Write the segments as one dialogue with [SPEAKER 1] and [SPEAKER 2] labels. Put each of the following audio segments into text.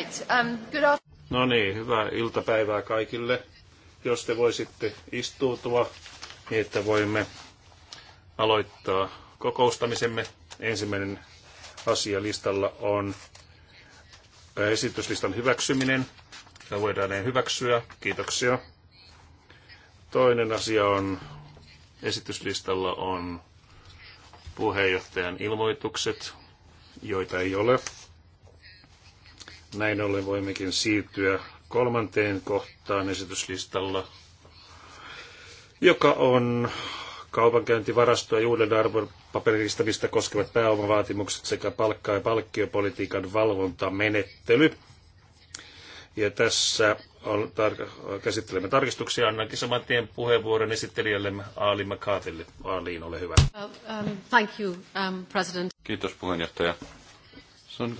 [SPEAKER 1] Right. Um, good
[SPEAKER 2] No niin, hyvää iltapäivää kaikille. Jos te voisitte istuutua, niin että voimme aloittaa kokoustamisemme. Ensimmäinen asia listalla on äh, esityslistan hyväksyminen. Ja voidaan ne hyväksyä. Kiitoksia. Toinen asia on esityslistalla on puheenjohtajan ilmoitukset, joita ei ole. Näin ollen voimmekin siirtyä kolmanteen kohtaan esityslistalla, joka on kaupankäyntivarasto ja uuden arvopaperistamista koskevat pääomavaatimukset sekä palkka- ja palkkiopolitiikan valvontamenettely. Ja tässä on tar- käsittelemme tarkistuksia. Annankin saman tien puheenvuoron esittelijälle Aali McCarthylle. Aaliin, ole hyvä.
[SPEAKER 1] Well, um, thank you, um, President.
[SPEAKER 3] Kiitos puheenjohtaja.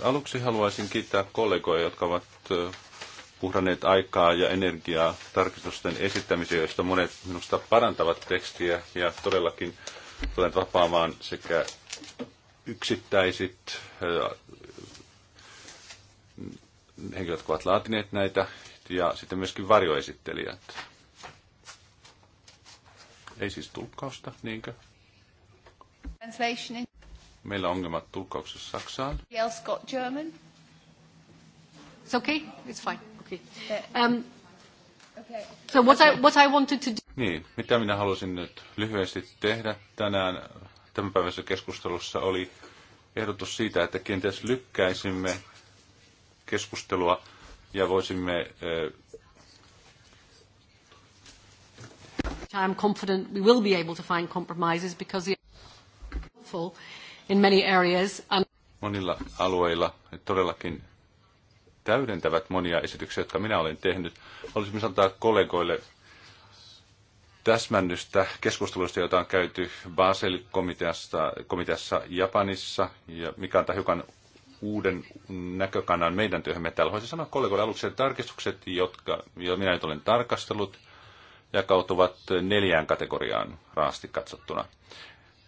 [SPEAKER 3] Aluksi haluaisin kiittää kollegoja, jotka ovat puhdanneet aikaa ja energiaa tarkistusten esittämiseen, joista monet minusta parantavat tekstiä ja todellakin tulen vapaamaan sekä yksittäisit henkilöt, jotka ovat laatineet näitä, ja sitten myöskin varjoesittelijät. Ei siis tulkkausta, niinkö?
[SPEAKER 1] Translation.
[SPEAKER 3] Meillä on ongelmat tulkauksessa Saksaan.
[SPEAKER 1] Else got German? It's okay, it's fine. Okay. Um, So what I, what I wanted to do...
[SPEAKER 3] Niin, mitä minä halusin nyt lyhyesti tehdä tänään tämänpäiväisessä keskustelussa oli ehdotus siitä, että kenties lykkäisimme keskustelua ja voisimme
[SPEAKER 1] I'm confident we will be able to find compromises because the in many areas. And...
[SPEAKER 3] Monilla alueilla ne todellakin täydentävät monia esityksiä, jotka minä olen tehnyt. Haluaisin antaa kollegoille täsmännystä keskustelusta, jota on käyty Basel-komiteassa Japanissa, ja mikä antaa hiukan uuden näkökannan meidän työhömme täällä. Voisin sanoa kollegoille aluksi, että tarkistukset, jotka jo minä nyt olen tarkastellut, jakautuvat neljään kategoriaan raasti katsottuna.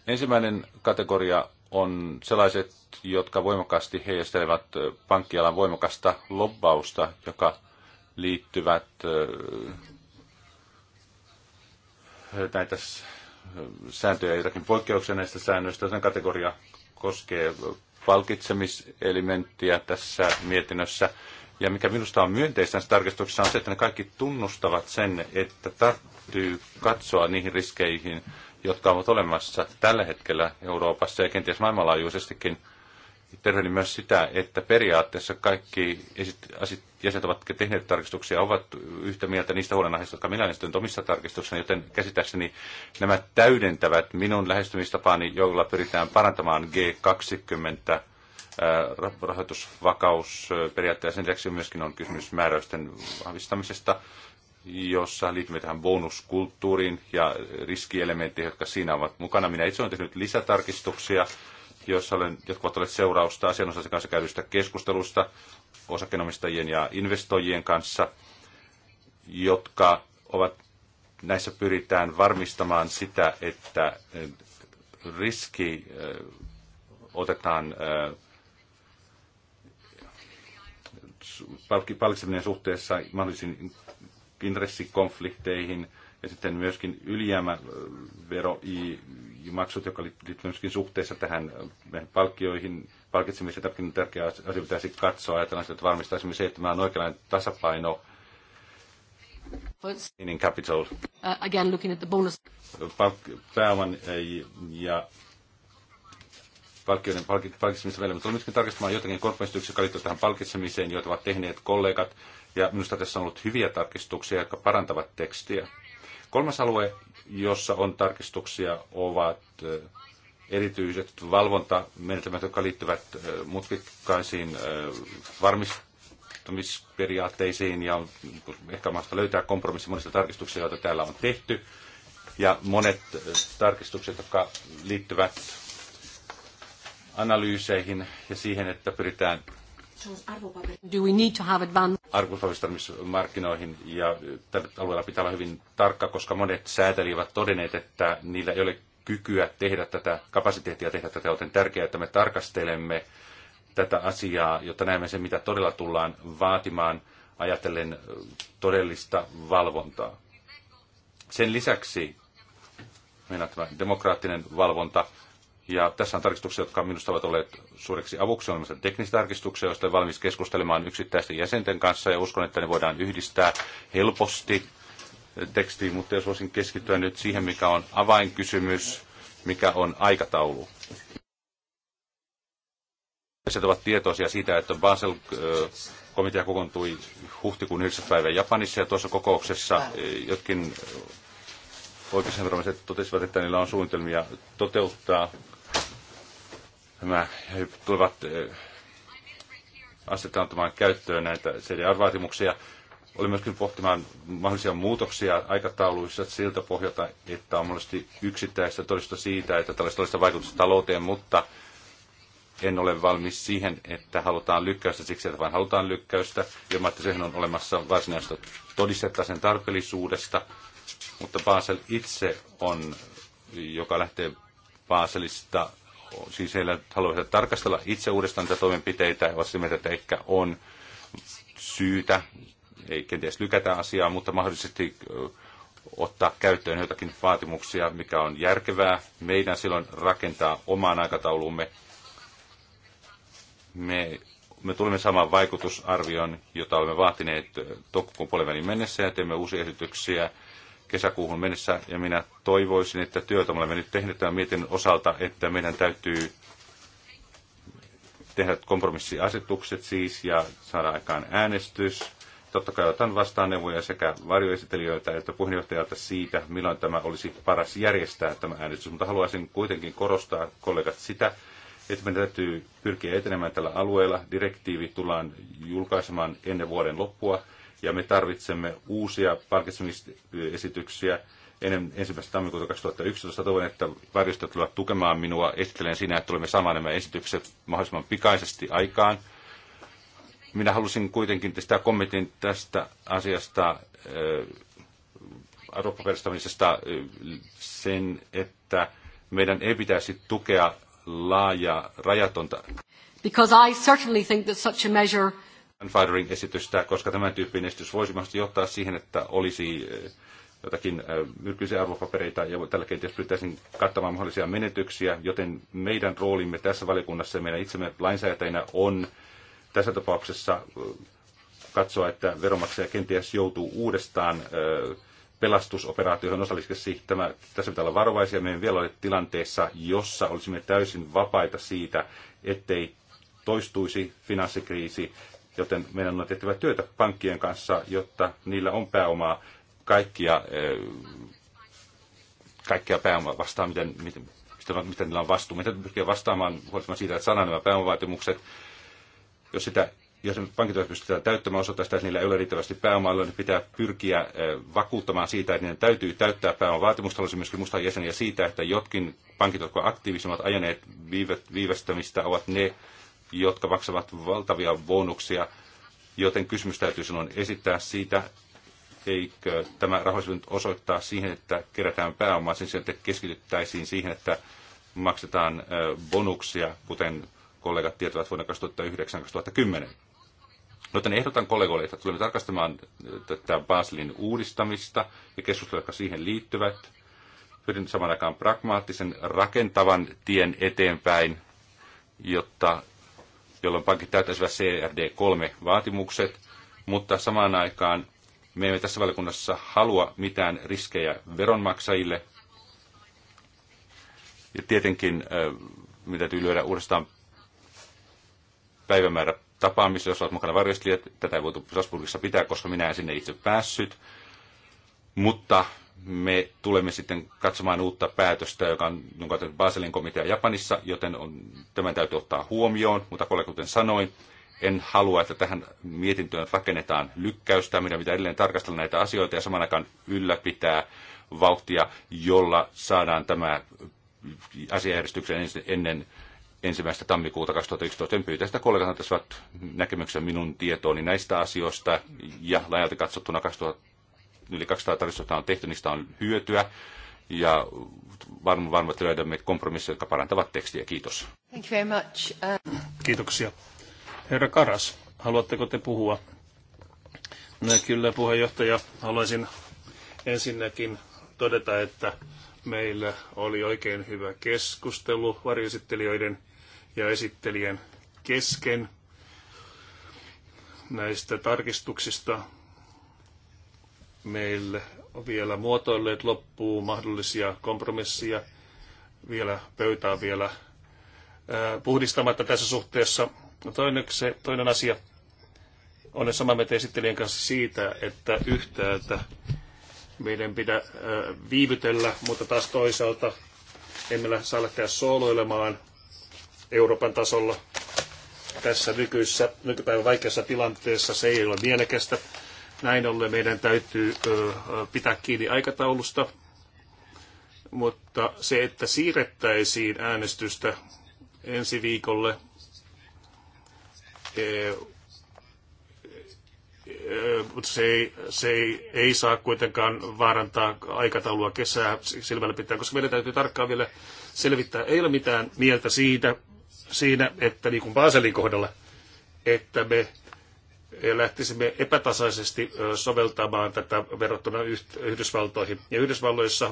[SPEAKER 3] Ensimmäinen kategoria on sellaiset, jotka voimakkaasti heijastelevat pankkialan voimakasta lobbausta, joka liittyvät näitä sääntöjä, jotakin poikkeuksia näistä säännöistä. Sen kategoria koskee palkitsemiselementtiä tässä mietinnössä. Ja mikä minusta on myönteistä tässä tarkistuksessa on se, että ne kaikki tunnustavat sen, että tarttyy katsoa niihin riskeihin, jotka ovat olemassa tällä hetkellä Euroopassa ja kenties maailmanlaajuisestikin. Tervehdin myös sitä, että periaatteessa kaikki jäsenet ovat tehneet tarkistuksia, ovat yhtä mieltä niistä huolenaiheista, jotka minä olen omissa tarkistuksissa, joten käsittääkseni nämä täydentävät minun lähestymistapaani, jolla pyritään parantamaan G20 äh, rahoitusvakausperiaatteessa. Äh, sen lisäksi myöskin on kysymys määräysten vahvistamisesta jossa liitymme tähän bonuskulttuuriin ja riskielementiä, jotka siinä ovat mukana. Minä itse olen tehnyt lisätarkistuksia, joissa olen, jotka ovat olleet seurausta asianosaisen kanssa käydystä keskustelusta osakkeenomistajien ja investoijien kanssa, jotka ovat, näissä pyritään varmistamaan sitä, että eh, riski eh, otetaan eh, palkitseminen suhteessa mahdollisiin intressikonflikteihin ja sitten myöskin maksut, joka liittyy myöskin suhteessa tähän palkkioihin, palkitsemiseen. Tämäkin on tärkeä asia, pitäisi katsoa. Ajatellaan sitä, että varmistaisimme se, että meillä on oikeanlainen tasapaino in capital. Uh,
[SPEAKER 1] again, looking at the bonus.
[SPEAKER 3] Pääoman ja palkkioiden palkitsemisen välillä, mutta tulemme myöskin tarkistamaan jotakin korpaistyksiä, jotka liittyvät tähän palkitsemiseen, joita ovat tehneet kollegat ja minusta tässä on ollut hyviä tarkistuksia, jotka parantavat tekstiä. Kolmas alue, jossa on tarkistuksia, ovat erityiset valvontamenetelmät, jotka liittyvät mutkikkaisiin varmistumisperiaatteisiin ja on niin ehkä mahdollista löytää kompromissi monista tarkistuksista, joita täällä on tehty. Ja monet tarkistukset, jotka liittyvät analyyseihin ja siihen, että pyritään Do markkinoihin ja tällä alueella pitää olla hyvin tarkka, koska monet säätelijät ovat todenneet, että niillä ei ole kykyä tehdä tätä, kapasiteettia tehdä tätä, joten tärkeää, että me tarkastelemme tätä asiaa, jotta näemme sen, mitä todella tullaan vaatimaan ajatellen todellista valvontaa. Sen lisäksi meillä tämä demokraattinen valvonta, ja tässä on tarkistuksia, jotka minusta ovat olleet suureksi avuksi. On myös teknistä tarkistuksia, joista olen valmis keskustelemaan yksittäisten jäsenten kanssa ja uskon, että ne voidaan yhdistää helposti tekstiin, mutta jos voisin keskittyä nyt siihen, mikä on avainkysymys, mikä on aikataulu. Ihmiset ovat tietoisia siitä, että Basel-komitea kokoontui huhtikuun 9. päivä Japanissa ja tuossa kokouksessa jotkin oikeusviranomaiset totesivat, että niillä on suunnitelmia toteuttaa nämä he tulevat asettamaan käyttöön näitä CDR-vaatimuksia. oli myöskin pohtimaan mahdollisia muutoksia aikatauluissa siltä pohjalta, että on mahdollisesti yksittäistä todistusta siitä, että tällaista todista vaikutusta talouteen, mutta en ole valmis siihen, että halutaan lykkäystä siksi, että vain halutaan lykkäystä, ilman että sehän on olemassa varsinaista todistetta sen tarpeellisuudesta. Mutta Basel itse on, joka lähtee Baselista siis heillä haluaisivat tarkastella itse uudestaan tätä toimenpiteitä ja vasta mieltä, että ehkä on syytä, ei kenties lykätä asiaa, mutta mahdollisesti ottaa käyttöön jotakin vaatimuksia, mikä on järkevää. Meidän silloin rakentaa omaan aikatauluumme. Me, me tulemme saamaan vaikutusarvion, jota olemme vaatineet toukokuun puolivälin mennessä ja teemme uusia esityksiä kesäkuuhun mennessä, ja minä toivoisin, että me olemme nyt tehneet tämän mietinnön osalta, että meidän täytyy tehdä kompromissiasetukset siis ja saada aikaan äänestys. Totta kai otan vastaan neuvoja sekä varjoesittelijöiltä että puheenjohtajalta siitä, milloin tämä olisi paras järjestää tämä äänestys. Mutta haluaisin kuitenkin korostaa kollegat sitä, että meidän täytyy pyrkiä etenemään tällä alueella. Direktiivi tullaan julkaisemaan ennen vuoden loppua ja me tarvitsemme uusia parkitsemisesityksiä ennen ensimmäistä tammikuuta 2011. Toivon, että värjestöt tulevat tukemaan minua. Esittelen sinä, että tulemme saamaan nämä esitykset mahdollisimman pikaisesti aikaan. Minä halusin kuitenkin tästä kommentin tästä asiasta, äh, arvopaperistamisesta äh, sen, että meidän ei pitäisi tukea laajaa rajatonta. Because
[SPEAKER 1] I certainly think that such a measure
[SPEAKER 3] grandfathering-esitystä, koska tämän tyyppinen esitys voisi mahdollisesti johtaa siihen, että olisi eh, jotakin eh, myrkyllisiä arvopapereita ja tällä kenties pyrittäisiin kattamaan mahdollisia menetyksiä, joten meidän roolimme tässä valiokunnassa ja meidän itsemme lainsäätäjinä on tässä tapauksessa eh, katsoa, että veronmaksaja kenties joutuu uudestaan pelastusoperaatioihin osalliseksi. Tämä, tässä pitää olla varovaisia. Meidän vielä ole tilanteessa, jossa olisimme täysin vapaita siitä, ettei toistuisi finanssikriisi joten meidän on tehtävä työtä pankkien kanssa, jotta niillä on pääomaa kaikkia, kaikkia pääomaa vastaan, miten, miten, miten niillä on vastuu. Miten pyrkiä vastaamaan huolimatta siitä, että saadaan nämä pääomavaatimukset, jos sitä jos pankit pystytään täyttämään osoittaa että niillä ei ole riittävästi pääomaa, niin pitää pyrkiä vakuuttamaan siitä, että niiden täytyy täyttää pääoman vaatimusta. Olisi myöskin muistaa jäseniä siitä, että jotkin pankit, jotka aktiivisemmat ajaneet viivästämistä, ovat ne, jotka maksavat valtavia bonuksia, joten kysymys täytyy silloin esittää siitä, eikö tämä rahoitus nyt osoittaa siihen, että kerätään pääomaa sen sijaan, että keskityttäisiin siihen, että maksetaan bonuksia, kuten kollegat tietävät vuonna 2009-2010. No, joten ehdotan kollegoille, että tulemme tarkastamaan tätä Baselin uudistamista ja keskustelua, jotka siihen liittyvät. Pyrin saman aikaan pragmaattisen rakentavan tien eteenpäin, jotta jolloin pankit täyttäisivät CRD3-vaatimukset, mutta samaan aikaan me emme tässä valiokunnassa halua mitään riskejä veronmaksajille. Ja tietenkin mitä täytyy lyödä uudestaan päivämäärä tapaamiselle, jos olet mukana varjostelijat. Tätä ei voitu Strasbourgissa pitää, koska minä en sinne itse päässyt. Mutta me tulemme sitten katsomaan uutta päätöstä, joka on, jonka on Baselin komitea Japanissa, joten on, tämän täytyy ottaa huomioon. Mutta kuten sanoin, en halua, että tähän mietintöön rakennetaan lykkäystä. mitä pitää edelleen tarkastella näitä asioita ja saman aikaan ylläpitää vauhtia, jolla saadaan tämä asiajärjestyksen ennen ensimmäistä tammikuuta 2011. En pyytä sitä kollegat antaisivat näkemyksen minun tietooni näistä asioista ja laajalti katsottuna 2000 yli 200 tarjousta on tehty, niistä on hyötyä. Ja varm, että löydämme kompromisseja, jotka parantavat tekstiä. Kiitos.
[SPEAKER 1] Thank you very much. Uh...
[SPEAKER 3] Kiitoksia.
[SPEAKER 2] Herra Karas, haluatteko te puhua? No, kyllä, puheenjohtaja. Haluaisin ensinnäkin todeta, että meillä oli oikein hyvä keskustelu varjoesittelijöiden ja esittelijän kesken näistä tarkistuksista Meille vielä muotoilleet loppuun mahdollisia kompromisseja. Vielä pöytää vielä puhdistamatta tässä suhteessa. Toinen, se, toinen asia on sama meitä esittelijän kanssa siitä, että yhtäältä meidän pitää viivytellä, mutta taas toisaalta emme saa lähteä sooloilemaan Euroopan tasolla tässä nykyisessä, nykypäivän vaikeassa tilanteessa. Se ei ole mielekästä. Näin ollen meidän täytyy pitää kiinni aikataulusta, mutta se, että siirrettäisiin äänestystä ensi viikolle, mutta e, e, se, ei, se ei, ei saa kuitenkaan vaarantaa aikataulua kesää silmällä pitää, koska meidän täytyy tarkkaan vielä selvittää. Ei ole mitään mieltä siitä, siinä, että niin kuin Baselin kohdalla, että me lähtisimme epätasaisesti soveltamaan tätä verrattuna Yhdysvaltoihin. Ja Yhdysvalloissa,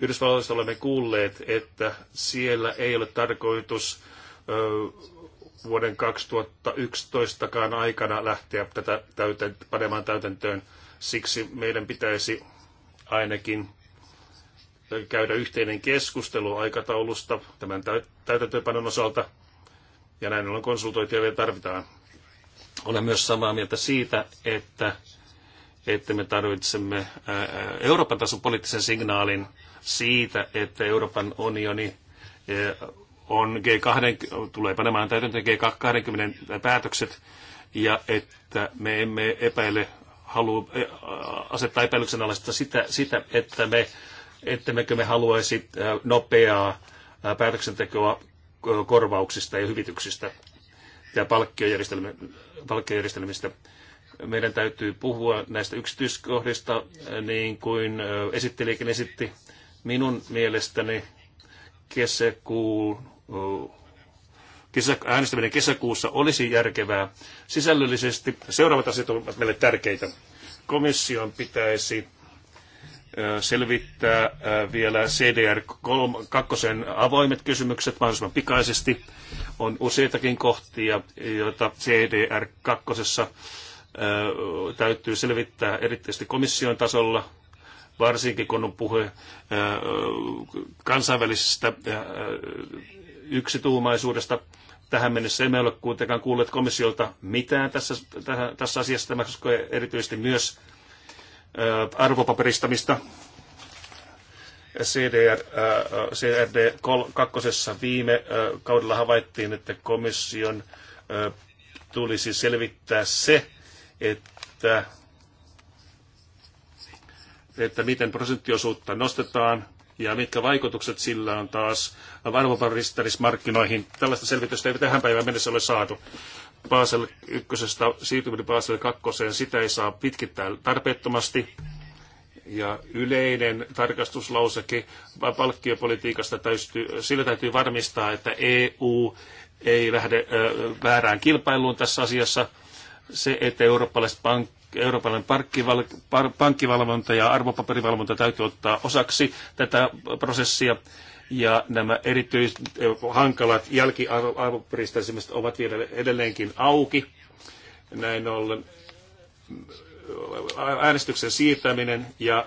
[SPEAKER 2] Yhdysvalloissa olemme kuulleet, että siellä ei ole tarkoitus vuoden 2011kaan aikana lähteä tätä täyten, panemaan täytäntöön. Siksi meidän pitäisi ainakin käydä yhteinen keskustelu aikataulusta tämän täytäntöönpanon osalta. Ja näin ollen konsultointia vielä tarvitaan. Olen myös samaa mieltä siitä, että, että me tarvitsemme Euroopan tason poliittisen signaalin siitä, että Euroopan unioni on G20, tulee panemaan täytäntöön G20 päätökset ja että me emme epäile halua asettaa epäilyksen alaista sitä, sitä että me, ettemmekö me haluaisi nopeaa päätöksentekoa korvauksista ja hyvityksistä ja palkkiojärjestelmistä. Meidän täytyy puhua näistä yksityiskohdista, eh, niin kuin eh, esittelijäkin esitti. Minun mielestäni kesäkuun eh, kesä, äänestäminen kesäkuussa olisi järkevää sisällöllisesti. Seuraavat asiat ovat meille tärkeitä. Komission pitäisi selvittää vielä CDR2 avoimet kysymykset mahdollisimman pikaisesti. On useitakin kohtia, joita CDR2 täytyy selvittää erityisesti komission tasolla, varsinkin kun on puhe kansainvälisestä yksituumaisuudesta. Tähän mennessä emme ole kuitenkaan kuulleet komissiolta mitään tässä, tässä asiassa. Tämä koskee erityisesti myös arvopaperistamista CDR, CRD 2. viime kaudella havaittiin, että komission tulisi selvittää se, että, että miten prosenttiosuutta nostetaan ja mitkä vaikutukset sillä on taas arvopaperistamismarkkinoihin. Tällaista selvitystä ei tähän päivään mennessä ole saatu. Basel 1, siirtyminen Basel 2, sitä ei saa pitkittää tarpeettomasti. Ja yleinen tarkastuslauseke palkkiopolitiikasta täytyy, sillä täytyy varmistaa, että EU ei lähde väärään kilpailuun tässä asiassa. Se, että eurooppalaiset pankit Euroopan pankkivalvonta ja arvopaperivalvonta täytyy ottaa osaksi tätä prosessia ja nämä erityisen hankalat jälkiarvoperistäisimmiset ovat vielä edelleenkin auki. Näin ollen äänestyksen siirtäminen ja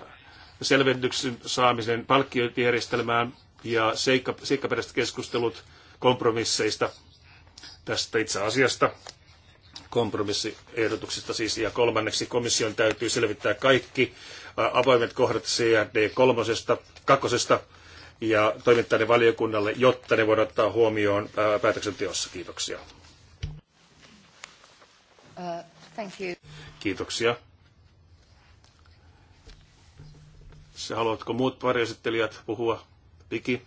[SPEAKER 2] selvennyksen saamisen palkkiojärjestelmään ja seikka, seikkaperäiset keskustelut kompromisseista tästä itse asiasta kompromissiehdotuksista siis. Ja kolmanneksi komission täytyy selvittää kaikki avoimet kohdat CRD kolmosesta, kakkosesta ja toimittaa ne valiokunnalle, jotta ne voidaan ottaa huomioon päätöksenteossa. Kiitoksia.
[SPEAKER 1] Uh, thank you.
[SPEAKER 2] Kiitoksia. Se, haluatko muut varjoesittelijät puhua? Viki?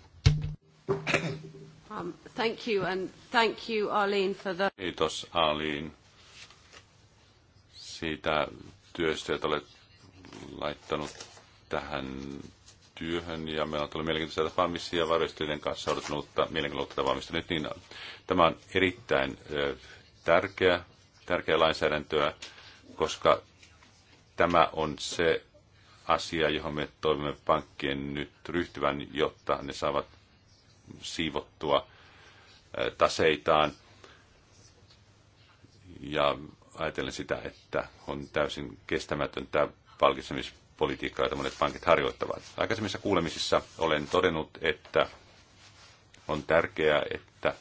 [SPEAKER 1] Um, thank you and thank you Arlene for the...
[SPEAKER 3] Kiitos Arlene siitä työstä, jota olet laittanut tähän työhön ja meillä on tullut mielenkiintoisia tapaamisia varjostelijoiden kanssa odottanutta mielenkiintoista tapaamista Nyt niin, tämä on erittäin tärkeä, tärkeä lainsäädäntöä, koska tämä on se asia, johon me toivomme pankkien nyt ryhtyvän, jotta ne saavat siivottua taseitaan. Ja ajatellen sitä, että on täysin kestämätöntä palkitsemis politiikkaa, jota monet pankit harjoittavat. Aikaisemmissa kuulemisissa olen todennut, että on tärkeää, että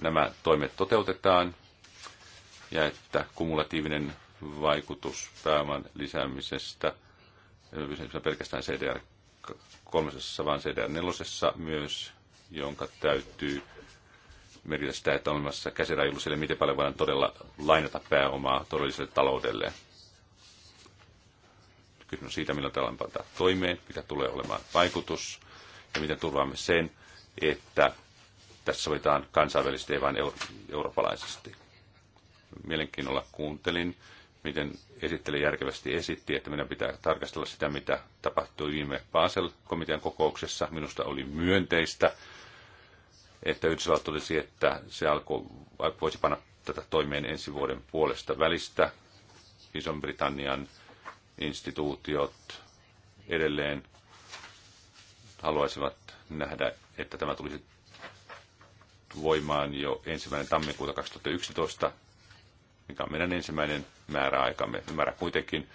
[SPEAKER 3] nämä toimet toteutetaan ja että kumulatiivinen vaikutus pääoman lisäämisestä, pelkästään CDR 3, vaan CDR 4 myös, jonka täytyy merkitä sitä, että on olemassa käsirajoitus sille, miten paljon voidaan todella lainata pääomaa todelliselle taloudelle. Kysymys on siitä, millä tavalla pantaa toimeen, mitä tulee olemaan vaikutus ja miten turvaamme sen, että tässä sovitaan kansainvälisesti, ei vain euro- eurooppalaisesti. Mielenkiinnolla kuuntelin, miten esitteli järkevästi esitti, että meidän pitää tarkastella sitä, mitä tapahtui viime Basel-komitean kokouksessa. Minusta oli myönteistä, että Yhdysvallat tulisi, että se alkoi, voisi panna tätä toimeen ensi vuoden puolesta välistä Ison-Britannian instituutiot edelleen haluaisivat nähdä, että tämä tulisi voimaan jo ensimmäinen tammikuuta 2011, mikä on meidän ensimmäinen määräaikamme. Ymmärrän kuitenkin,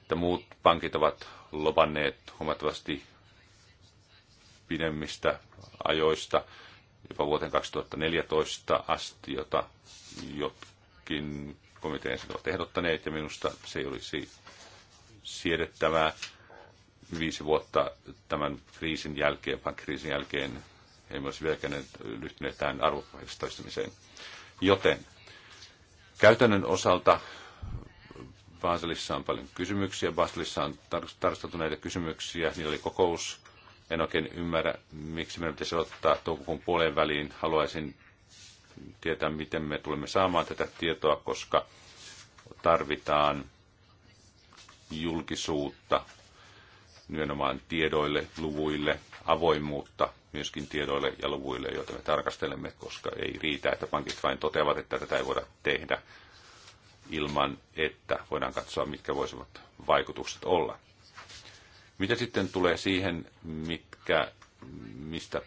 [SPEAKER 3] että muut pankit ovat lopanneet huomattavasti pidemmistä ajoista, jopa vuoteen 2014 asti, jota jotkin komitean ovat ehdottaneet, ja minusta se ei olisi siedettävää viisi vuotta tämän kriisin jälkeen, pankkriisin jälkeen, ei myös vieläkään lyhtyneet tähän arvopaikastaistumiseen. Joten käytännön osalta Baselissa on paljon kysymyksiä. Baselissa on tarkasteltu näitä kysymyksiä. Niillä oli kokous. En oikein ymmärrä, miksi meidän pitäisi ottaa toukokuun puoleen väliin. Haluaisin tietää, miten me tulemme saamaan tätä tietoa, koska tarvitaan julkisuutta nimenomaan tiedoille, luvuille, avoimuutta myöskin tiedoille ja luvuille, joita me tarkastelemme, koska ei riitä, että pankit vain toteavat, että tätä ei voida tehdä ilman, että voidaan katsoa, mitkä voisivat vaikutukset olla. Mitä sitten tulee siihen, mitkä, mistä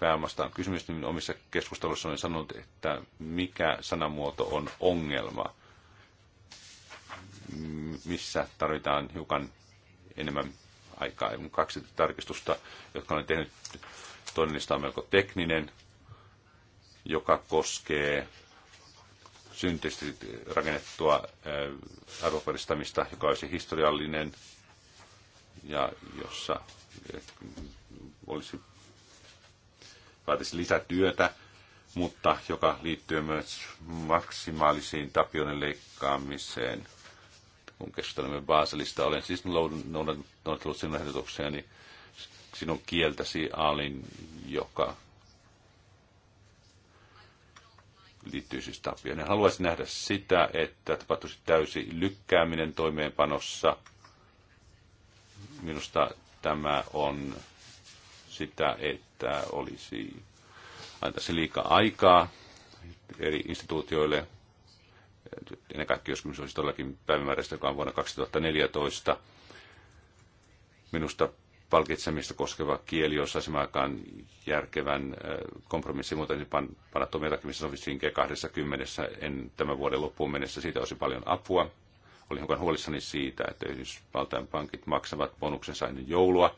[SPEAKER 3] pääomasta on kysymys, niin omissa keskusteluissa olen sanonut, että mikä sanamuoto on ongelma, missä tarvitaan hiukan enemmän aikaa. Kaksi tarkistusta, jotka olen tehnyt, toinen niistä on melko tekninen, joka koskee synteisesti rakennettua äh, arvoperistamista, joka olisi historiallinen ja jossa äh, olisi vaatisi lisätyötä, mutta joka liittyy myös maksimaalisiin tapioiden leikkaamiseen. Kun keskustelemme Baselista, olen siis noudattanut sinun ehdotuksia, niin sinun kieltäsi Aalin, joka liittyy siis tapioon. Haluaisin nähdä sitä, että tapahtuisi täysi lykkääminen toimeenpanossa. Minusta tämä on sitä, että olisi antaisi liikaa aikaa eri instituutioille. Ennen kaikkea, jos kysymys olisi todellakin päivämääräistä, joka on vuonna 2014. Minusta palkitsemista koskeva kieli, jossa saisimme aikaan järkevän äh, kompromissin, mutta niin panna tomiatakin, missä sovisi 20 en tämän vuoden loppuun mennessä, siitä olisi paljon apua. Olin hiukan huolissani siitä, että Yhdysvaltain pankit maksavat bonuksensa ennen joulua.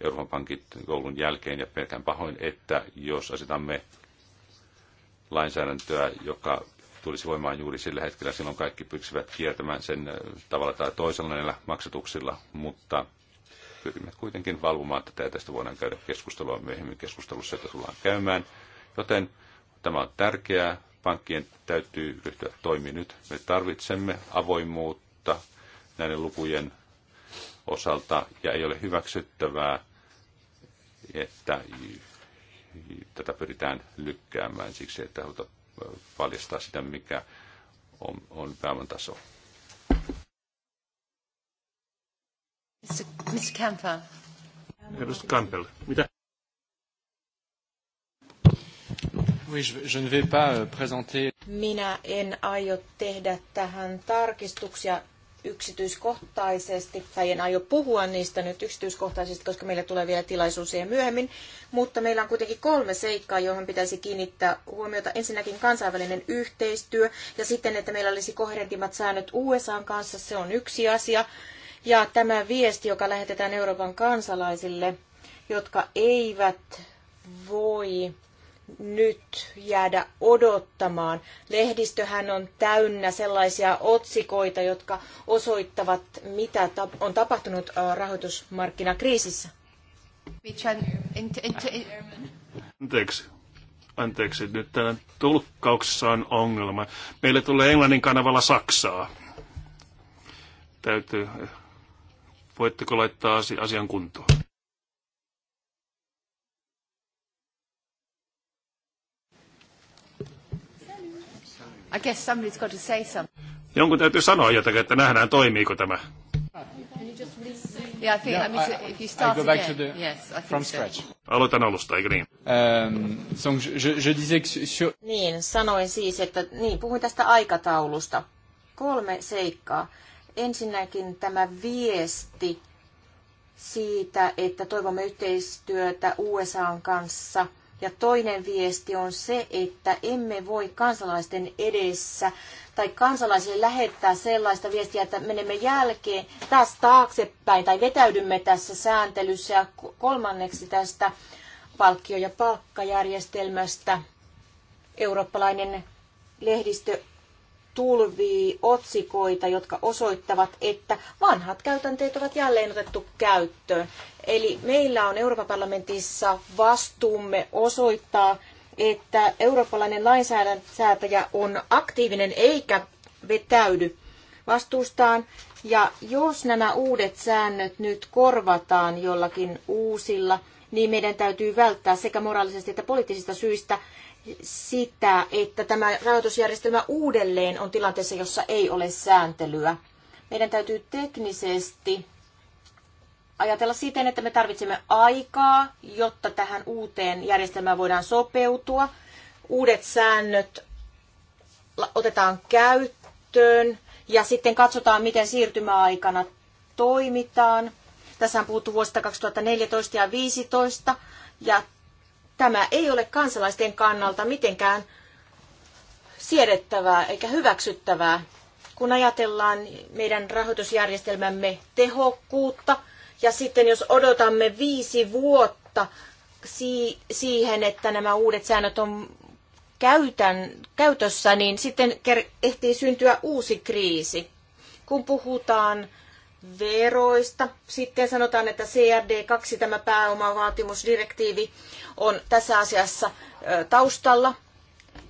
[SPEAKER 3] Euroopan pankit koulun jälkeen ja pelkään pahoin, että jos asetamme lainsäädäntöä, joka tulisi voimaan juuri sillä hetkellä, silloin kaikki pyksivät kiertämään sen äh, tavalla tai toisella näillä maksatuksilla, mutta pyrimme kuitenkin valvomaan tätä ja tästä voidaan käydä keskustelua myöhemmin keskustelussa, että tullaan käymään. Joten tämä on tärkeää. Pankkien täytyy ryhtyä toimiin nyt. Me tarvitsemme avoimuutta näiden lukujen osalta ja ei ole hyväksyttävää, että tätä pyritään lykkäämään siksi, että halutaan paljastaa sitä, mikä on, on pääoman taso.
[SPEAKER 1] Mr. Campbell. Edustaja Campbell. Mitä? Euh,
[SPEAKER 4] Minä en aio tehdä tähän tarkistuksia yksityiskohtaisesti, tai en aio puhua niistä nyt yksityiskohtaisesti, koska meillä tulee vielä tilaisuus siihen myöhemmin, mutta meillä on kuitenkin kolme seikkaa, johon pitäisi kiinnittää huomiota. Ensinnäkin kansainvälinen yhteistyö ja sitten, että meillä olisi koherentimmat säännöt USAn kanssa, se on yksi asia. Ja tämä viesti, joka lähetetään Euroopan kansalaisille, jotka eivät voi nyt jäädä odottamaan. Lehdistöhän on täynnä sellaisia otsikoita, jotka osoittavat, mitä on tapahtunut äh, rahoitusmarkkinakriisissä.
[SPEAKER 2] Anteeksi. Anteeksi, nyt täällä tulkkauksessa on ongelma. Meille tulee englannin kanavalla Saksaa. Täytyy, voitteko laittaa asian kuntoon?
[SPEAKER 1] I guess somebody's got to say something.
[SPEAKER 2] Jonkun täytyy sanoa jotakin, että nähdään toimiiko tämä. Aloitan alusta, eikö niin? Um, so je, je disais que sur...
[SPEAKER 4] Niin, sanoin siis, että niin, puhuin tästä aikataulusta. Kolme seikkaa. Ensinnäkin tämä viesti siitä, että toivomme yhteistyötä USAn kanssa – ja toinen viesti on se, että emme voi kansalaisten edessä tai kansalaisille lähettää sellaista viestiä, että menemme jälkeen taas taaksepäin tai vetäydymme tässä sääntelyssä ja kolmanneksi tästä palkkio- ja palkkajärjestelmästä. Eurooppalainen lehdistö tulvii otsikoita, jotka osoittavat, että vanhat käytänteet ovat jälleen otettu käyttöön. Eli meillä on Euroopan parlamentissa vastuumme osoittaa, että eurooppalainen lainsäätäjä on aktiivinen eikä vetäydy vastuustaan. Ja jos nämä uudet säännöt nyt korvataan jollakin uusilla, niin meidän täytyy välttää sekä moraalisesti että poliittisista syistä sitä, että tämä rahoitusjärjestelmä uudelleen on tilanteessa, jossa ei ole sääntelyä. Meidän täytyy teknisesti ajatella siten, että me tarvitsemme aikaa, jotta tähän uuteen järjestelmään voidaan sopeutua. Uudet säännöt otetaan käyttöön ja sitten katsotaan, miten siirtymäaikana toimitaan. Tässä on puhuttu vuosista 2014 ja 2015 ja Tämä ei ole kansalaisten kannalta mitenkään siedettävää eikä hyväksyttävää, kun ajatellaan meidän rahoitusjärjestelmämme tehokkuutta. Ja sitten jos odotamme viisi vuotta siihen, että nämä uudet säännöt on käytän, käytössä, niin sitten ehtii syntyä uusi kriisi. Kun puhutaan veroista. Sitten sanotaan, että CRD2, tämä pääomavaatimusdirektiivi, on tässä asiassa taustalla.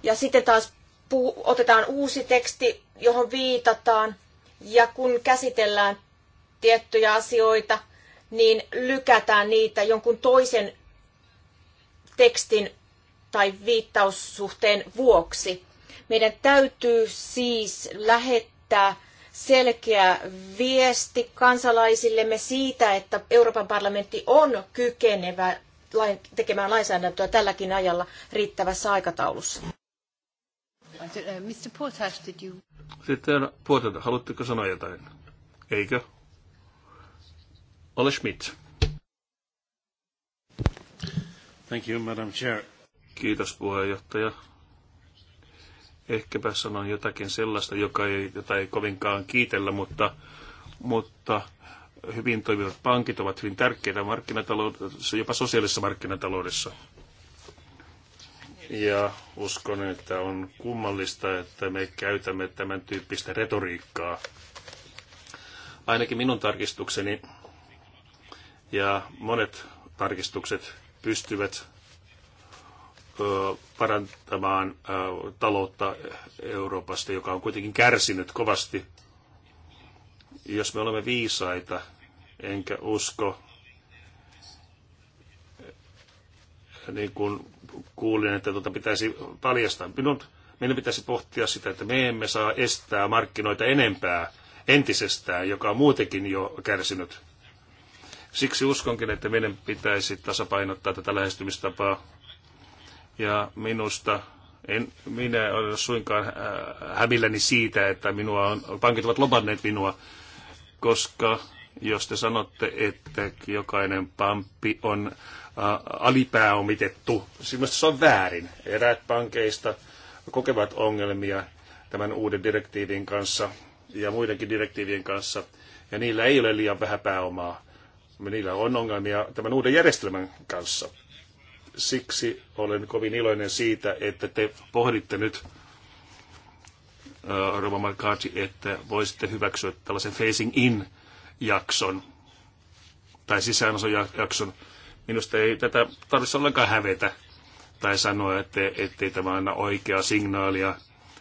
[SPEAKER 4] Ja sitten taas otetaan uusi teksti, johon viitataan. Ja kun käsitellään tiettyjä asioita, niin lykätään niitä jonkun toisen tekstin tai viittaussuhteen vuoksi. Meidän täytyy siis lähettää selkeä viesti kansalaisillemme siitä, että Euroopan parlamentti on kykenevä tekemään lainsäädäntöä tälläkin ajalla riittävässä aikataulussa.
[SPEAKER 1] Mr. Portash, did you...
[SPEAKER 2] Sitten Portash, haluatteko sanoa jotain? Eikö? Ole Schmidt. Thank you, Madam Chair. Kiitos puheenjohtaja ehkäpä sanon jotakin sellaista, joka ei, jota ei kovinkaan kiitellä, mutta, mutta hyvin toimivat pankit ovat hyvin tärkeitä markkinataloudessa, jopa sosiaalisessa markkinataloudessa. Ja uskon, että on kummallista, että me käytämme tämän tyyppistä retoriikkaa. Ainakin minun tarkistukseni ja monet tarkistukset pystyvät parantamaan taloutta Euroopasta, joka on kuitenkin kärsinyt kovasti. Jos me olemme viisaita, enkä usko, niin kuin kuulin, että tuota pitäisi paljastaa minut, meidän pitäisi pohtia sitä, että me emme saa estää markkinoita enempää entisestään, joka on muutenkin jo kärsinyt. Siksi uskonkin, että meidän pitäisi tasapainottaa tätä lähestymistapaa ja minusta en, minä ole suinkaan äh, hävilläni siitä, että minua on, pankit ovat lobanneet minua, koska jos te sanotte, että jokainen pamppi on äh, alipääomitettu, silloin se on väärin. Eräät pankeista kokevat ongelmia tämän uuden direktiivin kanssa ja muidenkin direktiivien kanssa, ja niillä ei ole liian vähän pääomaa. Niillä on ongelmia tämän uuden järjestelmän kanssa Siksi olen kovin iloinen siitä, että te pohditte nyt, äh, Rova McCarthy, että voisitte hyväksyä tällaisen Facing In-jakson tai sisäänosojakson. Minusta ei tätä tarvitse ollenkaan hävetä tai sanoa, että, ettei tämä anna oikeaa signaalia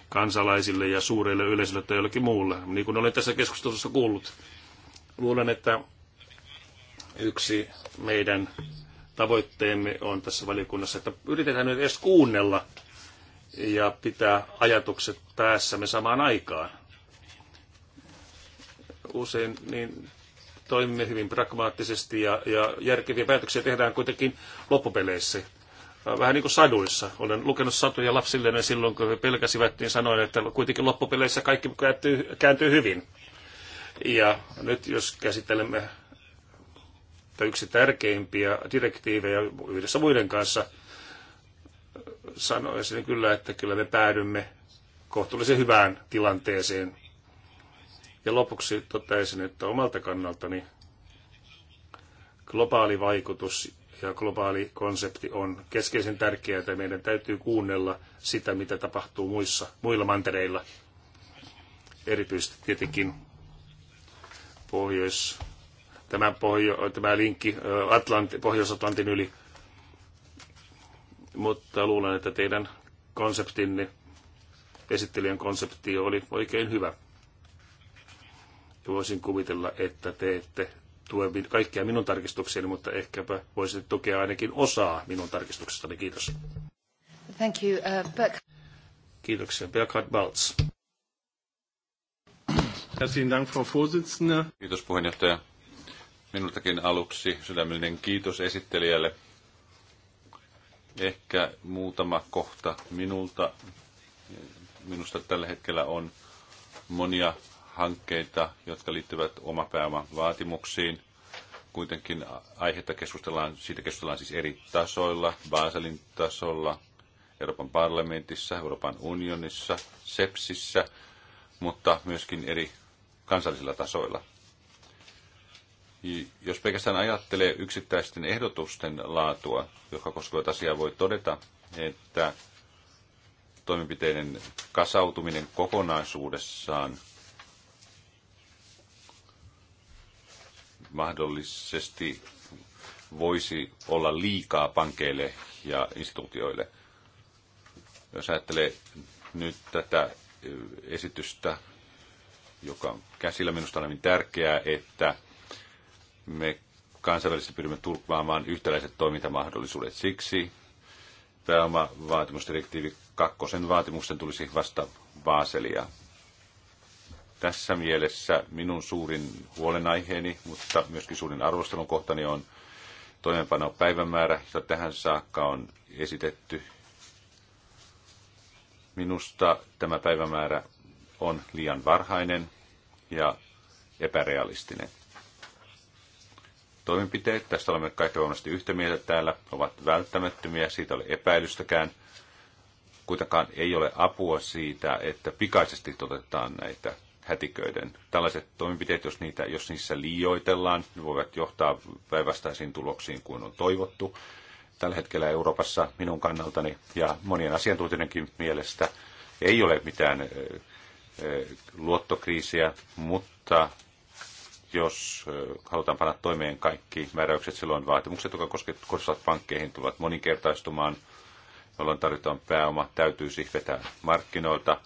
[SPEAKER 2] kansalaisille ja suurelle yleisölle tai jollekin muulle. Niin kuin olen tässä keskustelussa kuullut, luulen, että yksi meidän tavoitteemme on tässä valiokunnassa, että yritetään nyt edes kuunnella ja pitää ajatukset päässämme samaan aikaan. Usein niin toimimme hyvin pragmaattisesti ja, ja järkeviä päätöksiä tehdään kuitenkin loppupeleissä. Vähän niin kuin saduissa. Olen lukenut satuja lapsille ja silloin, kun he pelkäsivät, niin sanoin, että kuitenkin loppupeleissä kaikki kääntyy, kääntyy hyvin. Ja nyt jos käsittelemme yksi tärkeimpiä direktiivejä yhdessä muiden kanssa, sanoisin kyllä, että kyllä me päädymme kohtuullisen hyvään tilanteeseen. Ja lopuksi toteaisin, että omalta kannaltani globaali vaikutus ja globaali konsepti on keskeisen tärkeää, että meidän täytyy kuunnella sitä, mitä tapahtuu muissa, muilla mantereilla. Erityisesti tietenkin Pohjois- tämä, pohjo, tämä linkki Atlant, Pohjois-Atlantin yli. Mutta luulen, että teidän konseptinne, esittelijän konsepti oli oikein hyvä. Ja voisin kuvitella, että te ette tue kaikkia minun tarkistuksiani, mutta ehkäpä voisit tukea ainakin osaa minun tarkistuksestani. Kiitos.
[SPEAKER 1] Thank you, uh, Berk-
[SPEAKER 2] Kiitoksia. Berkhard Balz. Herzlichen Dank, Vorsitzende. Kiitos
[SPEAKER 3] puheenjohtaja. Minultakin aluksi sydämellinen kiitos esittelijälle. Ehkä muutama kohta minulta. Minusta tällä hetkellä on monia hankkeita, jotka liittyvät omapääoman vaatimuksiin. Kuitenkin aihetta keskustellaan, siitä keskustellaan siis eri tasoilla, Baselin tasolla, Euroopan parlamentissa, Euroopan unionissa, SEPSissä, mutta myöskin eri kansallisilla tasoilla jos pelkästään ajattelee yksittäisten ehdotusten laatua, joka koskevat asiaa, voi todeta, että toimenpiteiden kasautuminen kokonaisuudessaan mahdollisesti voisi olla liikaa pankeille ja instituutioille. Jos ajattelee nyt tätä esitystä, joka on käsillä, minusta on hyvin tärkeää, että me kansainvälisesti pyrimme turvaamaan yhtäläiset toimintamahdollisuudet. Siksi vaatimusdirektiivi kakkosen vaatimusten tulisi vasta Vaaselia. Tässä mielessä minun suurin huolenaiheeni, mutta myöskin suurin arvostelun kohtani on toimeenpano päivämäärä, jota tähän saakka on esitetty. Minusta tämä päivämäärä on liian varhainen ja epärealistinen toimenpiteet, tästä olemme kaikki varmasti yhtä mieltä täällä, ovat välttämättömiä, siitä ei ole epäilystäkään. Kuitenkaan ei ole apua siitä, että pikaisesti toteutetaan näitä hätiköiden. Tällaiset toimenpiteet, jos, niitä, jos niissä liioitellaan, ne voivat johtaa päinvastaisiin tuloksiin kuin on toivottu. Tällä hetkellä Euroopassa minun kannaltani ja monien asiantuntijoidenkin mielestä ei ole mitään luottokriisiä, mutta jos halutaan panna toimeen kaikki määräykset, silloin vaatimukset, jotka koskevat pankkeihin, tulevat moninkertaistumaan, jolloin tarvitaan pääoma, täytyisi vetää markkinoilta,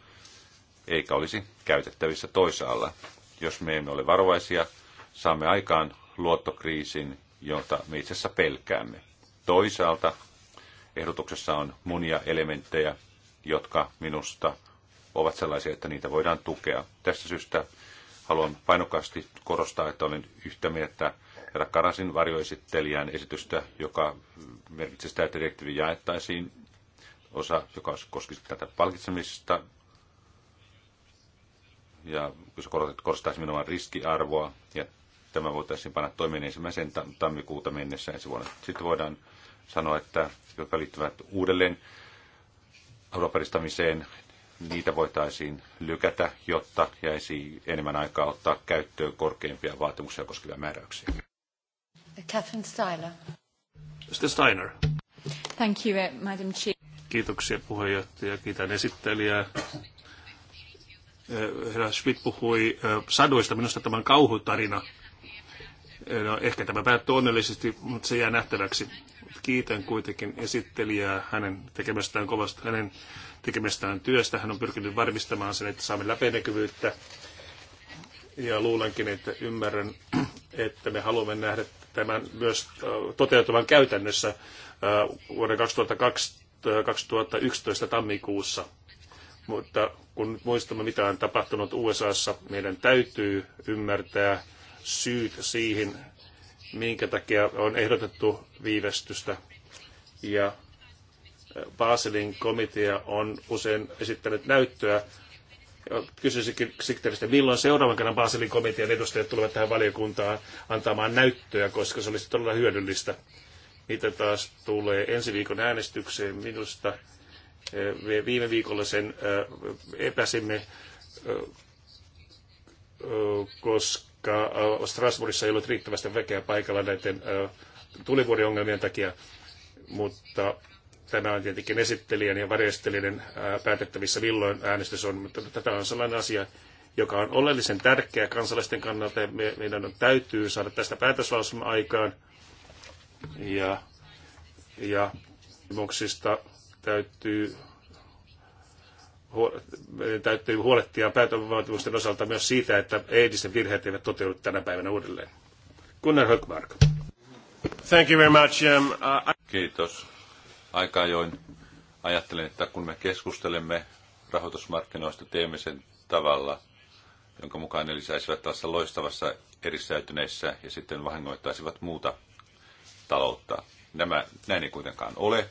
[SPEAKER 3] eikä olisi käytettävissä toisaalla. Jos me emme ole varovaisia, saamme aikaan luottokriisin, jota me itse asiassa pelkäämme. Toisaalta ehdotuksessa on monia elementtejä, jotka minusta ovat sellaisia, että niitä voidaan tukea. Tästä syystä Haluan painokkaasti korostaa, että olen yhtä mieltä herra Karasin varjoesittelijän esitystä, joka merkitsi sitä, että direktiivi jaettaisiin osa, joka koskisi tätä palkitsemista ja se korostaisi nimenomaan riskiarvoa ja tämä voitaisiin panna toimeen ensimmäisen tammikuuta mennessä ensi vuonna. Sitten voidaan sanoa, että jotka liittyvät uudelleen arvoperistamiseen, niitä voitaisiin lykätä, jotta jäisi enemmän aikaa ottaa käyttöön korkeimpia vaatimuksia
[SPEAKER 2] koskevia määräyksiä.
[SPEAKER 1] Catherine Steiner. Mr. Steiner. Thank you, eh, Madam Chief.
[SPEAKER 2] Kiitoksia puheenjohtaja. Kiitän esittelijää. Eh, herra Schmidt puhui eh, sadoista. Minusta tämän kauhutarina. No, ehkä tämä päättyy onnellisesti, mutta se jää nähtäväksi kiitän kuitenkin esittelijää hänen tekemästään kovasta, hänen tekemästään työstä. Hän on pyrkinyt varmistamaan sen, että saamme läpinäkyvyyttä. Ja luulenkin, että ymmärrän, että me haluamme nähdä tämän myös äh, toteutuvan käytännössä äh, vuoden 2011 tammikuussa. Mutta kun muistamme, mitä on tapahtunut USAssa, meidän täytyy ymmärtää syyt siihen, minkä takia on ehdotettu viivästystä. Ja Baselin komitea on usein esittänyt näyttöä. Kysyisinkin Sikteristä, milloin seuraavan kerran Baselin komitean edustajat tulevat tähän valiokuntaan antamaan näyttöä, koska se olisi todella hyödyllistä. Mitä taas tulee ensi viikon äänestykseen, minusta viime viikolla sen epäsimme, koska koska äh, Strasbourgissa ei ollut riittävästi väkeä paikalla näiden äh, tulivuoriongelmien takia, mutta tämä on tietenkin esittelijän ja varjoistelijan äh, päätettävissä, milloin äänestys on, mutta tätä on sellainen asia, joka on oleellisen tärkeä kansalaisten kannalta. ja meidän on, täytyy saada tästä päätöslausuma aikaan. Ja, ja täytyy täytyy huolehtia päätövaatimusten osalta myös siitä, että eilisten virheet eivät toteudu tänä päivänä uudelleen. Gunnar Högmark. Thank you very much. Um, uh, Kiitos.
[SPEAKER 3] Aika ajoin ajattelen, että kun me keskustelemme rahoitusmarkkinoista, teemme sen tavalla, jonka mukaan ne lisäisivät tässä loistavassa eristäytyneissä ja sitten vahingoittaisivat muuta taloutta. Nämä, näin ei kuitenkaan ole.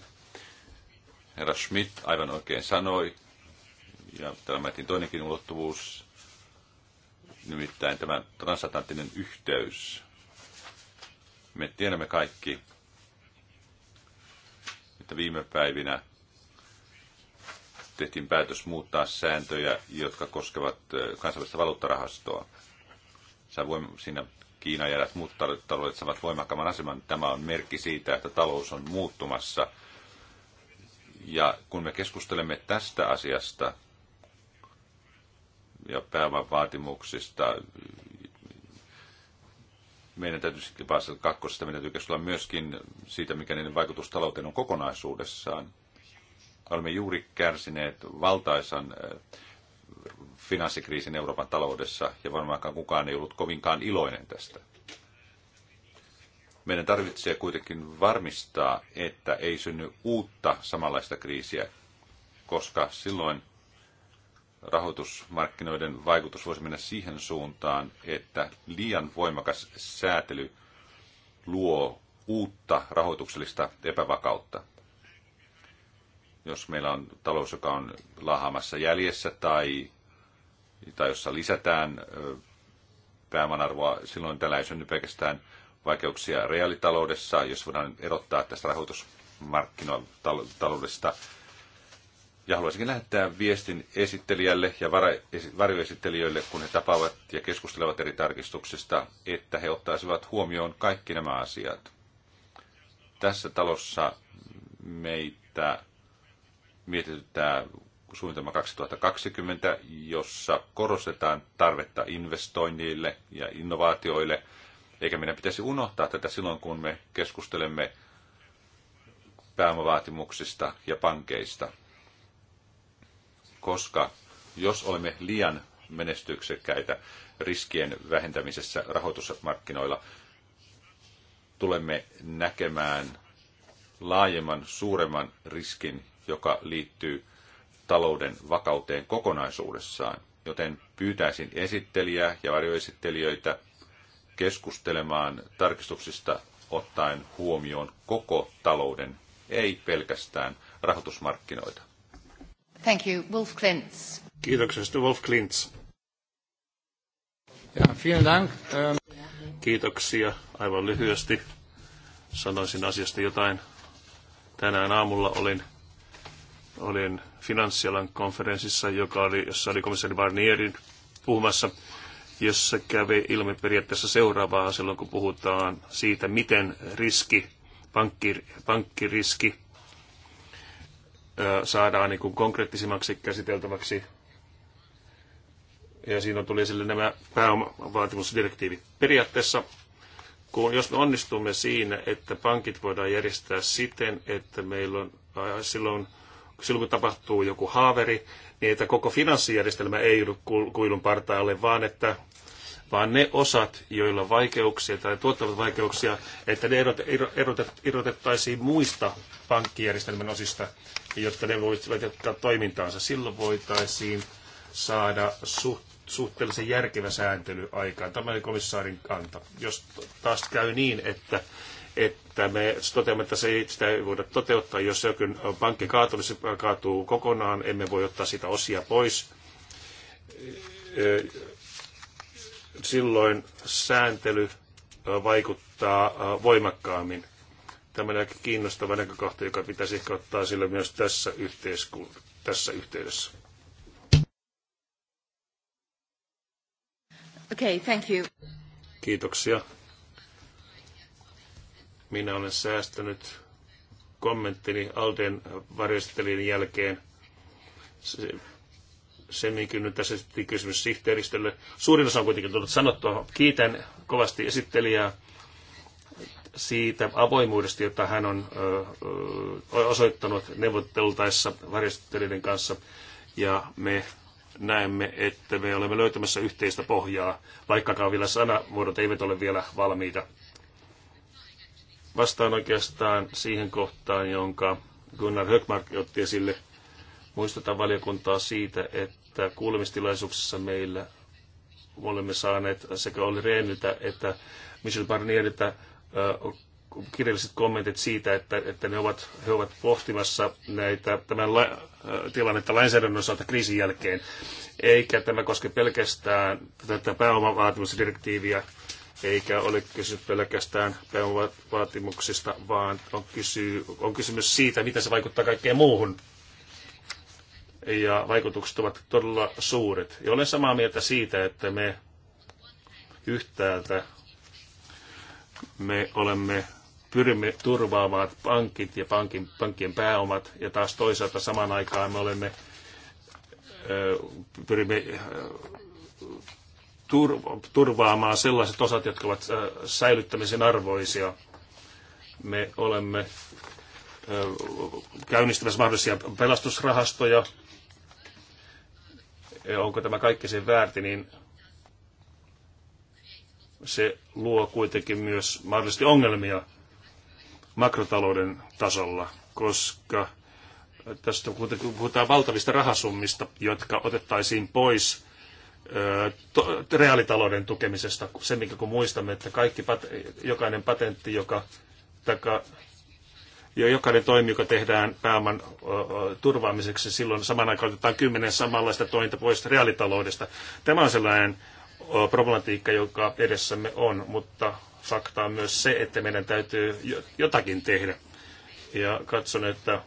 [SPEAKER 3] Herra Schmidt aivan oikein sanoi, ja täällä mätin toinenkin ulottuvuus, nimittäin tämä transatlanttinen yhteys. Me tiedämme kaikki, että viime päivinä tehtiin päätös muuttaa sääntöjä, jotka koskevat kansainvälistä valuuttarahastoa. Siinä Kiina ja muut taloudet saavat voimakkaamman aseman. Tämä on merkki siitä, että talous on muuttumassa. Ja kun me keskustelemme tästä asiasta, ja pääoman vaatimuksista. Meidän täytyy sitten päästä kakkosesta, meidän täytyy keskustella myöskin siitä, mikä niiden vaikutus talouteen on kokonaisuudessaan. Olemme juuri kärsineet valtaisan eh, finanssikriisin Euroopan taloudessa, ja varmaankaan kukaan ei ollut kovinkaan iloinen tästä. Meidän tarvitsee kuitenkin varmistaa, että ei synny uutta samanlaista kriisiä, koska silloin rahoitusmarkkinoiden vaikutus voisi mennä siihen suuntaan, että liian voimakas säätely luo uutta rahoituksellista epävakautta. Jos meillä on talous, joka on lahaamassa jäljessä tai, tai jossa lisätään pääomanarvoa, silloin tällä ei synny pelkästään vaikeuksia reaalitaloudessa, jos voidaan erottaa tästä rahoitusmarkkinataloudesta tal- ja haluaisinkin lähettää viestin esittelijälle ja varjoesittelijöille, kun he tapaavat ja keskustelevat eri tarkistuksista, että he ottaisivat huomioon kaikki nämä asiat. Tässä talossa meitä mietityttää suunnitelma 2020, jossa korostetaan tarvetta investoinneille ja innovaatioille, eikä meidän pitäisi unohtaa tätä silloin, kun me keskustelemme pääomavaatimuksista ja pankeista koska jos olemme liian menestyksekkäitä riskien vähentämisessä rahoitusmarkkinoilla, tulemme näkemään laajemman, suuremman riskin, joka liittyy talouden vakauteen kokonaisuudessaan. Joten pyytäisin esittelijää ja varjoesittelijöitä keskustelemaan tarkistuksista ottaen huomioon koko talouden, ei pelkästään rahoitusmarkkinoita.
[SPEAKER 1] Thank you. Wolf Klintz.
[SPEAKER 2] Kiitoksia, Wolf Klintz. Ähm, Kiitoksia. Aivan lyhyesti sanoisin asiasta jotain. Tänään aamulla olin, olin finanssialan konferenssissa, joka oli, jossa oli komissaari Barnierin puhumassa, jossa kävi ilmi periaatteessa seuraavaa silloin, kun puhutaan siitä, miten riski, pankki, pankkiriski saadaan niin kuin konkreettisimmaksi käsiteltäväksi. Ja siinä tuli sille nämä pääomavaatimusdirektiivit. Periaatteessa, kun, jos me onnistumme siinä, että pankit voidaan järjestää siten, että meillä on silloin, silloin kun tapahtuu joku haaveri, niin että koko finanssijärjestelmä ei joudu kuilun partaalle, vaan että vaan ne osat, joilla vaikeuksia tai tuottavat vaikeuksia, että ne erotettaisiin muista pankkijärjestelmän osista, jotta ne voisivat jatkaa toimintaansa. Silloin voitaisiin saada suht, suhteellisen järkevä sääntely aikaan. Tämä oli komissaarin kanta. Jos taas käy niin, että että me toteamme, että se ei, sitä ei voida toteuttaa, jos jokin pankki kaatuu, niin se kaatuu kokonaan, emme voi ottaa sitä osia pois silloin sääntely vaikuttaa voimakkaammin. Tämä on kiinnostava näkökohta, joka pitäisi ehkä ottaa sille myös tässä, yhteiskun- tässä yhteydessä.
[SPEAKER 5] Okay, thank you.
[SPEAKER 2] Kiitoksia. Minä olen säästänyt kommenttini Alden varjostelin jälkeen semminkin nyt tässä esitettiin kysymys sihteeristölle. Suurin osa on kuitenkin tullut sanottua. Kiitän kovasti esittelijää siitä avoimuudesta, jota hän on osoittanut neuvotteltaessa varjostelijoiden kanssa. Ja me näemme, että me olemme löytämässä yhteistä pohjaa, vaikkakaan vielä sanamuodot eivät ole vielä valmiita. Vastaan oikeastaan siihen kohtaan, jonka Gunnar Högmark otti esille. muistetaan valiokuntaa siitä, että että kuulemistilaisuuksessa meillä olemme saaneet sekä Olli Rehniltä että Michel Barnierilta kirjalliset kommentit siitä, että, että ne ovat, he ovat pohtimassa näitä, tämän la, tilannetta lainsäädännön osalta kriisin jälkeen. Eikä tämä koske pelkästään tätä pääomavaatimusdirektiiviä, eikä ole kysymys pelkästään pääomavaatimuksista, vaan on, kysy, on kysymys siitä, miten se vaikuttaa kaikkeen muuhun ja vaikutukset ovat todella suuret. Ja olen samaa mieltä siitä, että me yhtäältä me olemme pyrimme turvaamaan pankit ja pankin, pankkien pääomat, ja taas toisaalta samaan aikaan me olemme pyrimme turvaamaan sellaiset osat, jotka ovat säilyttämisen arvoisia. Me olemme käynnistämässä mahdollisia pelastusrahastoja, onko tämä kaikki sen väärti, niin se luo kuitenkin myös mahdollisesti ongelmia makrotalouden tasolla, koska tästä kuitenkin puhutaan valtavista rahasummista, jotka otettaisiin pois to, reaalitalouden tukemisesta. Se, mikä kun muistamme, että kaikki, jokainen patentti, joka taka, ja jokainen toimi, joka tehdään pääoman turvaamiseksi, silloin saman aikaan otetaan kymmenen samanlaista tointa pois reaalitaloudesta. Tämä on sellainen problematiikka, joka edessämme on, mutta fakta on myös se, että meidän täytyy jotakin tehdä. Ja katson, että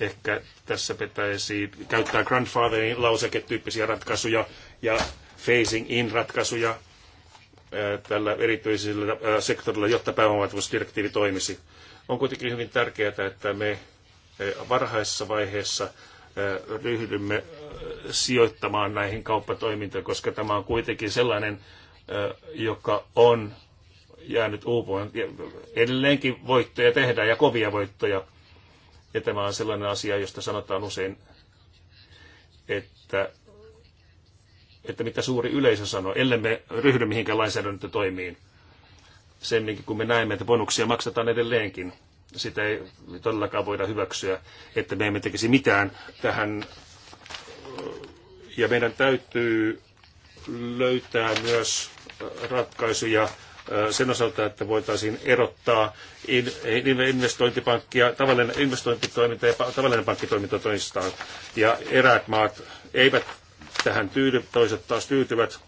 [SPEAKER 2] ehkä tässä pitäisi käyttää grandfatherin lauseketyyppisiä ratkaisuja ja phasing in ratkaisuja tällä erityisellä sektorilla, jotta pääomavaatimusdirektiivi toimisi. On kuitenkin hyvin tärkeää, että me eh, varhaisessa vaiheessa eh, ryhdymme eh, sijoittamaan näihin kauppatoimintoihin, koska tämä on kuitenkin sellainen, joka on jäänyt uupumaan. Edelleenkin voittoja tehdään ja kovia voittoja. Ja tämä on sellainen asia, josta sanotaan usein, että, että mitä suuri yleisö sanoo, ellei me ryhdy mihinkään lainsäädäntötoimiin. toimiin Semminkin kun me näemme, että bonuksia maksataan edelleenkin. Sitä ei todellakaan voida hyväksyä, että me emme tekisi mitään tähän. Ja meidän täytyy löytää myös ratkaisuja äh, sen osalta, että voitaisiin erottaa investointipankki ja tavallinen investointitoiminta ja tavallinen pankkitoiminta toistaan. Ja eräät maat eivät tähän tyydy, toiset taas tyytyvät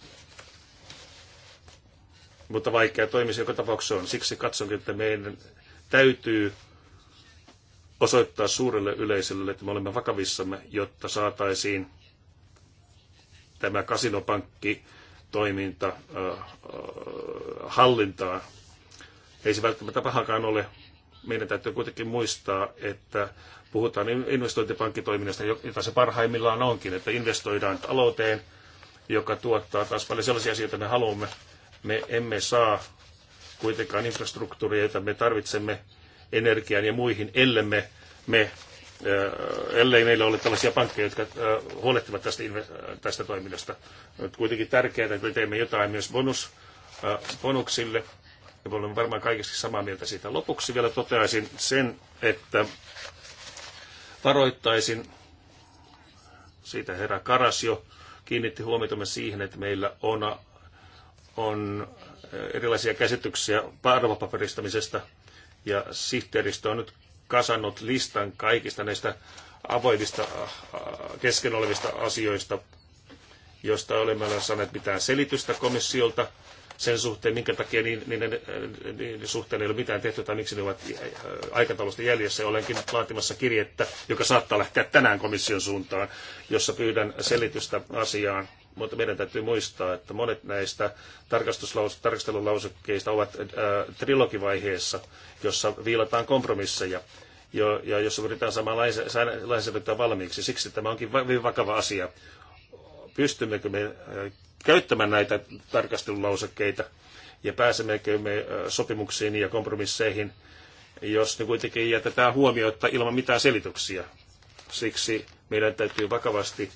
[SPEAKER 2] mutta vaikea toimisi joka tapauksessa on. Siksi katsonkin, että meidän täytyy osoittaa suurelle yleisölle, että me olemme vakavissamme, jotta saataisiin tämä kasinopankki toiminta hallintaa. Ei se välttämättä pahakaan ole. Meidän täytyy kuitenkin muistaa, että puhutaan investointipankkitoiminnasta, jota se parhaimmillaan onkin, että investoidaan talouteen, joka tuottaa taas paljon sellaisia asioita, me haluamme, me emme saa kuitenkaan infrastruktuuria, jota me tarvitsemme energiaan ja muihin, ellemme me äh, ellei meillä ole tällaisia pankkeja, jotka äh, huolehtivat tästä, äh, tästä toiminnasta. On kuitenkin tärkeää, että me teemme jotain myös bonus, bonuksille, ja me olemme varmaan kaikista samaa mieltä siitä. Lopuksi vielä toteaisin sen, että varoittaisin, siitä herra Karasio kiinnitti huomiota siihen, että meillä on on eh, erilaisia käsityksiä arvopaperistamisesta ja sihteeristö on nyt kasannut listan kaikista näistä avoimista ah, ah, kesken olevista asioista, joista olemme saaneet mitään selitystä komissiolta sen suhteen, minkä takia niiden, niin, eh, niin suhteen ei ole mitään tehty tai miksi ne ovat eh, aikataulusta jäljessä. Olenkin laatimassa kirjettä, joka saattaa lähteä tänään komission suuntaan, jossa pyydän selitystä asiaan mutta meidän täytyy muistaa, että monet näistä tarkastelulausekkeista ovat äh, trilogivaiheessa, jossa viilataan kompromisseja jo, ja jossa yritetään saamaan lainsäädäntöä valmiiksi. Siksi tämä onkin hyvin vakava asia. Pystymmekö me äh, käyttämään näitä tarkastelulausekkeita ja pääsemmekö me äh, sopimuksiin ja kompromisseihin, jos ne kuitenkin jätetään huomiota ilman mitään selityksiä. Siksi meidän täytyy vakavasti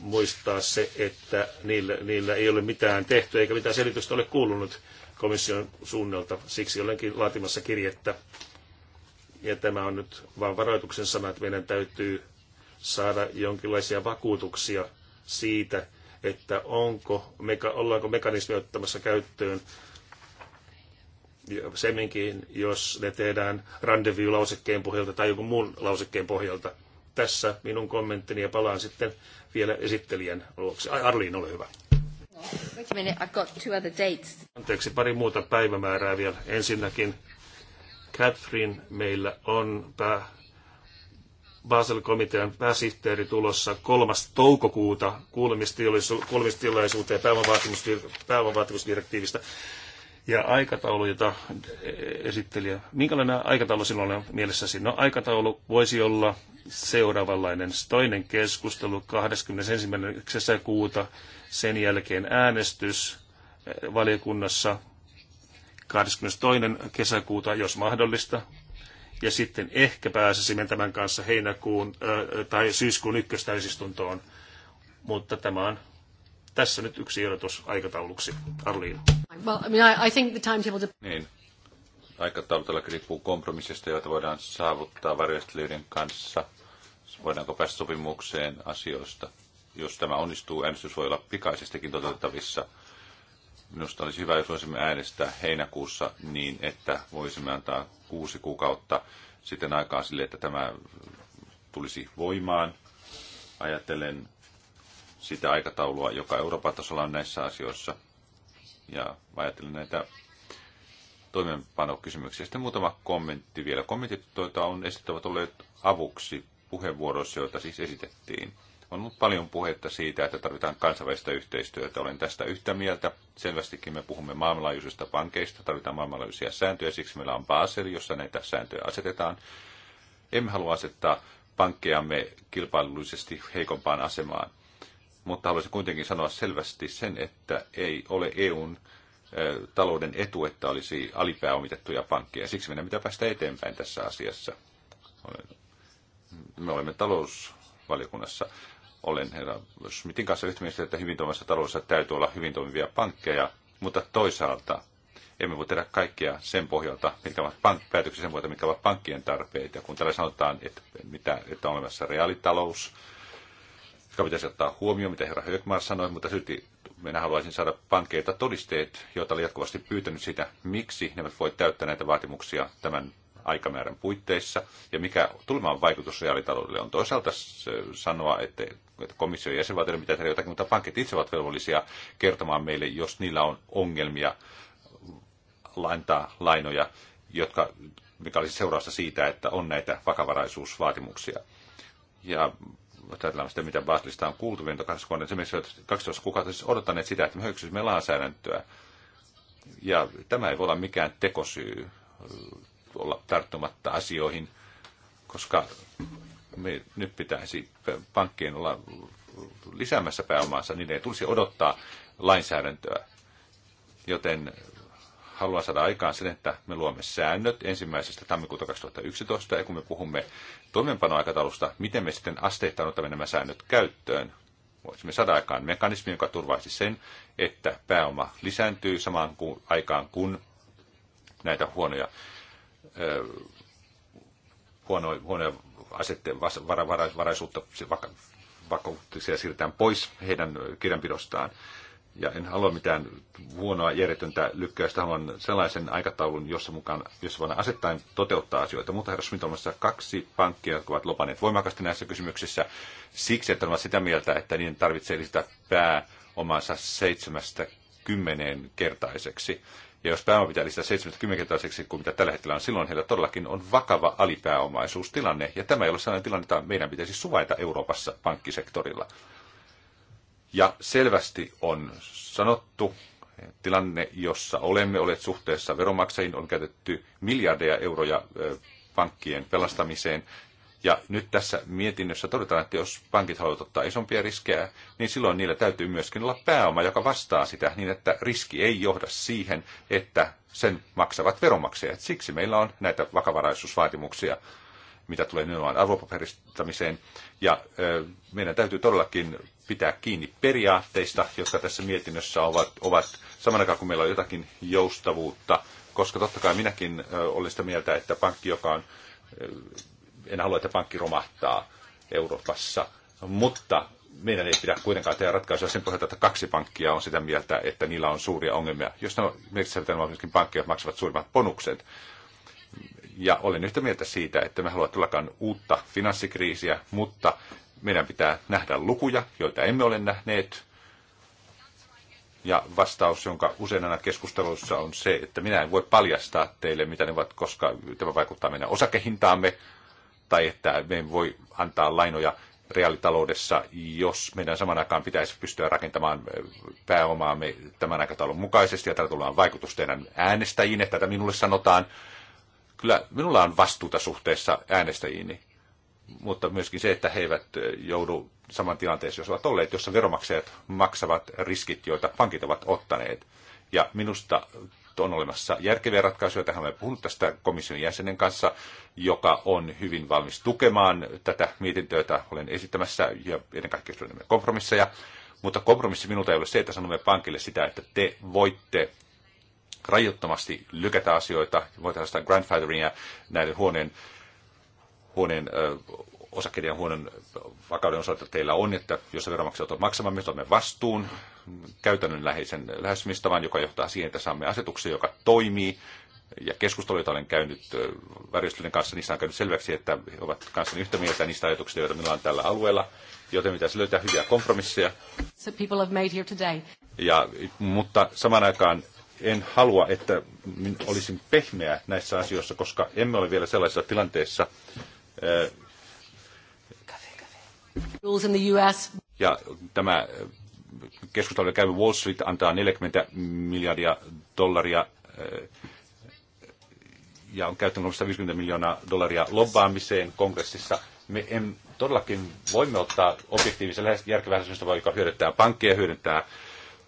[SPEAKER 2] muistaa se, että niillä, niillä ei ole mitään tehty eikä mitään selitystä ole kuulunut komission suunnalta. Siksi olenkin laatimassa kirjettä. Ja tämä on nyt vain varoituksen sana, että meidän täytyy saada jonkinlaisia vakuutuksia siitä, että onko, meka, ollaanko mekanismi ottamassa käyttöön semminkin, jos ne tehdään rendezvous-lausekkeen pohjalta tai jonkun muun lausekkeen pohjalta tässä minun kommenttini ja palaan sitten vielä esittelijän luokse. Arliin, ole hyvä.
[SPEAKER 1] Wait a minute, I've got two other dates.
[SPEAKER 2] Anteeksi, pari muuta päivämäärää vielä. Ensinnäkin Catherine meillä on pää, Basel-komitean pääsihteeri tulossa 3. toukokuuta kuulemistilaisuuteen pääomavaatimusdirektiivistä ja aikataulu, jota esittelijä, minkälainen aikataulu silloin on mielessäsi? No aikataulu voisi olla seuraavanlainen. Toinen keskustelu 21. kesäkuuta, sen jälkeen äänestys eh, valiokunnassa 22. kesäkuuta, jos mahdollista. Ja sitten ehkä pääsisimme tämän kanssa heinäkuun eh, tai syyskuun ykköstäysistuntoon. Mutta tämä on tässä nyt yksi ehdotus aikatauluksi. Arliina.
[SPEAKER 1] Well, I mean, I think the timetable...
[SPEAKER 2] Niin. Aikataulu todellakin riippuu kompromissista, joita voidaan
[SPEAKER 3] saavuttaa varjoistelijoiden kanssa. Voidaanko päästä sopimukseen asioista. Jos tämä onnistuu, äänestys voi olla pikaisestikin toteutettavissa. Minusta olisi hyvä, jos voisimme äänestää heinäkuussa niin, että voisimme antaa kuusi kuukautta sitten aikaa sille, että tämä tulisi voimaan. Ajattelen sitä aikataulua, joka Euroopan tasolla on näissä asioissa ja ajattelin näitä toimenpanokysymyksiä. Sitten muutama kommentti vielä. Kommentit, joita on esittävät olleet avuksi puheenvuoroissa, joita siis esitettiin. On ollut paljon puhetta siitä, että tarvitaan kansainvälistä yhteistyötä. Olen tästä yhtä mieltä. Selvästikin me puhumme maailmanlaajuisista pankeista, tarvitaan maailmanlaajuisia sääntöjä, siksi meillä on Basel, jossa näitä sääntöjä asetetaan. Emme halua asettaa pankkejamme kilpailullisesti heikompaan asemaan mutta haluaisin kuitenkin sanoa selvästi sen, että ei ole EUn talouden etu, että olisi alipääomitettuja pankkeja. Siksi meidän pitää päästä eteenpäin tässä asiassa. Me olemme talousvaliokunnassa. Olen herra Smithin kanssa yhtä mieltä, että hyvin toimivassa taloudessa täytyy olla hyvin toimivia pankkeja, mutta toisaalta emme voi tehdä kaikkea sen pohjalta, mitkä ovat pank- päätöksiä sen pohjalta, mitkä ovat pankkien tarpeet. Ja kun täällä sanotaan, että, mitä, että on olemassa reaalitalous, jotka pitäisi ottaa huomioon, mitä herra Högmar sanoi, mutta silti minä haluaisin saada pankeilta todisteet, joita olen jatkuvasti pyytänyt sitä, miksi ne voi täyttää näitä vaatimuksia tämän aikamäärän puitteissa, ja mikä tulemaan vaikutus reaalitaloudelle on. Toisaalta sanoa, että, että komission jäsenvaltioiden pitää tehdä jotakin, mutta pankit itse ovat velvollisia kertomaan meille, jos niillä on ongelmia laintaa lainoja, jotka, mikä olisi seurausta siitä, että on näitä vakavaraisuusvaatimuksia. Ja ajatellaan sitä, mitä Baslista on kuultu, niin 12 kuukautta siis odottaneet sitä, että me hyväksyisimme lainsäädäntöä. Ja tämä ei voi olla mikään tekosyy äh, olla tarttumatta asioihin, koska me nyt pitäisi pankkien olla lisäämässä pääomaansa, niin ei tulisi odottaa lainsäädäntöä. Joten haluaa saada aikaan sen, että me luomme säännöt ensimmäisestä tammikuuta 2011, ja kun me puhumme toimeenpanoaikataulusta, miten me sitten asteittain otamme nämä säännöt käyttöön. Voisimme saada aikaan mekanismi, joka turvaisi sen, että pääoma lisääntyy samaan kuin, aikaan kun näitä huonoja, ö, huonoja, huonoja asetteen vara, vara, varaisuutta vakuutuksia siirretään pois heidän kirjanpidostaan ja en halua mitään huonoa järjetöntä lykkäystä, haluan sellaisen aikataulun, jossa, mukaan, jossa voidaan asettaen toteuttaa asioita. Mutta herra Smith on kaksi pankkia, jotka ovat lopaneet voimakkaasti näissä kysymyksissä siksi, että ovat sitä mieltä, että niiden tarvitsee lisätä pääomansa seitsemästä kymmeneen kertaiseksi. Ja jos pääoma pitää lisätä 70 kertaiseksi kuin mitä tällä hetkellä on, silloin heillä todellakin on vakava alipääomaisuustilanne. Ja tämä ei ole sellainen tilanne, jota meidän pitäisi suvaita Euroopassa pankkisektorilla. Ja selvästi on sanottu, tilanne, jossa olemme olleet suhteessa veronmaksajiin, on käytetty miljardeja euroja pankkien pelastamiseen. Ja nyt tässä mietinnössä todetaan, että jos pankit haluavat ottaa isompia riskejä, niin silloin niillä täytyy myöskin olla pääoma, joka vastaa sitä, niin että riski ei johda siihen, että sen maksavat veronmaksajat. Siksi meillä on näitä vakavaraisuusvaatimuksia, mitä tulee nimenomaan arvopaperistamiseen. Ja meidän täytyy todellakin pitää kiinni periaatteista, jotka tässä mietinnössä ovat, ovat saman aikaan meillä on jotakin joustavuutta, koska totta kai minäkin olen sitä mieltä, että pankki, joka on, en halua, että pankki romahtaa Euroopassa, mutta meidän ei pidä kuitenkaan tehdä ratkaisua sen pohjalta, että kaksi pankkia on sitä mieltä, että niillä on suuria ongelmia. Jos ne merkitsevät, että myöskin pankkia maksavat suurimmat bonukset. Ja olen yhtä mieltä siitä, että me haluamme tullakaan uutta finanssikriisiä, mutta meidän pitää nähdä lukuja, joita emme ole nähneet. Ja vastaus, jonka usein aina keskusteluissa on se, että minä en voi paljastaa teille, mitä ne ovat, koska tämä vaikuttaa meidän osakehintaamme, tai että me ei voi antaa lainoja reaalitaloudessa, jos meidän saman aikaan pitäisi pystyä rakentamaan eh, pääomaamme tämän aikataulun mukaisesti, ja täällä tullaan vaikutus teidän äänestäjiin, että tätä minulle sanotaan. Kyllä minulla on vastuuta suhteessa äänestäjiini mutta myöskin se, että he eivät joudu saman tilanteeseen, jos ovat olleet, jossa veromaksajat maksavat riskit, joita pankit ovat ottaneet. Ja minusta on olemassa järkeviä ratkaisuja. Tähän olen puhunut tästä komission jäsenen kanssa, joka on hyvin valmis tukemaan tätä mietintöä, jota olen esittämässä, ja ennen kaikkea suunnitelmien kompromisseja. Mutta kompromissi minulta ei ole se, että sanomme pankille sitä, että te voitte rajoittomasti lykätä asioita, voitte sitä grandfatheringia näiden huoneen huoneen osakkeiden ja huonon vakauden osalta teillä on, että jos veronmaksajat on maksamaan, me otamme vastuun käytännönläheisen lähestymistavan, joka johtaa siihen, että saamme asetuksen, joka toimii. Ja keskusteluita olen käynyt värjestöiden kanssa, niissä on käynyt selväksi, että he ovat kanssani yhtä mieltä niistä ajatuksista, joita minulla on tällä alueella. Joten pitäisi löytää hyviä kompromisseja. So people have made here today. Ja, mutta samaan aikaan en halua, että olisin pehmeä näissä asioissa, koska emme ole vielä sellaisessa tilanteessa,
[SPEAKER 1] Rules in the US.
[SPEAKER 3] Ja tämä keskustelun käyvä Wall Street antaa 40 miljardia dollaria eh, ja on käyttänyt 150 miljoonaa dollaria lobbaamiseen kongressissa. Me em, todellakin voimme ottaa objektiivisen lähes järkevää lähestymistä, joka hyödyttää pankkeja, hyödyttää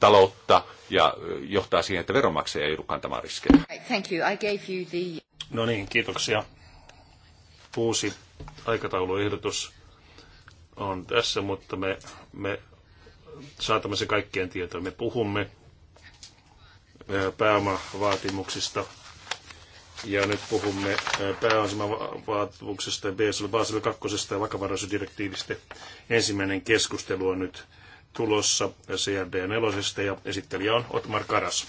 [SPEAKER 3] taloutta ja eh, johtaa siihen, että veronmaksaja
[SPEAKER 2] ei joudu kantamaan riskejä.
[SPEAKER 1] Thank you. I gave you the...
[SPEAKER 2] No niin, kiitoksia. Uusi aikatauluehdotus on tässä, mutta me, me saatamme se kaikkien tietoon. Me puhumme pääomavaatimuksista ja nyt puhumme pääomavaatimuksesta ja BSL Basel 2 ja vakavaraisuusdirektiivistä. Ensimmäinen keskustelu on nyt tulossa CRD 4 ja esittelijä on Otmar Karas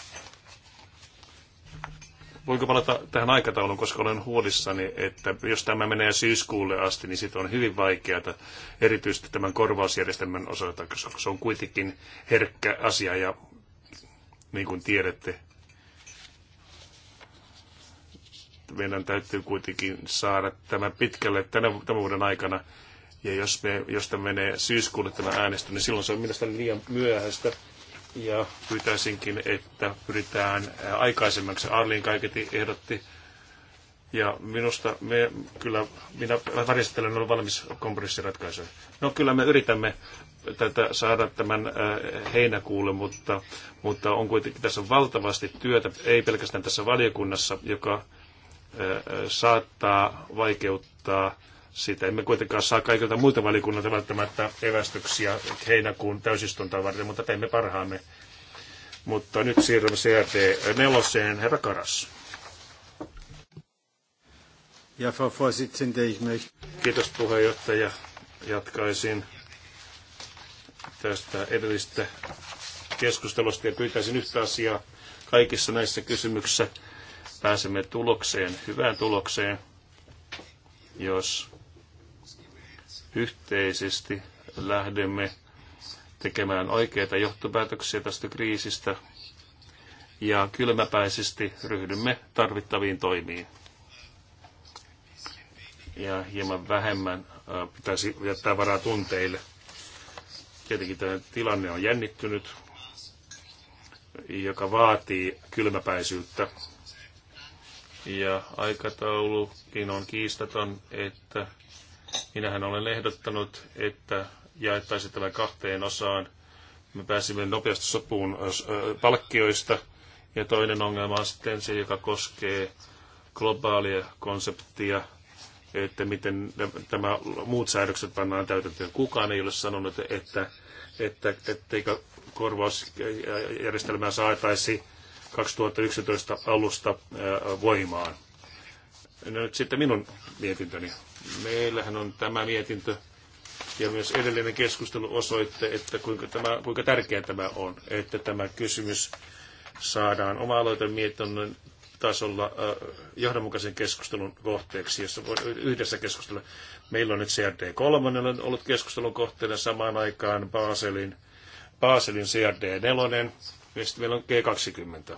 [SPEAKER 2] voinko palata tähän aikatauluun, koska olen huolissani, että jos tämä menee syyskuulle asti, niin sitten on hyvin vaikeaa, erityisesti tämän korvausjärjestelmän osalta, koska se on kuitenkin herkkä asia ja niin kuin tiedätte, meidän täytyy kuitenkin saada tämä pitkälle tänä, tämän vuoden aikana. Ja jos, me, jos tämä menee syyskuulle tämä äänestys, niin silloin se on mielestäni liian myöhäistä. Ja pyytäisinkin, että pyritään aikaisemmaksi. Arlin kaiketi ehdotti. Ja minusta me, kyllä, minä varjastelen on valmis kompromissiratkaisuun. No kyllä me yritämme tätä, saada tämän heinäkuulle, mutta, mutta on kuitenkin tässä on valtavasti työtä, ei pelkästään tässä valiokunnassa, joka saattaa vaikeuttaa siitä emme kuitenkaan saa kaikilta muilta valikunnilta välttämättä evästyksiä heinäkuun täysistuntoa varten, mutta teemme parhaamme. Mutta nyt siirrymme CRT neloseen. Herra Karas. Ja, Frau Vorsitzende, ich möchte... Kiitos puheenjohtaja. Jatkaisin tästä edellistä keskustelusta ja pyytäisin yhtä asiaa kaikissa näissä kysymyksissä. Pääsemme tulokseen, hyvään tulokseen, jos yhteisesti lähdemme tekemään oikeita johtopäätöksiä tästä kriisistä ja kylmäpäisesti ryhdymme tarvittaviin toimiin. Ja hieman vähemmän pitäisi jättää varaa tunteille. Tietenkin tämä tilanne on jännittynyt, joka vaatii kylmäpäisyyttä. Ja aikataulukin on kiistaton, että Minähän olen ehdottanut, että jaettaisiin tämä kahteen osaan. Me pääsimme nopeasti sopuun palkkioista. Ja toinen ongelma on sitten se, joka koskee globaalia konseptia, että miten tämä muut säädökset pannaan täytäntöön. Kukaan ei ole sanonut, että, että etteikö korvausjärjestelmää saataisi 2011 alusta voimaan. No nyt sitten minun mietintöni. Meillähän on tämä mietintö ja myös edellinen keskustelu osoitte, että kuinka, tämä, kuinka tärkeä tämä on, että tämä kysymys saadaan oma mietinnön tasolla äh, johdonmukaisen keskustelun kohteeksi, jossa voi yhdessä keskustella. Meillä on nyt CRD3 ollut keskustelun kohteena samaan aikaan Baselin, Baselin CRD4, ja sitten meillä on G20.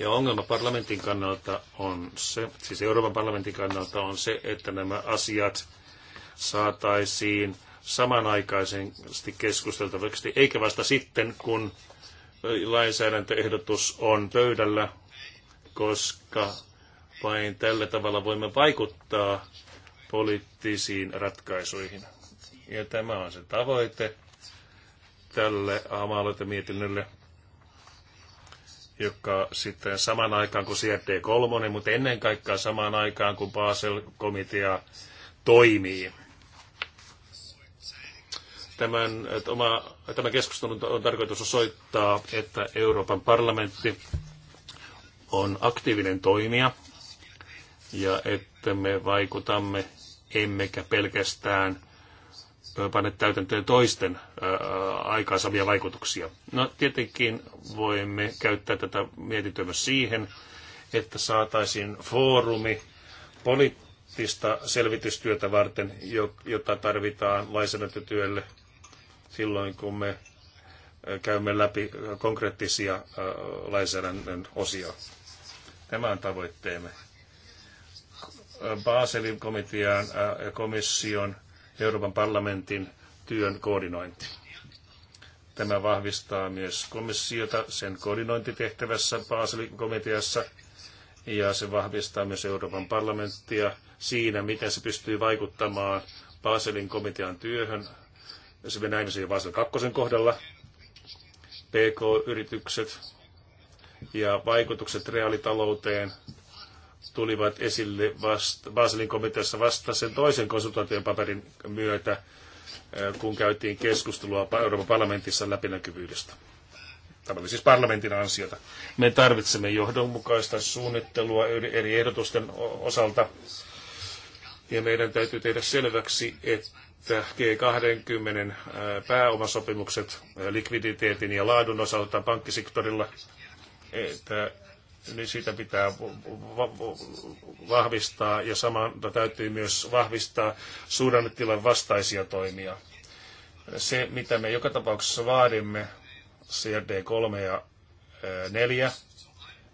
[SPEAKER 2] Ja ongelma parlamentin kannalta on se, siis Euroopan parlamentin kannalta on se, että nämä asiat saataisiin samanaikaisesti keskusteltavaksi, eikä vasta sitten, kun lainsäädäntöehdotus on pöydällä, koska vain tällä tavalla voimme vaikuttaa poliittisiin ratkaisuihin. Ja tämä on se tavoite tälle aamaloitemietinnölle. mietinnölle joka sitten samaan aikaan kuin cfd 3 mutta ennen kaikkea samaan aikaan kuin Basel-komitea toimii. Tämän, oma, tämä keskustelu on tarkoitus osoittaa, että Euroopan parlamentti on aktiivinen toimija ja että me vaikutamme emmekä pelkästään panne täytäntöön toisten aikaansaamia vaikutuksia. No tietenkin voimme käyttää tätä mietintöä myös siihen, että saataisiin foorumi poliittista selvitystyötä varten, jota tarvitaan lainsäädäntötyölle silloin, kun me käymme läpi konkreettisia lainsäädännön osia. Tämä on tavoitteemme. Baselin komitean ja komission Euroopan parlamentin työn koordinointi. Tämä vahvistaa myös komissiota sen koordinointitehtävässä Baselin komiteassa ja se vahvistaa myös Euroopan parlamenttia siinä, miten se pystyy vaikuttamaan Baselin komitean työhön. Se me näin se Basel 2 kohdalla. PK-yritykset ja vaikutukset reaalitalouteen tulivat esille vasta, Baselin komiteassa vasta sen toisen konsultaatiopaperin myötä, kun käytiin keskustelua Euroopan parlamentissa läpinäkyvyydestä. Tämä oli siis parlamentin ansiota. Me tarvitsemme johdonmukaista suunnittelua eri ehdotusten osalta. Ja meidän täytyy tehdä selväksi, että G20 pääomasopimukset likviditeetin ja laadun osalta pankkisektorilla, että niin sitä pitää vahvistaa ja samaan täytyy myös vahvistaa suhdannetilan vastaisia toimia. Se, mitä me joka tapauksessa vaadimme, CRD 3 ja 4,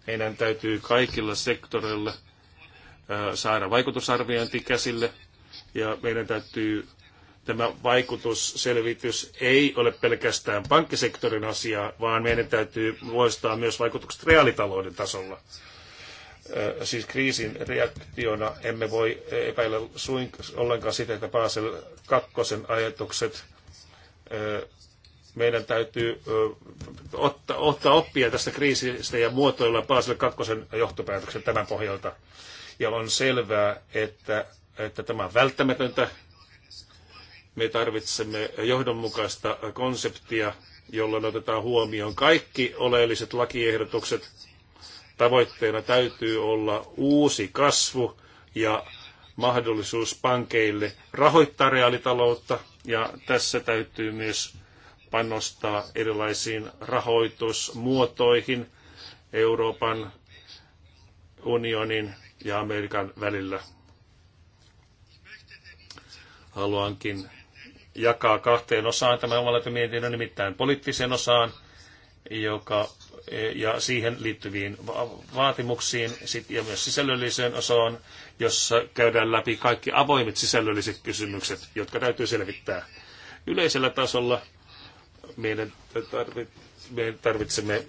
[SPEAKER 2] meidän täytyy kaikilla sektoreilla saada vaikutusarviointi käsille ja meidän täytyy tämä vaikutusselvitys ei ole pelkästään pankkisektorin asia, vaan meidän täytyy muistaa myös vaikutukset reaalitalouden tasolla. Siis kriisin reaktiona emme voi epäillä suin, ollenkaan sitä, että Basel kakkosen ajatukset meidän täytyy ottaa, ottaa oppia tästä kriisistä ja muotoilla Basel kakkosen johtopäätöksen tämän pohjalta. Ja on selvää, että, että tämä on välttämätöntä me tarvitsemme johdonmukaista konseptia, jolloin otetaan huomioon kaikki oleelliset lakiehdotukset. Tavoitteena täytyy olla uusi kasvu ja mahdollisuus pankeille rahoittaa reaalitaloutta, ja tässä täytyy myös panostaa erilaisiin rahoitusmuotoihin Euroopan unionin ja Amerikan välillä. Haluankin jakaa kahteen osaan tämä omalaita mietinnön, nimittäin poliittiseen osaan joka, ja siihen liittyviin vaatimuksiin sit, ja myös sisällölliseen osaan, jossa käydään läpi kaikki avoimet sisällölliset kysymykset, jotka täytyy selvittää. Yleisellä tasolla meidän tarvitaan me tarvitsemme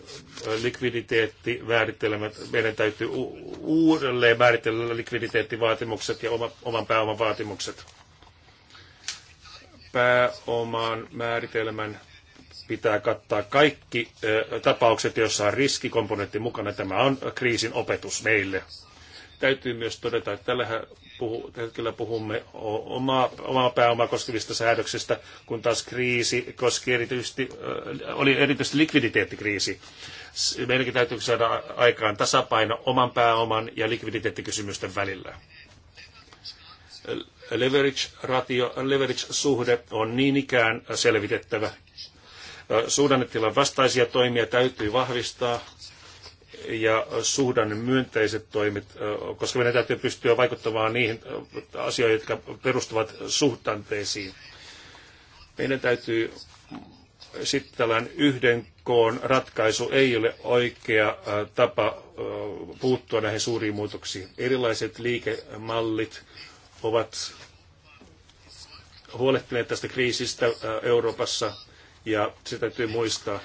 [SPEAKER 2] likviditeettimääritelmät, meidän täytyy uudelleen määritellä likviditeettivaatimukset ja oman pääoman vaatimukset pääoman määritelmän pitää kattaa kaikki tapaukset, joissa on riskikomponentti mukana. Tämä on kriisin opetus meille. Täytyy myös todeta, että tällä hetkellä puhumme omaa, omaa pääomaa koskevista säädöksistä, kun taas kriisi koski erityisesti, oli erityisesti likviditeettikriisi. Meidänkin täytyy saada aikaan tasapaino oman pääoman ja likviditeettikysymysten välillä leverage-ratio, leverage-suhde on niin ikään selvitettävä. Suhdannetilan vastaisia toimia täytyy vahvistaa ja suhdanne myönteiset toimet, koska meidän täytyy pystyä vaikuttamaan niihin asioihin, jotka perustuvat suhtanteisiin. Meidän täytyy sitten tällainen yhden koon ratkaisu ei ole oikea tapa puuttua näihin suuriin muutoksiin. Erilaiset liikemallit ovat huolehtineet tästä kriisistä äh, Euroopassa ja se täytyy muistaa.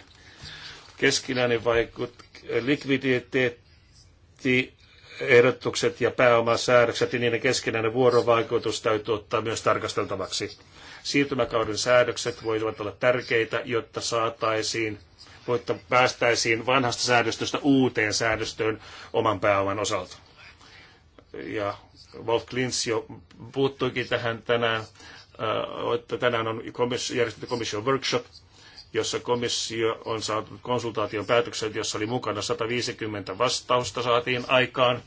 [SPEAKER 2] Keskinäinen vaikut, likviditeetti, ehdotukset ja pääomasäädökset ja niiden keskinäinen vuorovaikutus täytyy ottaa myös tarkasteltavaksi. Siirtymäkauden säädökset voivat olla tärkeitä, jotta saataisiin jotta päästäisiin vanhasta säädöstöstä uuteen säädöstöön oman pääoman osalta. Ja Wolf Klintz jo puuttuikin tähän tänään, äh, että tänään on komissio, järjestetty komission workshop, jossa komissio on saanut konsultaation päätökset, jossa oli mukana 150 vastausta saatiin aikaan.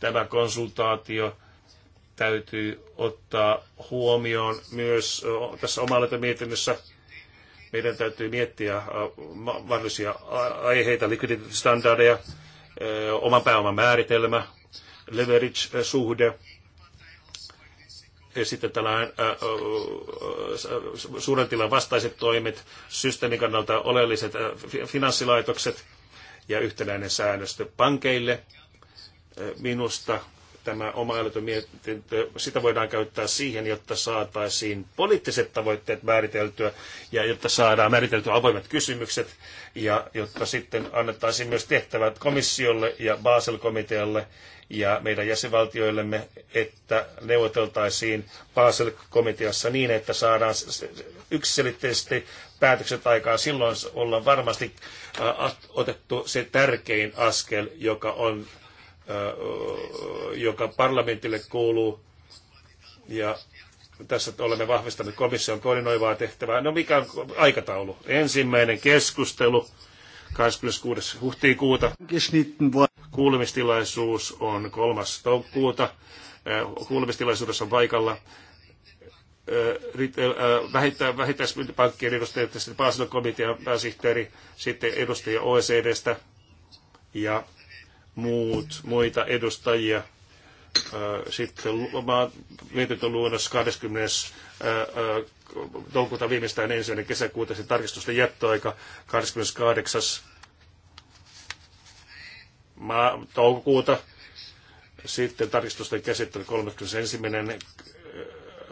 [SPEAKER 2] Tämä konsultaatio täytyy ottaa huomioon myös äh, tässä omalla mietinnössä. Meidän täytyy miettiä äh, mahdollisia aiheita, likviditeettistandardeja, oman pääoman määritelmä, leverage-suhde, sitten tällainen tilan vastaiset toimet, systeemin kannalta oleelliset finanssilaitokset ja yhtenäinen säännöstö pankeille. Minusta tämä oma älytömietintö, sitä voidaan käyttää siihen, jotta saataisiin poliittiset tavoitteet määriteltyä ja jotta saadaan määriteltyä avoimet kysymykset ja jotta sitten annettaisiin myös tehtävät komissiolle ja Basel-komitealle ja meidän jäsenvaltioillemme, että neuvoteltaisiin Basel-komiteassa niin, että saadaan yksiselitteisesti päätökset aikaan. Silloin olla varmasti otettu se tärkein askel, joka on joka parlamentille kuuluu. Ja tässä olemme vahvistaneet komission koordinoivaa tehtävää. No mikä on aikataulu? Ensimmäinen keskustelu 26. huhtikuuta. Kuulemistilaisuus on 3. toukokuuta. Kuulemistilaisuudessa on paikalla vähittäispankkien edustajat, sitten Basel-komitean pääsihteeri, sitten edustaja OECDstä ja muut, muita edustajia. Sitten luonnos 20. toukokuuta viimeistään ensimmäinen kesäkuuta, sen tarkistusten jättöaika 28. toukokuuta sitten tarkistusten käsittely 31.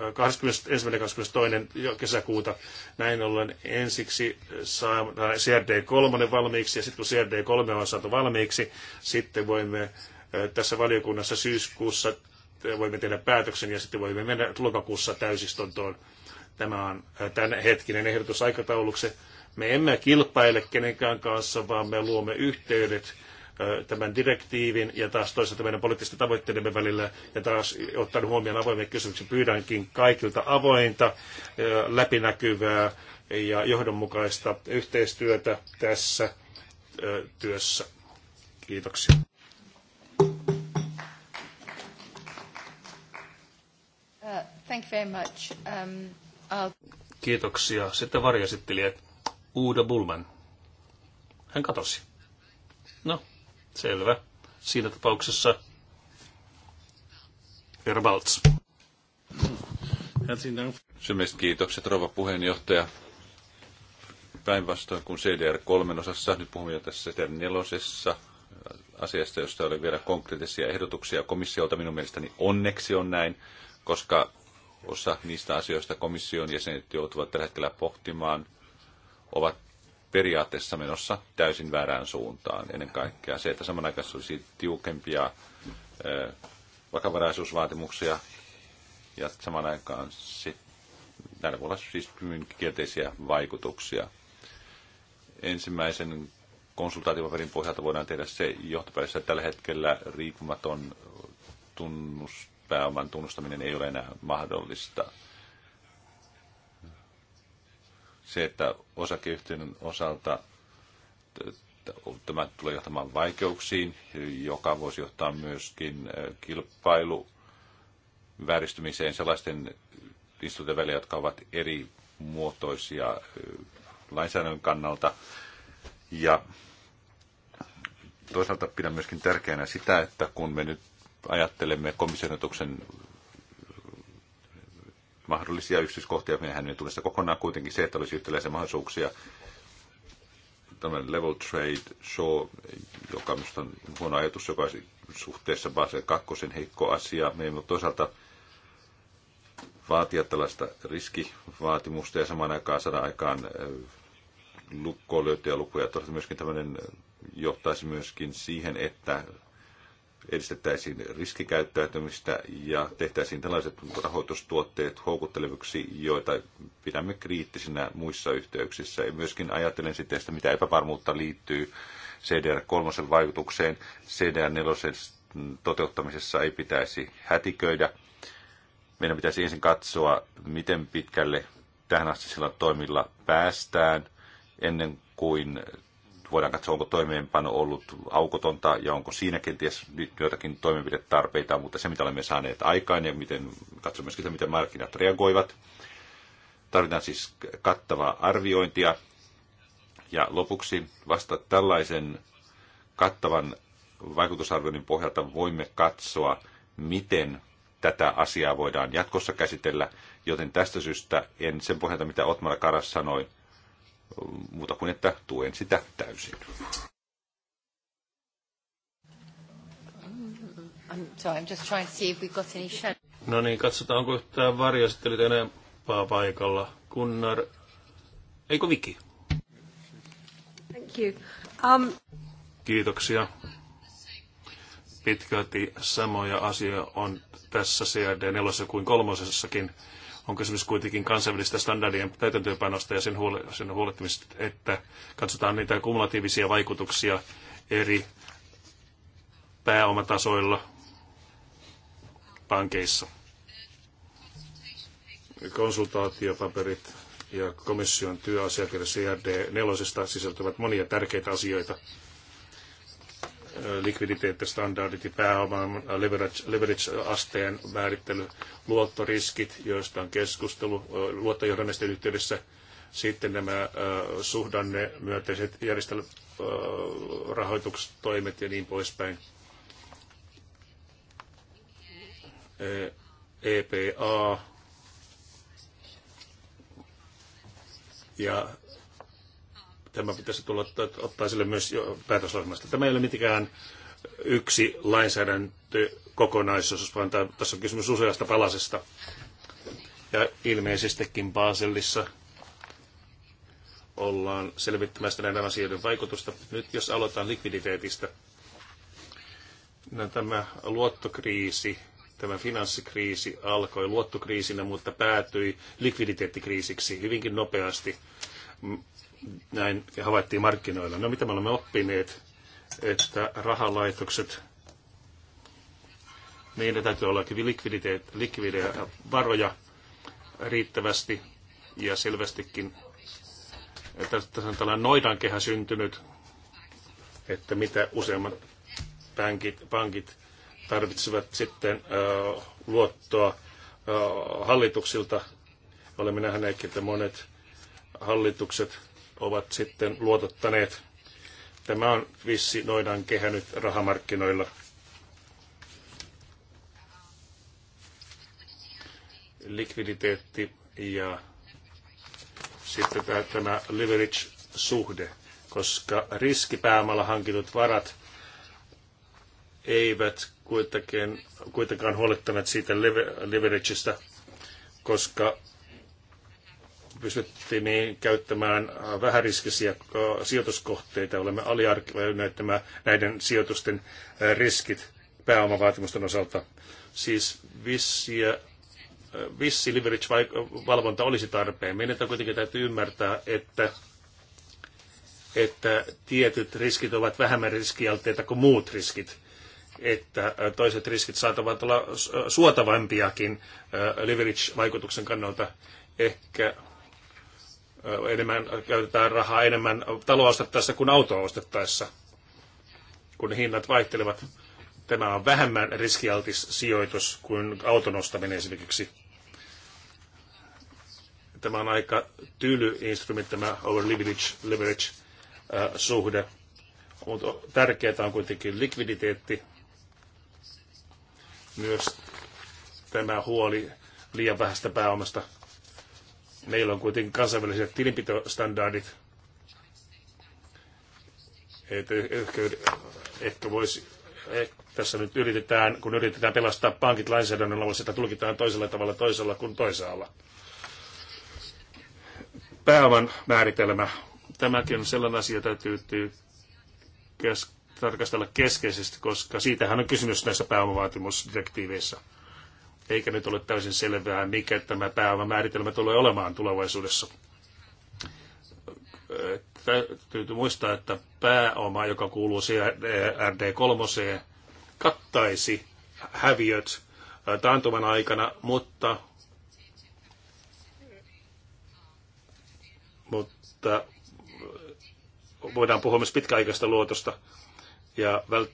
[SPEAKER 2] 21.22. kesäkuuta. Näin ollen ensiksi saadaan CRD3 valmiiksi ja sitten kun CRD3 on saatu valmiiksi, sitten voimme tässä valiokunnassa syyskuussa voimme tehdä päätöksen ja sitten voimme mennä lokakuussa täysistuntoon. Tämä on tämän hetkinen ehdotus aikatauluksi. Me emme kilpaile kenenkään kanssa, vaan me luomme yhteydet tämän direktiivin ja taas toisaalta meidän poliittisten tavoitteidemme välillä ja taas ottaen huomioon avoimia kysymyksiä pyydänkin kaikilta avointa, läpinäkyvää ja johdonmukaista yhteistyötä tässä työssä. Kiitoksia.
[SPEAKER 1] Uh, thank you very much. Um, I'll...
[SPEAKER 2] Kiitoksia. Sitten varjoesittelijät. Uuda Bulman. Hän katosi. No, Selvä. Siinä tapauksessa Herbalts.
[SPEAKER 3] Baltz. kiitokset, rouva puheenjohtaja. Päinvastoin kuin CDR3 osassa, nyt puhumme jo tässä CDR4 asiasta, josta oli vielä konkreettisia ehdotuksia komissiolta. Minun mielestäni onneksi on näin, koska osa niistä asioista komission jäsenet joutuvat tällä hetkellä pohtimaan, ovat periaatteessa menossa täysin väärään suuntaan. Ennen kaikkea se, että samanaikaisesti olisi tiukempia vakavaraisuusvaatimuksia ja saman aikaan näillä voi olla siis kielteisiä vaikutuksia. Ensimmäisen konsultaatiopaperin pohjalta voidaan tehdä se johtopäätös, että tällä hetkellä riippumaton tunnus, pääoman tunnustaminen ei ole enää mahdollista se, että osakeyhtiön osalta tämä tulee johtamaan vaikeuksiin, joka voisi johtaa myöskin kilpailu vääristymiseen sellaisten instituutioiden välillä, jotka ovat eri muotoisia lainsäädännön kannalta. Ja toisaalta pidän myöskin tärkeänä sitä, että kun me nyt ajattelemme komissionetuksen mahdollisia yksityiskohtia, mehän ei tule sitä kokonaan kuitenkin se, että olisi yhtäläisiä mahdollisuuksia. Tällainen level trade show, joka minusta on huono ajatus, joka suhteessa Basel kakkosen heikko asia. Me ei toisaalta vaatia tällaista riskivaatimusta ja samaan aikaan saada aikaan lukkoon löytyjä lukuja. Toisaalta myöskin tämmöinen johtaisi myöskin siihen, että edistettäisiin riskikäyttäytymistä ja tehtäisiin tällaiset rahoitustuotteet houkutteleviksi, joita pidämme kriittisinä muissa yhteyksissä. Ja myöskin ajattelen sitten sitä, mitä epävarmuutta liittyy CDR-3 vaikutukseen. CDR-4 toteuttamisessa ei pitäisi hätiköidä. Meidän pitäisi ensin katsoa, miten pitkälle tähän asti sillä toimilla päästään ennen kuin voidaan katsoa, onko toimeenpano ollut aukotonta ja onko siinä kenties joitakin toimenpidetarpeita, mutta se mitä olemme saaneet aikaan ja miten, katsomme myöskin sitä, miten markkinat reagoivat. Tarvitaan siis kattavaa arviointia. Ja lopuksi vasta tällaisen kattavan vaikutusarvioinnin pohjalta voimme katsoa, miten tätä asiaa voidaan jatkossa käsitellä, joten tästä syystä en sen pohjalta, mitä Otmar Karas sanoi, muuta kuin että tuen sitä täysin.
[SPEAKER 2] No niin, katsotaan, onko yhtään varjostelijat enempää paikalla. Kunnar, eikö Viki?
[SPEAKER 1] Thank you. Um...
[SPEAKER 2] Kiitoksia. Pitkälti samoja asioita on tässä CRD 4 kuin kolmosessakin on kysymys kuitenkin kansainvälistä standardien täytäntöönpanosta ja sen, huole- sen huolehtimisesta, että katsotaan niitä kumulatiivisia vaikutuksia eri pääomatasoilla pankeissa. Konsultaatiopaperit ja komission työasiakirja CRD 4 sisältävät monia tärkeitä asioita, likviditeettistandardit ja pääoman leverage-asteen leverage määrittely, luottoriskit, joista on keskustelu luottojohdannisten yhteydessä, sitten nämä suhdanne myönteiset järjestelmärahoitustoimet ja niin poispäin. EPA ja Tämä pitäisi tulla ottaa sille myös päätöslauselmasta. Tämä ei ole mitenkään yksi lainsäädäntökokonaisuus, vaan tämä tässä on kysymys useasta palasesta. Ja ilmeisestikin Baselissa ollaan selvittämässä näiden asioiden vaikutusta. Nyt jos aloitetaan likviditeetistä, no, tämä luottokriisi, tämä finanssikriisi alkoi luottokriisinä, mutta päätyi likviditeettikriisiksi hyvinkin nopeasti näin havaittiin markkinoilla. No mitä me olemme oppineet, että rahalaitokset, niillä täytyy olla likvidejä varoja riittävästi ja selvästikin että tässä on tällainen noidankehä syntynyt, että mitä useammat pankit, pankit tarvitsevat sitten äh, luottoa äh, hallituksilta. Olemme nähneet, että monet hallitukset ovat sitten luotottaneet. Tämä on vissi noidan kehänyt rahamarkkinoilla. Likviditeetti ja sitten tämä leverage-suhde, koska riskipäämällä hankitut varat eivät kuitenkaan huolettaneet siitä leveragesta, koska pystyttiin käyttämään vähäriskisiä sijoituskohteita. Olemme aliarvioineet näiden sijoitusten riskit pääomavaatimusten osalta. Siis vissiä vissi leverage-valvonta olisi tarpeen. Meidän kuitenkin täytyy ymmärtää, että, että tietyt riskit ovat vähemmän riskialteita kuin muut riskit. Että toiset riskit saattavat olla suotavampiakin leverage-vaikutuksen kannalta. Ehkä enemmän, käytetään rahaa enemmän taloa ostettaessa kuin autoa ostettaessa, kun hinnat vaihtelevat. Tämä on vähemmän riskialtis sijoitus kuin auton ostaminen esimerkiksi. Tämä on aika tyly instrumentti, tämä over leverage, leverage äh, suhde. Mutta tärkeää on kuitenkin likviditeetti, myös tämä huoli liian vähästä pääomasta Meillä on kuitenkin kansainväliset tilinpitostandardit. Että ehkä, ehkä voisi, eh, tässä nyt yritetään, kun yritetään pelastaa pankit lainsäädännön avulla, sitä tulkitaan toisella tavalla toisella kuin toisaalla. Pääoman määritelmä. Tämäkin on sellainen asia, jota täytyy kes- tarkastella keskeisesti, koska siitähän on kysymys näissä pääomavaatimusdirektiiveissä eikä nyt ole täysin selvää, mikä tämä pääomamääritelmä tulee olemaan tulevaisuudessa. Täytyy muistaa, että pääoma, joka kuuluu RD3, kattaisi häviöt taantuman aikana, mutta, mutta voidaan puhua myös pitkäaikaista luotosta. Ja vält,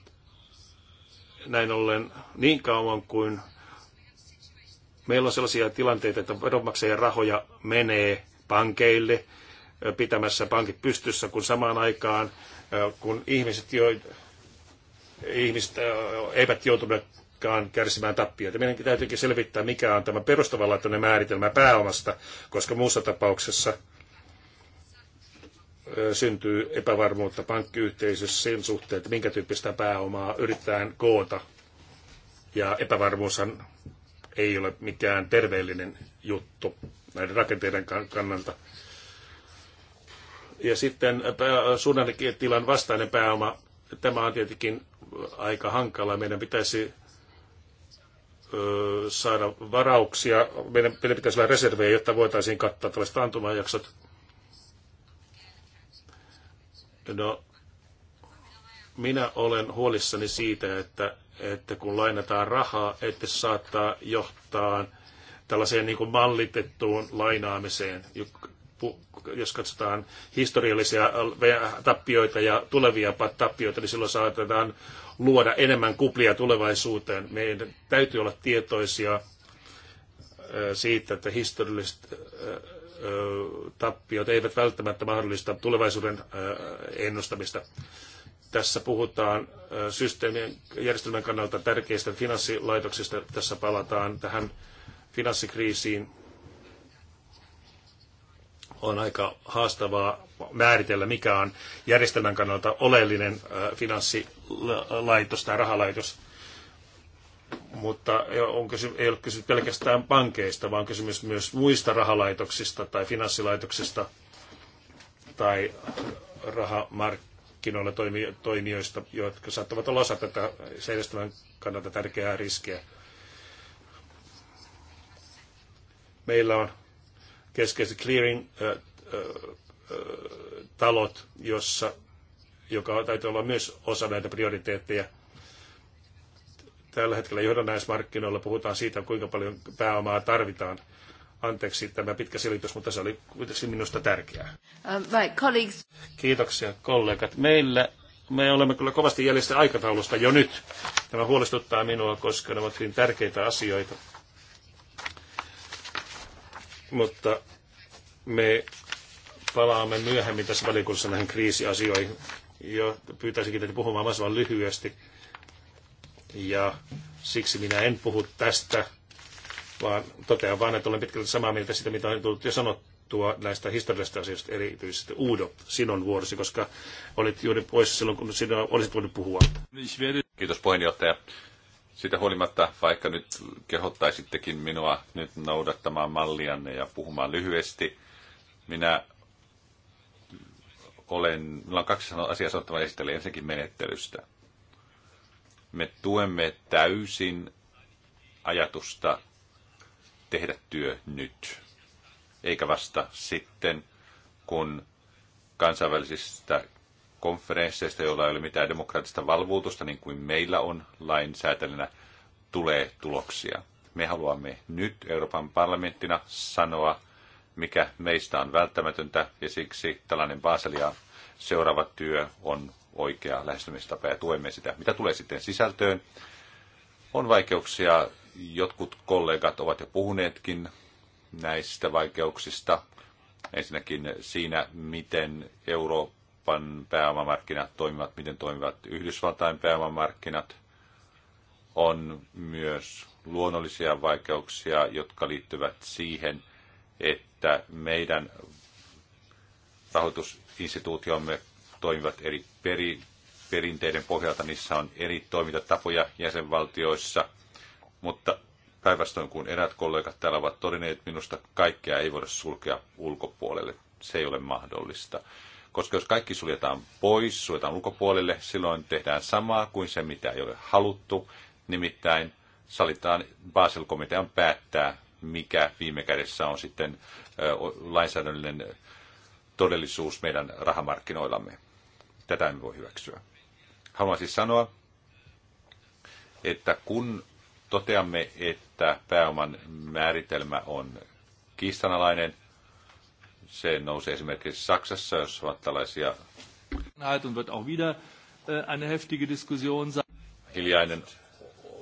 [SPEAKER 2] näin ollen niin kauan kuin Meillä on sellaisia tilanteita, että veronmaksajien rahoja menee pankeille pitämässä pankit pystyssä, kun samaan aikaan, kun ihmiset, jo, ihmiset eivät joutuneetkaan kärsimään tappioita. Meidän täytyykin selvittää, mikä on tämä perustavanlaatuinen määritelmä pääomasta, koska muussa tapauksessa syntyy epävarmuutta pankkiyhteisössä sen suhteen, että minkä tyyppistä pääomaa yritetään koota. Ja epävarmuushan ei ole mikään terveellinen juttu näiden rakenteiden kannalta. Ja sitten äh, suhdannetilan vastainen pääoma, tämä on tietenkin aika hankala. Meidän pitäisi saada varauksia, meidän pitäisi olla reservejä, jotta voitaisiin kattaa tällaiset antumajaksot. No, minä olen huolissani siitä, että että kun lainataan rahaa, että se saattaa johtaa tällaiseen niin kuin mallitettuun lainaamiseen, jos katsotaan historiallisia tappioita ja tulevia tappioita, niin silloin saatetaan luoda enemmän kuplia tulevaisuuteen. Meidän täytyy olla tietoisia siitä, että historialliset tappiot eivät välttämättä mahdollista tulevaisuuden ennustamista. Tässä puhutaan systeemien järjestelmän kannalta tärkeistä finanssilaitoksista. Tässä palataan tähän finanssikriisiin. On aika haastavaa määritellä, mikä on järjestelmän kannalta oleellinen finanssilaitos tai rahalaitos mutta on kysy, ei ole kysymys pelkästään pankeista, vaan kysymys myös muista rahalaitoksista tai finanssilaitoksista tai rahamarkkinoista? markkinoilla toimijoista, jotka saattavat olla osa tätä seirastelun kannalta tärkeää riskiä. Meillä on keskeiset clearing-talot, jossa, joka täytyy olla myös osa näitä prioriteetteja. Tällä hetkellä johdannaismarkkinoilla puhutaan siitä, kuinka paljon pääomaa tarvitaan Anteeksi tämä pitkä selitys, mutta se oli kuitenkin minusta tärkeää.
[SPEAKER 1] Um, right, colleagues.
[SPEAKER 2] Kiitoksia kollegat. Meillä me olemme kyllä kovasti jäljessä aikataulusta jo nyt. Tämä huolestuttaa minua, koska ne ovat hyvin tärkeitä asioita. Mutta me palaamme myöhemmin tässä valiokunnassa näihin kriisiasioihin. Jo pyytäisinkin teitä puhumaan mahdollisimman lyhyesti. Ja siksi minä en puhu tästä vaan totean vaan, että olen pitkälti samaa mieltä siitä, mitä on tullut jo sanottua näistä historiallisista asioista, erityisesti Uudo, sinun vuorosi, koska olit juuri pois silloin, kun sinä olisit voinut puhua.
[SPEAKER 3] Kiitos puheenjohtaja. Sitä huolimatta, vaikka nyt kehottaisittekin minua nyt noudattamaan mallianne ja puhumaan lyhyesti, minä olen, minulla on kaksi asiaa sanottavaa esitellä ensinnäkin menettelystä. Me tuemme täysin ajatusta tehdä työ nyt, eikä vasta sitten, kun kansainvälisistä konferensseista, joilla ei ole mitään demokraattista valvuutusta, niin kuin meillä on lainsäätelynä, tulee tuloksia. Me haluamme nyt Euroopan parlamenttina sanoa, mikä meistä on välttämätöntä, ja siksi tällainen Baselia seuraava työ on oikea lähestymistapa ja tuemme sitä. Mitä tulee sitten sisältöön? On vaikeuksia Jotkut kollegat ovat jo puhuneetkin näistä vaikeuksista. Ensinnäkin siinä, miten Euroopan pääomamarkkinat toimivat, miten toimivat Yhdysvaltain pääomamarkkinat. On myös luonnollisia vaikeuksia, jotka liittyvät siihen, että meidän rahoitusinstituutiomme toimivat eri peri, perinteiden pohjalta. Niissä on eri toimintatapoja jäsenvaltioissa mutta päinvastoin kuin erät kollegat täällä ovat todenneet, minusta kaikkea ei voida sulkea ulkopuolelle. Se ei ole mahdollista. Koska jos kaikki suljetaan pois, suljetaan ulkopuolelle, silloin tehdään samaa kuin se, mitä ei ole haluttu. Nimittäin salitaan Basel-komitean päättää, mikä viime kädessä on sitten lainsäädännöllinen todellisuus meidän rahamarkkinoillamme. Tätä emme voi hyväksyä. Haluan siis sanoa, että kun toteamme, että pääoman määritelmä on kiistanalainen. Se nousee esimerkiksi Saksassa, jos ovat tällaisia äh, Hiljainen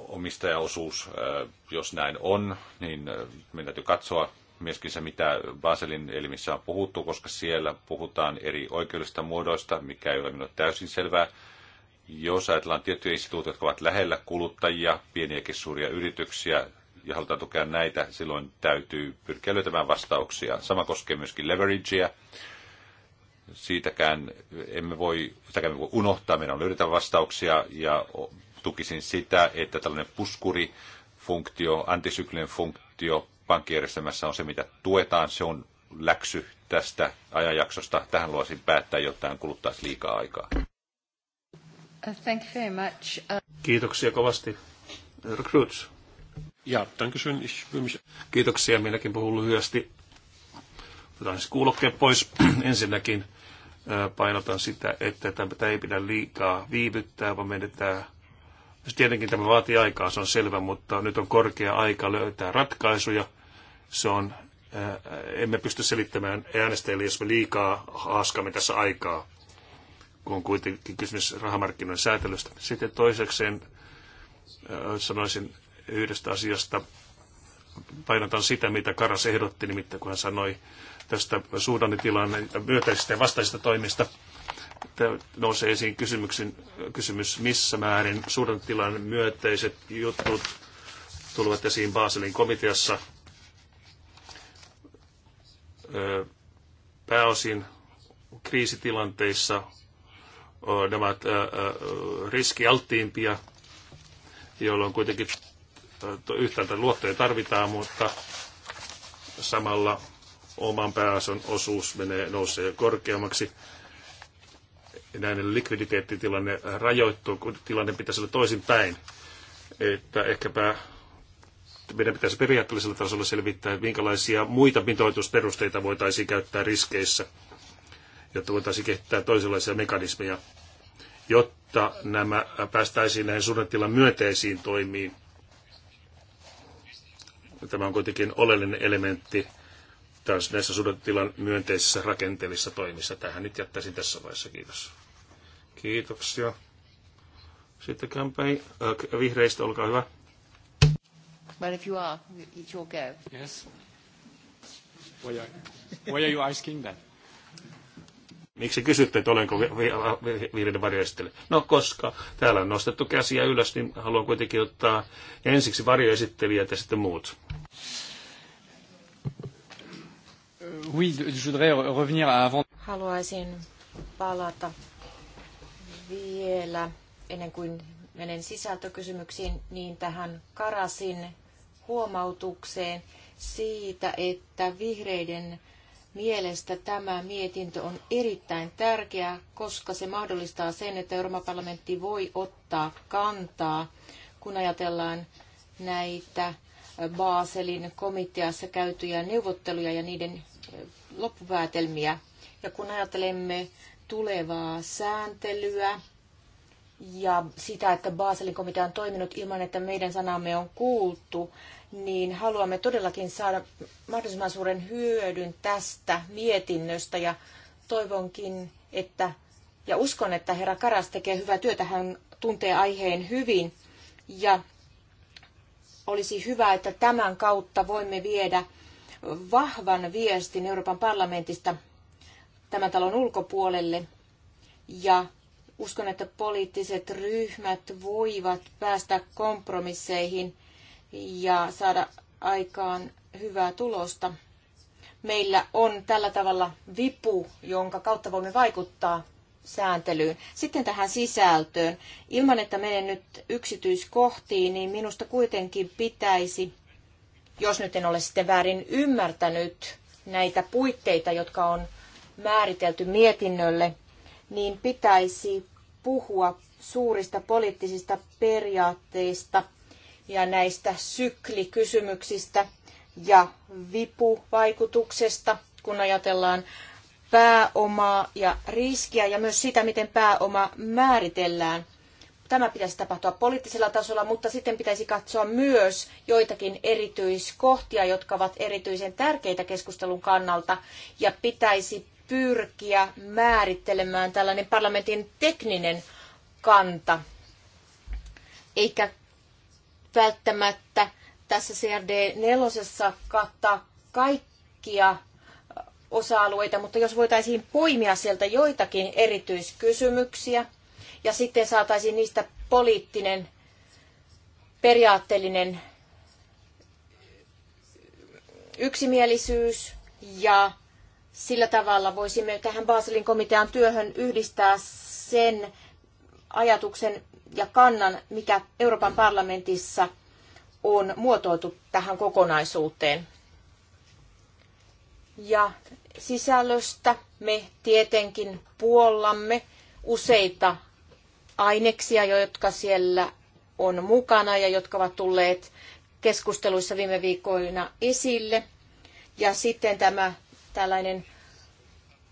[SPEAKER 3] omistajaosuus, äh, jos näin on, niin äh, meidän täytyy katsoa myöskin se, mitä Baselin elimissä on puhuttu, koska siellä puhutaan eri oikeudellisista muodoista, mikä ei ole minulle täysin selvää jos ajatellaan tiettyjä instituutioita, jotka ovat lähellä kuluttajia, pieniäkin suuria yrityksiä, ja halutaan tukea näitä, silloin täytyy pyrkiä löytämään vastauksia. Sama koskee myöskin leveragea. Siitäkään emme voi, sitäkään emme voi unohtaa, meidän on löydettävä vastauksia ja tukisin sitä, että tällainen puskurifunktio, antisyklinen funktio pankkijärjestelmässä on se, mitä tuetaan. Se on läksy tästä ajanjaksosta. Tähän luosin
[SPEAKER 2] päättää, jotta hän kuluttaisi liikaa aikaa.
[SPEAKER 1] Thank you very much.
[SPEAKER 2] Kiitoksia kovasti. Recruits. Ja, danke schön. Ich will mich... Kiitoksia. Minäkin puhun lyhyesti. Otetaan siis kuulokkeet pois. Ensinnäkin painotan sitä, että tätä ei pidä liikaa viivyttää, vaan menetään siis Tietenkin tämä vaatii aikaa, se on selvä, mutta nyt on korkea aika löytää ratkaisuja. Se on, emme pysty selittämään äänestäjille, jos me liikaa haaskamme tässä aikaa kun on kuitenkin kysymys rahamarkkinoiden säätelystä. Sitten toisekseen äh, sanoisin yhdestä asiasta, painotan sitä, mitä Karas ehdotti, nimittäin kun hän sanoi tästä suhdannetilan myötäisistä ja vastaisista toimista. Tämä nousee esiin kysymyksen, kysymys, missä määrin suhdannetilan myönteiset jutut tulevat esiin Baselin komiteassa pääosin kriisitilanteissa ne ovat riskialttiimpia, jolloin kuitenkin yhtäältä luottoja tarvitaan, mutta samalla oman pääason osuus menee nousee korkeammaksi. näin likviditeettitilanne rajoittuu, kun tilanne pitäisi olla toisinpäin. Että ehkäpä meidän pitäisi periaatteellisella tasolla selvittää, minkälaisia muita mitoitusperusteita voitaisiin käyttää riskeissä – jotta voitaisiin kehittää toisenlaisia mekanismeja, jotta nämä päästäisiin näihin suunnitteilla myönteisiin toimiin. Tämä on kuitenkin oleellinen elementti taas näissä suhdannetilan myönteisissä rakenteellisissa toimissa. Tähän nyt jättäisin tässä vaiheessa. Kiitos. Kiitoksia. Sitten kämpäi äh, vihreistä, olkaa hyvä.
[SPEAKER 1] Well, if you are, it's your go.
[SPEAKER 2] Yes. Why are, why are you asking that? Miksi kysytte, että olenko vihreiden varjoesittelijä? No, koska täällä on nostettu käsiä ylös, niin haluan kuitenkin ottaa ensiksi varjoesittelijät ja sitten muut.
[SPEAKER 4] Haluaisin palata vielä, ennen kuin menen sisältökysymyksiin, niin tähän Karasin huomautukseen siitä, että vihreiden mielestä tämä mietintö on erittäin tärkeä, koska se mahdollistaa sen, että Euroopan parlamentti voi ottaa kantaa, kun ajatellaan näitä Baselin komiteassa käytyjä neuvotteluja ja niiden loppupäätelmiä. Ja kun ajattelemme tulevaa sääntelyä ja sitä, että Baselin komitea on toiminut ilman, että meidän sanamme on kuultu, niin haluamme todellakin saada mahdollisimman suuren hyödyn tästä mietinnöstä ja toivonkin, että ja uskon, että herra Karas tekee hyvää työtä, hän tuntee aiheen hyvin ja olisi hyvä, että tämän kautta voimme viedä vahvan viestin Euroopan parlamentista tämän talon ulkopuolelle ja uskon, että poliittiset ryhmät voivat päästä kompromisseihin – ja saada aikaan hyvää tulosta. Meillä on tällä tavalla vipu, jonka kautta voimme vaikuttaa sääntelyyn. Sitten tähän sisältöön. Ilman, että menen nyt yksityiskohtiin, niin minusta kuitenkin pitäisi, jos nyt en ole sitten väärin ymmärtänyt näitä puitteita, jotka on määritelty mietinnölle, niin pitäisi puhua suurista poliittisista periaatteista ja näistä syklikysymyksistä ja vipuvaikutuksesta, kun ajatellaan pääomaa ja riskiä ja myös sitä, miten pääoma määritellään. Tämä pitäisi tapahtua poliittisella tasolla, mutta sitten pitäisi katsoa myös joitakin erityiskohtia, jotka ovat erityisen tärkeitä keskustelun kannalta ja pitäisi pyrkiä määrittelemään tällainen parlamentin tekninen kanta, eikä välttämättä tässä CRD4 kattaa kaikkia osa-alueita, mutta jos voitaisiin poimia sieltä joitakin erityiskysymyksiä ja sitten saataisiin niistä poliittinen, periaatteellinen yksimielisyys ja sillä tavalla voisimme tähän Baselin komitean työhön yhdistää sen ajatuksen, ja kannan, mikä Euroopan parlamentissa on muotoiltu tähän kokonaisuuteen. Ja sisällöstä me tietenkin puollamme useita aineksia, jotka siellä on mukana ja jotka ovat tulleet keskusteluissa viime viikkoina esille. Ja sitten tämä tällainen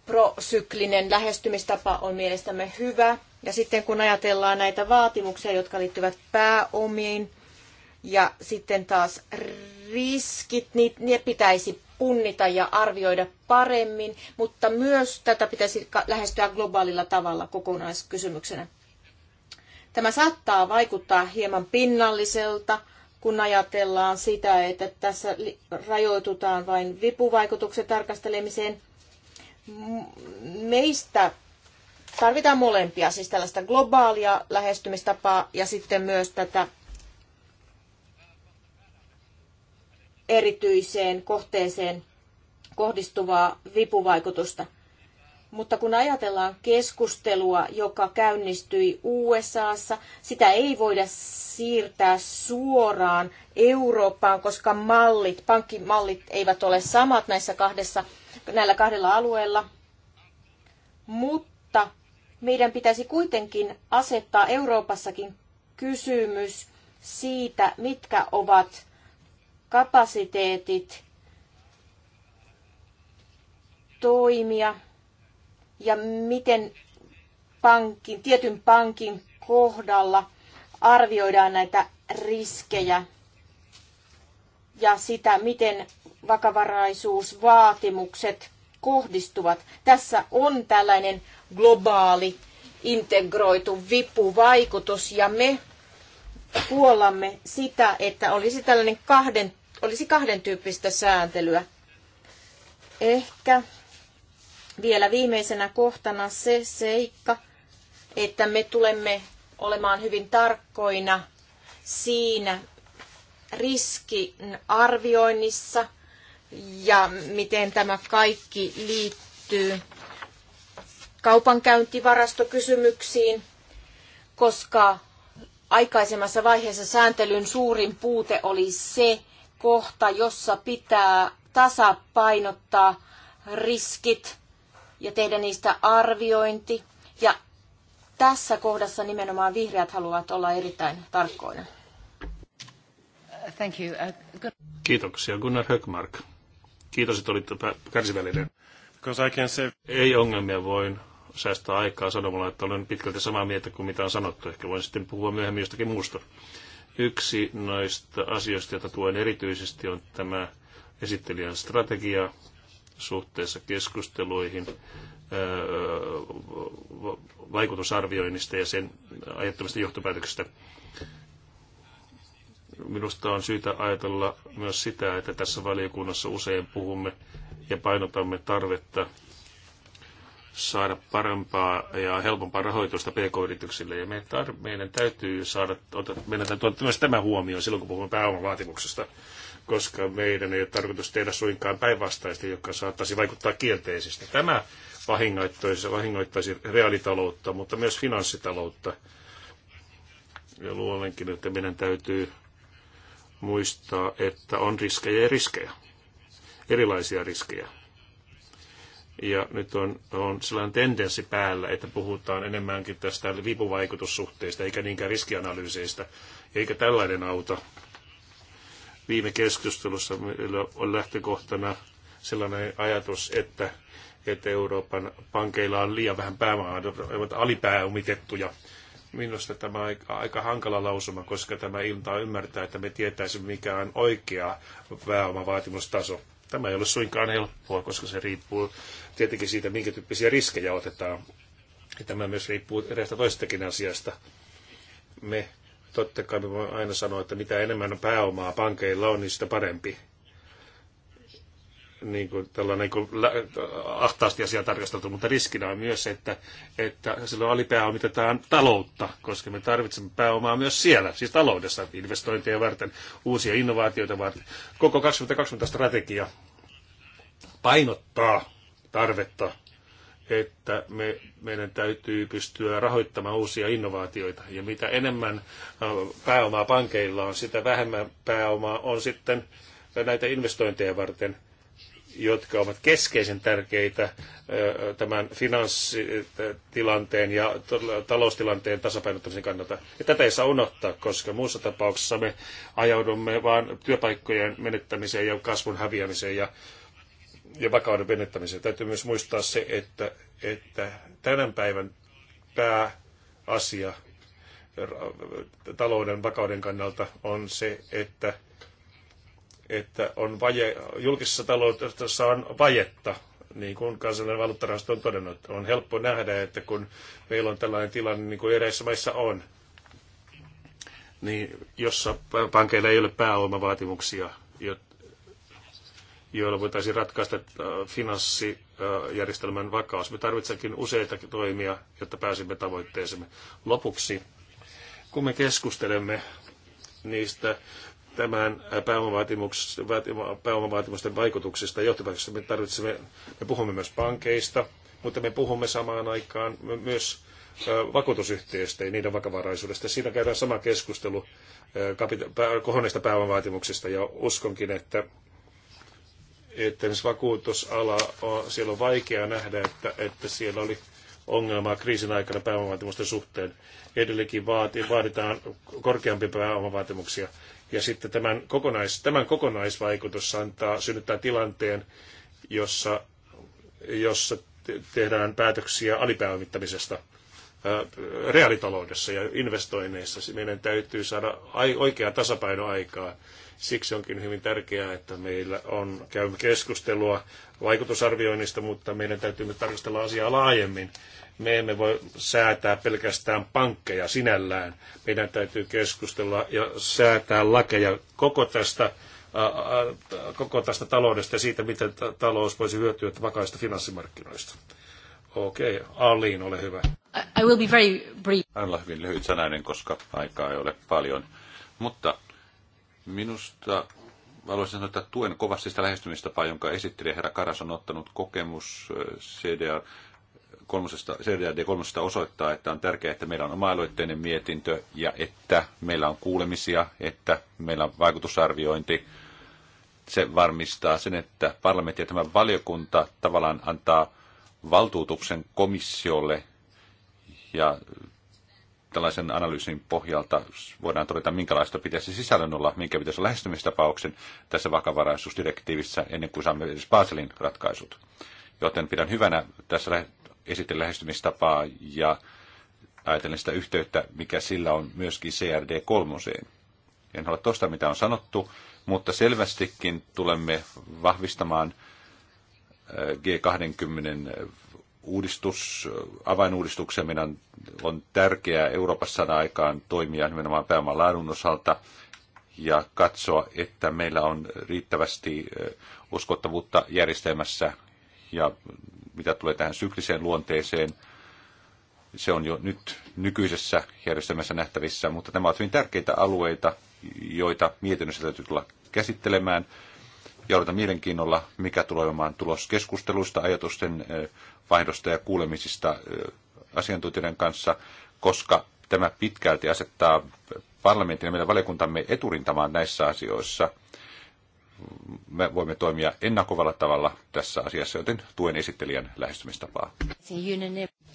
[SPEAKER 4] prosyklinen lähestymistapa on mielestämme hyvä. Ja sitten kun ajatellaan näitä vaatimuksia, jotka liittyvät pääomiin ja sitten taas riskit, niin ne pitäisi punnita ja arvioida paremmin, mutta myös tätä pitäisi lähestyä globaalilla tavalla kokonaiskysymyksenä. Tämä saattaa vaikuttaa hieman pinnalliselta, kun ajatellaan sitä, että tässä rajoitutaan vain vipuvaikutuksen tarkastelemiseen – meistä tarvitaan molempia, siis tällaista globaalia lähestymistapaa ja sitten myös tätä erityiseen kohteeseen kohdistuvaa vipuvaikutusta. Mutta kun ajatellaan keskustelua, joka käynnistyi USAssa, sitä ei voida siirtää suoraan Eurooppaan, koska mallit, pankkimallit eivät ole samat näissä kahdessa näillä kahdella alueella, mutta meidän pitäisi kuitenkin asettaa Euroopassakin kysymys siitä, mitkä ovat kapasiteetit toimia ja miten pankin, tietyn pankin kohdalla arvioidaan näitä riskejä ja sitä, miten vakavaraisuusvaatimukset kohdistuvat. Tässä on tällainen globaali integroitu vipuvaikutus ja me puolamme sitä, että olisi tällainen kahden, olisi kahden tyyppistä sääntelyä. Ehkä vielä viimeisenä kohtana se seikka, että me tulemme olemaan hyvin tarkkoina siinä riskin arvioinnissa – ja miten tämä kaikki liittyy kaupankäyntivarastokysymyksiin, koska aikaisemmassa vaiheessa sääntelyn suurin puute oli se kohta, jossa pitää tasapainottaa riskit ja tehdä niistä arviointi. Ja tässä kohdassa nimenomaan vihreät haluavat olla erittäin tarkkoina.
[SPEAKER 1] Thank you. Uh,
[SPEAKER 2] Kiitoksia, Gunnar Högmark. Kiitos, että olit kärsivällinen. Ei ongelmia, voin säästää aikaa sanomalla, että olen pitkälti samaa mieltä kuin mitä on sanottu. Ehkä voin sitten puhua myöhemmin jostakin muusta. Yksi noista asioista, joita tuen erityisesti, on tämä esittelijän strategia suhteessa keskusteluihin öö, vaikutusarvioinnista ja sen aiheuttamista johtopäätöksistä. Minusta on syytä ajatella myös sitä, että tässä valiokunnassa usein puhumme ja painotamme tarvetta saada parempaa ja helpompaa rahoitusta pk-yrityksille. Ja meidän täytyy saada, meidän täytyy ottaa myös tämä huomioon silloin, kun puhumme pääomavaatimuksesta, koska meidän ei ole tarkoitus tehdä suinkaan päinvastaista, joka saattaisi vaikuttaa kielteisesti. Tämä vahingoittaisi, vahingoittaisi reaalitaloutta, mutta myös finanssitaloutta. Ja luulenkin, että meidän täytyy muistaa, että on riskejä ja riskejä, erilaisia riskejä. Ja nyt on, on sellainen tendenssi päällä, että puhutaan enemmänkin tästä vipuvaikutussuhteista, eikä niinkään riskianalyyseistä, eikä tällainen auta. Viime keskustelussa meillä on lähtökohtana sellainen ajatus, että, että Euroopan pankeilla on liian vähän pääomaa, ovat alipääomitettuja Minusta tämä on aika hankala lausuma, koska tämä iltaa ymmärtää, että me tietäisimme, mikä on oikea pääomavaatimustaso. Tämä ei ole suinkaan helppoa, koska se riippuu tietenkin siitä, minkä tyyppisiä riskejä otetaan. Ja tämä myös riippuu eräästä toistakin asiasta. Me totta kai me voimme aina sanoa, että mitä enemmän pääomaa pankeilla on, niin sitä parempi niin kuin tällainen niin kuin ahtaasti asia tarkasteltu, mutta riskinä on myös, että, että silloin alipääomitetaan taloutta, koska me tarvitsemme pääomaa myös siellä, siis taloudessa, investointeja varten, uusia innovaatioita varten. Koko 2020 strategia painottaa tarvetta, että me, meidän täytyy pystyä rahoittamaan uusia innovaatioita. Ja mitä enemmän pääomaa pankeilla on, sitä vähemmän pääomaa on sitten näitä investointeja varten – jotka ovat keskeisen tärkeitä tämän finanssitilanteen ja taloustilanteen tasapainottamisen kannalta. Ja tätä ei saa unohtaa, koska muussa tapauksessa me ajaudumme vain työpaikkojen menettämiseen ja kasvun häviämiseen ja, ja vakauden menettämiseen. Täytyy myös muistaa se, että, että tänä päivän pääasia talouden vakauden kannalta on se, että että on vaje, julkisessa taloudessa on vajetta, niin kuin kansainvälinen valuuttarahasto on todennut. On helppo nähdä, että kun meillä on tällainen tilanne, niin kuin eräissä maissa on, niin jossa pankeilla ei ole pääomavaatimuksia, joilla voitaisiin ratkaista äh, finanssijärjestelmän vakaus. Me tarvitsemmekin useita toimia, jotta pääsimme tavoitteeseemme. Lopuksi, kun me keskustelemme niistä tämän pääomavaatimusten, vaikutuksista ja johtopäätöksistä. Me tarvitsemme, me puhumme myös pankeista, mutta me puhumme samaan aikaan myös vakuutusyhtiöistä ja niiden vakavaraisuudesta. Siinä käydään sama keskustelu kohonneista pääomavaatimuksista ja uskonkin, että että esimerkiksi vakuutusala, on, siellä on vaikea nähdä, että, että siellä oli ongelmaa kriisin aikana pääomavaatimusten suhteen. Edelleenkin vaati, vaaditaan korkeampia pääomavaatimuksia. Ja sitten tämän, kokonais, tämän kokonaisvaikutus antaa, synnyttää tilanteen, jossa, jossa tehdään päätöksiä alipääomittamisesta reaalitaloudessa ja investoinneissa. Meidän täytyy saada oikea tasapaino aikaa. Siksi onkin hyvin tärkeää, että meillä on käymme keskustelua vaikutusarvioinnista, mutta meidän täytyy nyt tarkastella asiaa laajemmin. Me emme voi säätää pelkästään pankkeja sinällään. Meidän täytyy keskustella ja säätää lakeja koko tästä, koko tästä taloudesta ja siitä, miten talous voisi hyötyä vakaista finanssimarkkinoista. Okei, okay. Aliin, ole hyvä.
[SPEAKER 1] I will be very brief.
[SPEAKER 2] Anna hyvin lyhyt sanainen, koska aikaa ei ole paljon.
[SPEAKER 3] Mutta minusta haluaisin sanoa, että tuen kovasti sitä lähestymistapaa, jonka esittelijä herra Karas on ottanut kokemus eh, CDR kolmosesta, CDRD osoittaa, että on tärkeää, että meillä on oma-aloitteinen mietintö ja että meillä on kuulemisia, että meillä on vaikutusarviointi. Se varmistaa sen, että parlamentti ja tämä valiokunta tavallaan antaa valtuutuksen komissiolle ja tällaisen analyysin pohjalta voidaan todeta, minkälaista pitäisi sisällön olla, minkä pitäisi olla lähestymistapauksen tässä vakavaraisuusdirektiivissä ennen kuin saamme edes Baselin ratkaisut. Joten pidän hyvänä tässä esitellä lähestymistapaa ja ajatellen sitä yhteyttä, mikä sillä on myöskin CRD3. En halua tuosta, mitä on sanottu, mutta selvästikin tulemme vahvistamaan äh, G20 uudistus, avainuudistuksia meidän on tärkeää Euroopassa saada aikaan toimia nimenomaan pääoman laadun osalta ja katsoa, että meillä on riittävästi uskottavuutta järjestelmässä ja mitä tulee tähän sykliseen luonteeseen, se on jo nyt nykyisessä järjestelmässä nähtävissä, mutta nämä ovat hyvin tärkeitä alueita, joita mietinnössä täytyy tulla käsittelemään. Ja odotan mielenkiinnolla, mikä tulee olemaan tulos keskusteluista, ajatusten vaihdosta ja kuulemisista asiantuntijoiden kanssa, koska tämä pitkälti asettaa parlamentin ja meidän valiokuntamme eturintamaan näissä asioissa. Me voimme toimia ennakovalla tavalla tässä asiassa, joten tuen esittelijän lähestymistapaa.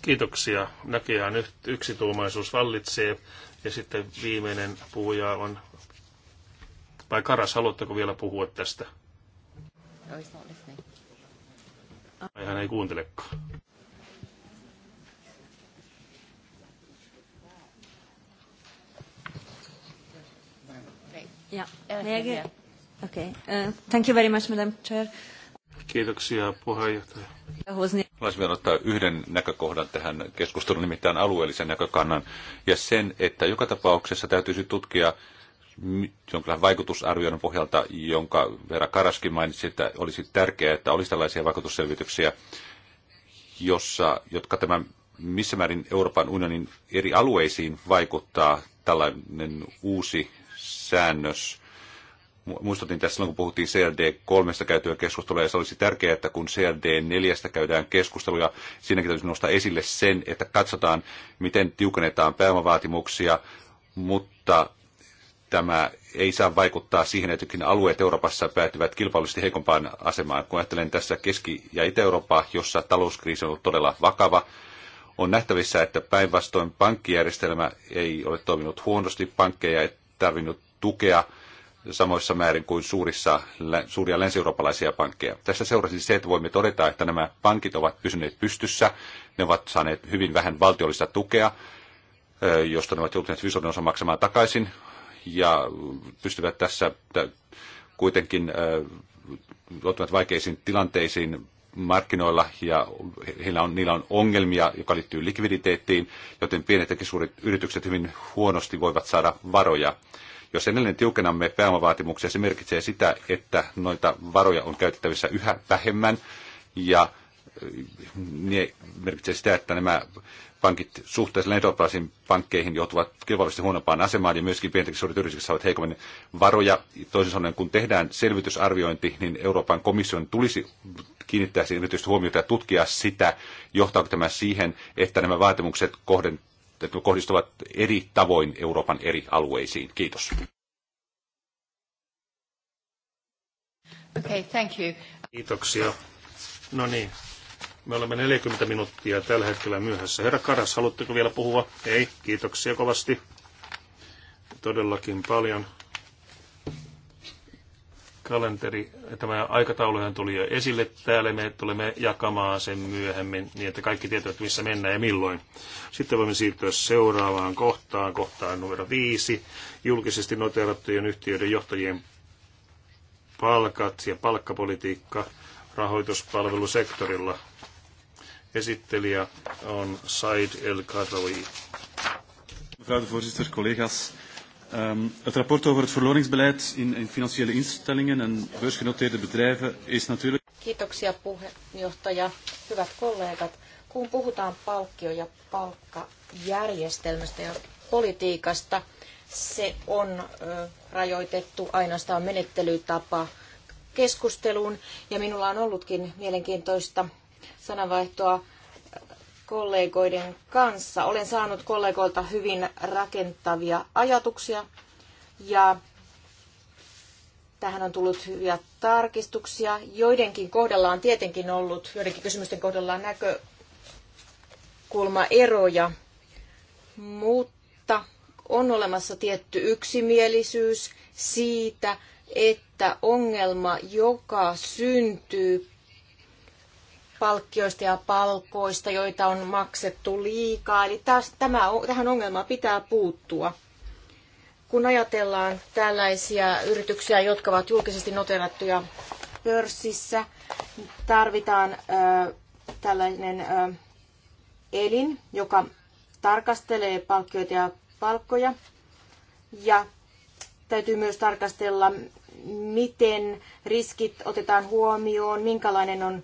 [SPEAKER 2] Kiitoksia. Näköjään yksituumaisuus vallitsee. Ja sitten viimeinen puhuja on... Vai Karas, haluatteko vielä puhua tästä? No, ei kuuntelekaan.
[SPEAKER 4] Uh, thank you very much,
[SPEAKER 2] Kiitoksia puheenjohtaja.
[SPEAKER 4] Haluaisin
[SPEAKER 3] vielä ottaa yhden näkökohdan tähän keskusteluun, nimittäin alueellisen näkökannan, ja sen, että joka tapauksessa täytyisi tutkia jonkinlaisen vaikutusarvioinnin pohjalta, jonka Vera Karaskin mainitsi, että olisi tärkeää, että olisi tällaisia vaikutusselvityksiä, jossa, jotka tämä missä määrin Euroopan unionin eri alueisiin vaikuttaa tällainen uusi säännös. Muistutin tässä silloin, kun puhuttiin CRD3 käytyä keskustelua, ja se olisi tärkeää, että kun CRD4 käydään keskustelua, siinäkin täytyy nostaa esille sen, että katsotaan, miten tiukennetaan pääomavaatimuksia, mutta tämä ei saa vaikuttaa siihen, että alueet Euroopassa päätyvät kilpailullisesti heikompaan asemaan. Kun ajattelen tässä Keski- ja Itä-Eurooppaa, jossa talouskriisi on ollut todella vakava, on nähtävissä, että päinvastoin pankkijärjestelmä ei ole toiminut huonosti, pankkeja ei tarvinnut tukea samoissa määrin kuin suurissa, suuria länsi-eurooppalaisia pankkeja. Tässä seurasi se, että voimme todeta, että nämä pankit ovat pysyneet pystyssä, ne ovat saaneet hyvin vähän valtiollista tukea, josta ne ovat joutuneet hyvin osa maksamaan takaisin ja pystyvät tässä kuitenkin joutuvat vaikeisiin tilanteisiin markkinoilla ja heillä on, niillä on ongelmia, joka liittyy likviditeettiin, joten pienet ja suuret yritykset hyvin huonosti voivat saada varoja. Jos edelleen tiukennamme pääomavaatimuksia, se merkitsee sitä, että noita varoja on käytettävissä yhä vähemmän ja ne merkitsee sitä, että nämä pankit suhteessa lentoplasin pankkeihin joutuvat kilpailullisesti huonompaan asemaan ja myöskin pienet suuret yritykset saavat heikommin varoja. Toisin sanoen, kun tehdään selvitysarviointi, niin Euroopan komission tulisi kiinnittää siihen erityistä huomiota ja tutkia sitä, johtaako tämä siihen, että nämä vaatimukset kohden, kohdistuvat eri tavoin Euroopan eri alueisiin.
[SPEAKER 2] Kiitos.
[SPEAKER 5] Okay, thank you.
[SPEAKER 2] Kiitoksia. No niin, me olemme 40 minuuttia tällä hetkellä myöhässä. Herra Karas, haluatteko vielä puhua? Ei, kiitoksia kovasti. Todellakin paljon. Kalenteri, tämä aikatauluhan tuli jo esille täällä. Me tulemme jakamaan sen myöhemmin niin, että kaikki tietävät, missä mennään ja milloin. Sitten voimme siirtyä seuraavaan kohtaan, kohtaan numero viisi. Julkisesti noterattujen yhtiöiden johtajien palkat ja palkkapolitiikka rahoituspalvelusektorilla. Esittelijä on Said El Kadraoui.
[SPEAKER 3] Mevrouw de voorzitter,
[SPEAKER 2] collega's. Um, het rapport over het verloningsbeleid in, in financiële instellingen en beursgenoteerde bedrijven is natuurlijk...
[SPEAKER 4] Kiitoksia puheenjohtaja. Hyvät kollegat, kun puhutaan palkkio- ja palkkajärjestelmästä ja politiikasta, se on ö, rajoitettu ainoastaan menettelytapa keskusteluun. Ja minulla on ollutkin mielenkiintoista sananvaihtoa kollegoiden kanssa. Olen saanut kollegoilta hyvin rakentavia ajatuksia ja tähän on tullut hyviä tarkistuksia. Joidenkin kohdalla on tietenkin ollut, joidenkin kysymysten kohdalla on näkökulmaeroja, mutta on olemassa tietty yksimielisyys siitä, että ongelma, joka syntyy palkkioista ja palkoista, joita on maksettu liikaa. Eli täs, tämä, tähän ongelmaan pitää puuttua. Kun ajatellaan tällaisia yrityksiä, jotka ovat julkisesti noterattuja pörssissä, tarvitaan ö, tällainen ö, elin, joka tarkastelee palkkioita ja palkkoja. Ja täytyy myös tarkastella, miten riskit otetaan huomioon, minkälainen on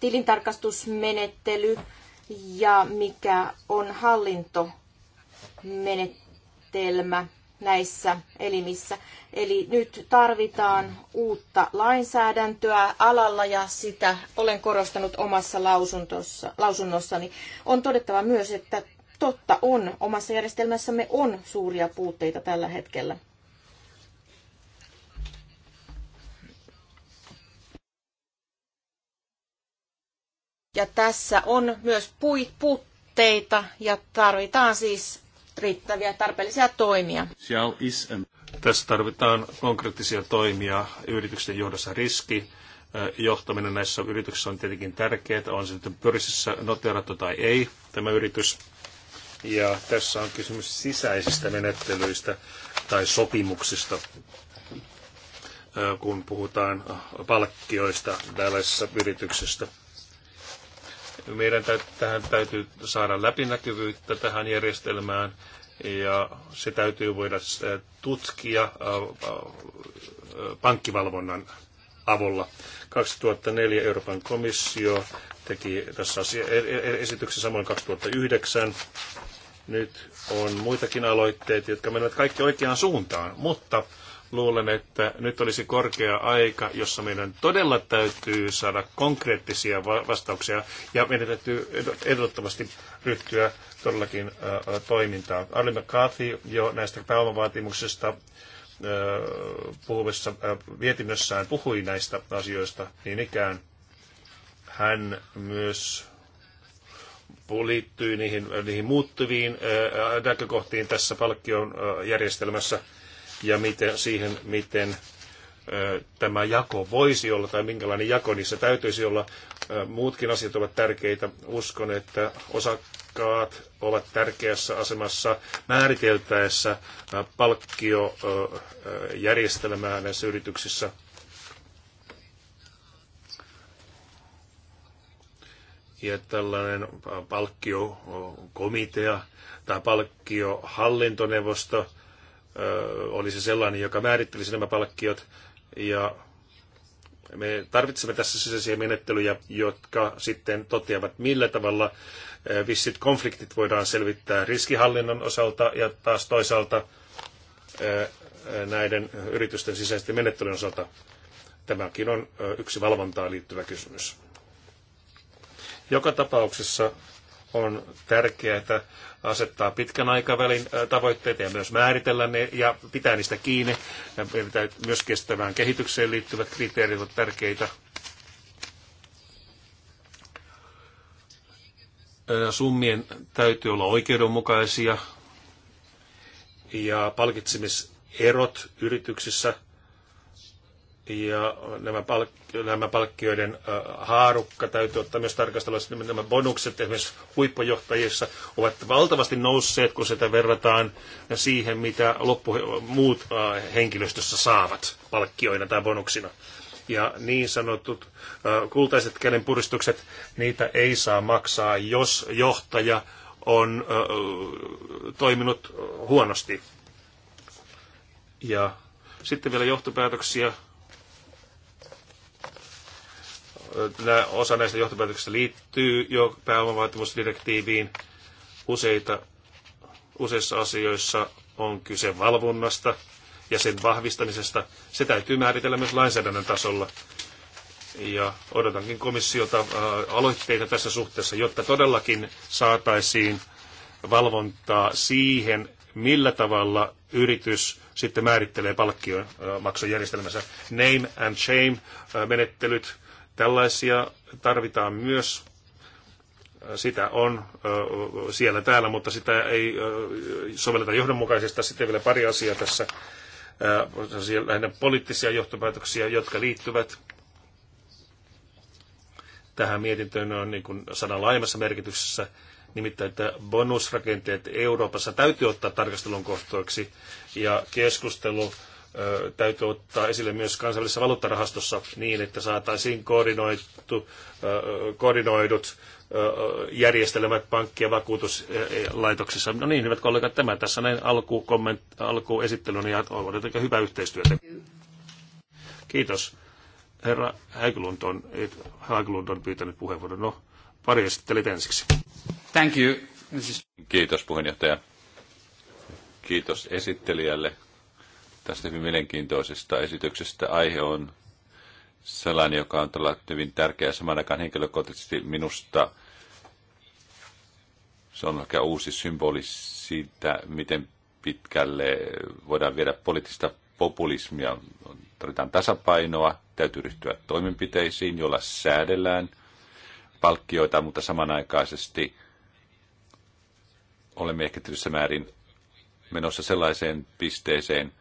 [SPEAKER 4] tilintarkastusmenettely ja mikä on hallintomenetelmä näissä elimissä. Eli nyt tarvitaan uutta lainsäädäntöä alalla ja sitä olen korostanut omassa lausunnossani. On todettava myös, että totta on, omassa järjestelmässämme on suuria puutteita tällä hetkellä. Ja tässä on myös puutteita ja tarvitaan siis riittäviä tarpeellisia toimia.
[SPEAKER 2] Tässä tarvitaan konkreettisia toimia yrityksen johdossa riski. Johtaminen näissä yrityksissä on tietenkin tärkeää, on se sitten pörssissä noterattu tai ei tämä yritys. Ja tässä on kysymys sisäisistä menettelyistä tai sopimuksista, kun puhutaan palkkioista tällaisessa yrityksestä. Meidän täytyy, tähän täytyy saada läpinäkyvyyttä tähän järjestelmään ja se täytyy voida tutkia pankkivalvonnan avulla. 2004 Euroopan komissio teki tässä asia- e-, e-, e-, esityksen samoin 2009. Nyt on muitakin aloitteita, jotka menevät kaikki oikeaan suuntaan, mutta luulen, että nyt olisi korkea aika, jossa meidän todella täytyy saada konkreettisia vastauksia ja meidän täytyy ehdottomasti ryhtyä todellakin toimintaan. Arli McCarthy jo näistä pääomavaatimuksista puhuvissa vietinnössään puhui näistä asioista niin ikään. Hän myös liittyy niihin, niihin muuttuviin näkökohtiin tässä palkkion järjestelmässä – ja miten, siihen, miten tämä jako voisi olla tai minkälainen jako niissä täytyisi olla. Muutkin asiat ovat tärkeitä. Uskon, että osakkaat ovat tärkeässä asemassa määriteltäessä palkkiojärjestelmää näissä yrityksissä. Ja tällainen palkkiokomitea tai palkkiohallintoneuvosto – olisi sellainen, joka määrittelisi nämä palkkiot. Ja me tarvitsemme tässä sisäisiä menettelyjä, jotka sitten toteavat, millä tavalla vissit konfliktit voidaan selvittää riskihallinnon osalta ja taas toisaalta näiden yritysten sisäisten menettelyjen osalta. Tämäkin on yksi valvontaan liittyvä kysymys. Joka tapauksessa on tärkeää asettaa pitkän aikavälin tavoitteita ja myös määritellä ne ja pitää niistä kiinni. Ja myös kestävään kehitykseen liittyvät kriteerit ovat tärkeitä. Summien täytyy olla oikeudenmukaisia ja palkitsemiserot yrityksissä – ja nämä, palk- nämä palkkioiden haarukka täytyy ottaa myös tarkastella. Nämä bonukset esimerkiksi huippujohtajissa ovat valtavasti nousseet, kun sitä verrataan siihen, mitä loppu muut henkilöstössä saavat palkkioina tai bonuksina. Ja niin sanotut kultaiset kädenpuristukset niitä ei saa maksaa, jos johtaja on toiminut huonosti. Ja sitten vielä johtopäätöksiä osa näistä johtopäätöksistä liittyy jo pääomavaatimusdirektiiviin. Useita, useissa asioissa on kyse valvonnasta ja sen vahvistamisesta. Se täytyy määritellä myös lainsäädännön tasolla. Ja odotankin komissiota äh, aloitteita tässä suhteessa, jotta todellakin saataisiin valvontaa siihen, millä tavalla yritys sitten määrittelee palkkion maksujärjestelmänsä. Name and shame äh, menettelyt Tällaisia tarvitaan myös. Sitä on siellä täällä, mutta sitä ei sovelleta johdonmukaisesti. Sitten vielä pari asiaa tässä, lähinnä poliittisia johtopäätöksiä, jotka liittyvät tähän mietintöön on niin kuin sanan laajemmassa merkityksessä, nimittäin että bonusrakenteet Euroopassa täytyy ottaa tarkastelun kohtoiksi ja keskustelu täytyy ottaa esille myös kansallisessa valuuttarahastossa niin, että saataisiin koordinoitu, koordinoidut järjestelmät pankki- ja vakuutuslaitoksissa. No niin, hyvät kollegat, tämä tässä näin alkukomment, alkuesittelyn ja odotetaan hyvää yhteistyötä. Kiitos. Herra Häglund on, Häglund on pyytänyt puheenvuoron. No, pari esittelit ensiksi. Thank you.
[SPEAKER 3] Kiitos puheenjohtaja. Kiitos esittelijälle tästä hyvin mielenkiintoisesta esityksestä. Aihe on sellainen, joka on todella hyvin tärkeä samaan aikaan henkilökohtaisesti minusta. Se on ehkä uusi symboli siitä, miten pitkälle voidaan viedä poliittista populismia. Tarvitaan tasapainoa, täytyy ryhtyä toimenpiteisiin, joilla säädellään palkkioita, mutta samanaikaisesti olemme ehkä määrin menossa sellaiseen pisteeseen,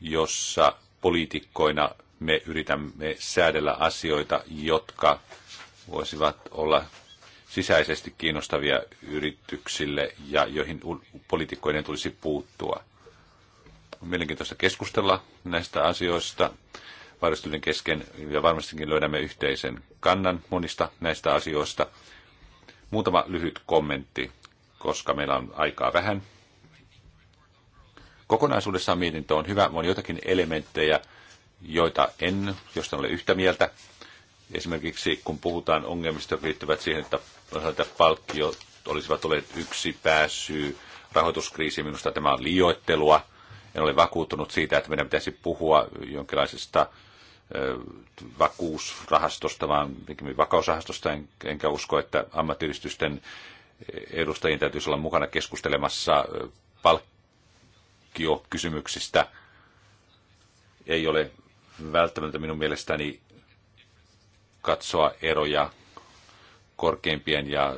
[SPEAKER 3] jossa poliitikkoina me yritämme säädellä asioita, jotka voisivat olla sisäisesti kiinnostavia yrityksille ja joihin poliitikkoiden tulisi puuttua. On mielenkiintoista keskustella näistä asioista varjostyden kesken ja varmastikin löydämme yhteisen kannan monista näistä asioista. Muutama lyhyt kommentti, koska meillä on aikaa vähän. Kokonaisuudessaan mietintö on hyvä. On joitakin elementtejä, joita en, josta ole yhtä mieltä. Esimerkiksi kun puhutaan ongelmista, jotka liittyvät siihen, että palkkiot olisivat olleet yksi pääsyy rahoituskriisiin, minusta tämä on liioittelua. En ole vakuuttunut siitä, että meidän pitäisi puhua jonkinlaisesta vakuusrahastosta, vaan vakausrahastosta, enkä usko, että ammattiyhdistysten edustajien täytyisi olla mukana keskustelemassa palkkiota kysymyksistä ei ole välttämättä minun mielestäni katsoa eroja korkeimpien ja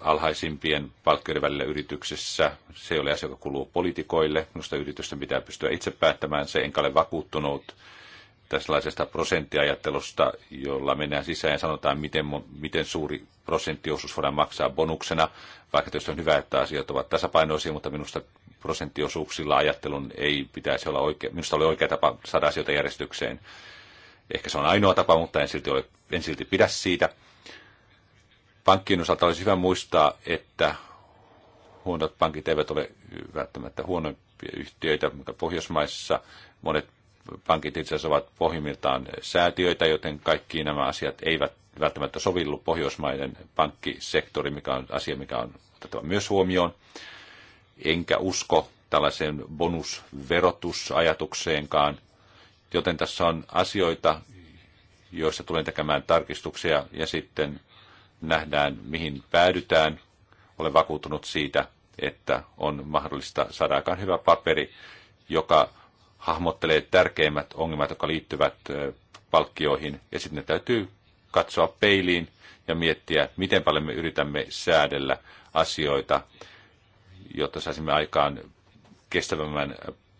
[SPEAKER 3] alhaisimpien palkkioiden välillä yrityksessä. Se ei ole asia, joka kuuluu poliitikoille. Minusta yritysten pitää pystyä itse päättämään se, enkä ole vakuuttunut tällaisesta prosenttiajattelusta, jolla mennään sisään ja sanotaan, miten, miten suuri prosenttiosuus voidaan maksaa bonuksena, vaikka tietysti on hyvä, että asiat ovat tasapainoisia, mutta minusta prosenttiosuuksilla ajattelun ei pitäisi olla oikea, minusta oli oikea tapa saada asioita järjestykseen. Ehkä se on ainoa tapa, mutta en silti, ole, en silti pidä siitä. Pankkien osalta olisi hyvä muistaa, että huonot pankit eivät ole välttämättä huonoimpia yhtiöitä, mutta Pohjoismaissa monet pankit itse asiassa ovat pohjimmiltaan säätiöitä, joten kaikki nämä asiat eivät välttämättä sovillu pohjoismainen pankkisektori, mikä on asia, mikä on otettava myös huomioon. Enkä usko tällaiseen bonusverotusajatukseenkaan, joten tässä on asioita, joissa tulen tekemään tarkistuksia ja sitten nähdään, mihin päädytään. Olen vakuuttunut siitä, että on mahdollista saada aikaan hyvä paperi, joka hahmottelee tärkeimmät ongelmat, jotka liittyvät palkkioihin, ja sitten ne täytyy katsoa peiliin ja miettiä, miten paljon me yritämme säädellä asioita, jotta saisimme aikaan kestävämmän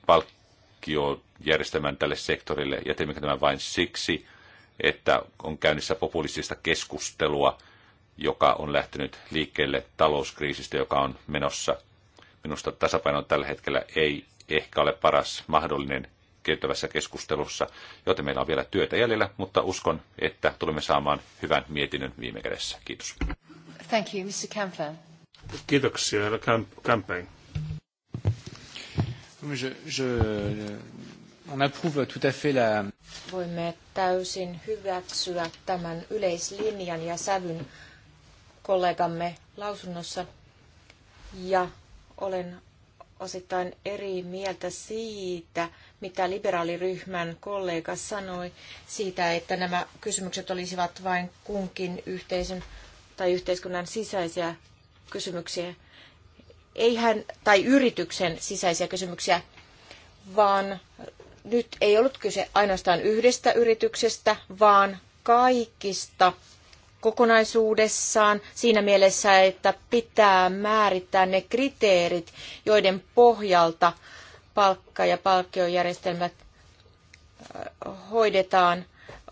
[SPEAKER 3] palkkiojärjestelmän tälle sektorille, ja teemmekö tämän vain siksi, että on käynnissä populistista keskustelua, joka on lähtenyt liikkeelle talouskriisistä, joka on menossa. Minusta tasapaino tällä hetkellä ei ehkä ole paras mahdollinen käytävässä keskustelussa, joten meillä on vielä työtä jäljellä, mutta uskon, että tulemme saamaan hyvän mietinnön viime kädessä. Kiitos.
[SPEAKER 1] Thank you, Mr. Campen.
[SPEAKER 2] Kiitoksia, herra kampain.
[SPEAKER 1] Je, je, on approuve tout à fait la...
[SPEAKER 4] Voimme täysin hyväksyä tämän yleislinjan ja sävyn kollegamme lausunnossa ja olen osittain eri mieltä siitä, mitä liberaaliryhmän kollega sanoi, siitä, että nämä kysymykset olisivat vain kunkin yhteisön tai yhteiskunnan sisäisiä kysymyksiä, eihän, tai yrityksen sisäisiä kysymyksiä, vaan nyt ei ollut kyse ainoastaan yhdestä yrityksestä, vaan kaikista kokonaisuudessaan siinä mielessä, että pitää määrittää ne kriteerit, joiden pohjalta palkka- ja palkkiojärjestelmät hoidetaan.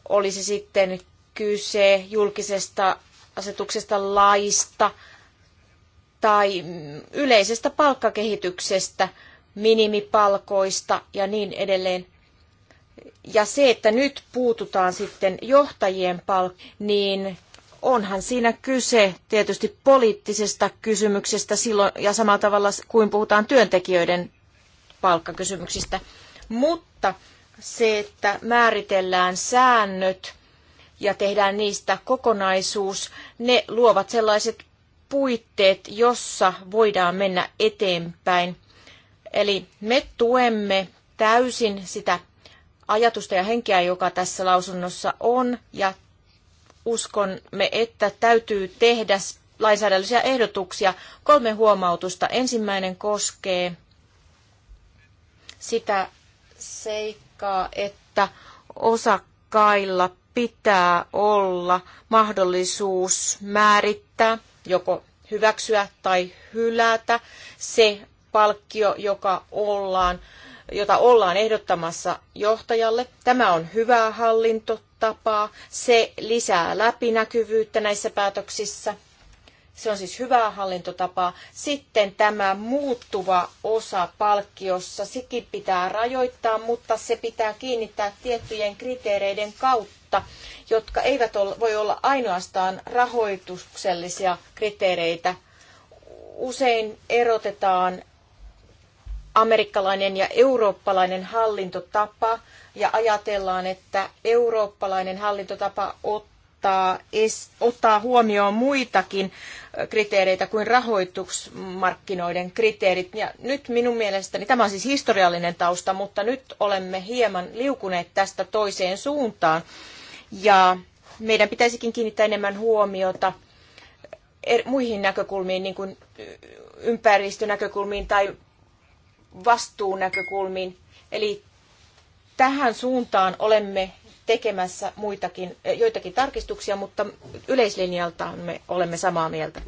[SPEAKER 4] Olisi sitten kyse julkisesta asetuksesta laista tai mm, yleisestä palkkakehityksestä, minimipalkoista ja niin edelleen. Ja se, että nyt puututaan sitten johtajien palkkiin. niin onhan siinä kyse tietysti poliittisesta kysymyksestä silloin, ja samalla tavalla kuin puhutaan työntekijöiden palkkakysymyksistä. Mutta se, että määritellään säännöt ja tehdään niistä kokonaisuus, ne luovat sellaiset puitteet, jossa voidaan mennä eteenpäin. Eli me tuemme täysin sitä ajatusta ja henkeä, joka tässä lausunnossa on, ja uskomme, että täytyy tehdä lainsäädännöllisiä ehdotuksia. Kolme huomautusta. Ensimmäinen koskee sitä seikkaa, että osakkailla pitää olla mahdollisuus määrittää, joko hyväksyä tai hylätä se palkkio, joka ollaan, jota ollaan ehdottamassa johtajalle. Tämä on hyvää hallinto, tapaa. Se lisää läpinäkyvyyttä näissä päätöksissä. Se on siis hyvää hallintotapaa. Sitten tämä muuttuva osa palkkiossa, sekin pitää rajoittaa, mutta se pitää kiinnittää tiettyjen kriteereiden kautta, jotka eivät voi olla ainoastaan rahoituksellisia kriteereitä. Usein erotetaan amerikkalainen ja eurooppalainen hallintotapa ja ajatellaan, että eurooppalainen hallintotapa ottaa, es, ottaa huomioon muitakin kriteereitä kuin rahoitusmarkkinoiden kriteerit. Ja nyt minun mielestäni, tämä on siis historiallinen tausta, mutta nyt olemme hieman liukuneet tästä toiseen suuntaan. Ja meidän pitäisikin kiinnittää enemmän huomiota er-, muihin näkökulmiin, niin kuin ympäristönäkökulmiin tai vastuunäkökulmiin. Eli tähän suuntaan olemme tekemässä muitakin, eh, joitakin tarkistuksia, mutta yleislinjalta me olemme samaa mieltä.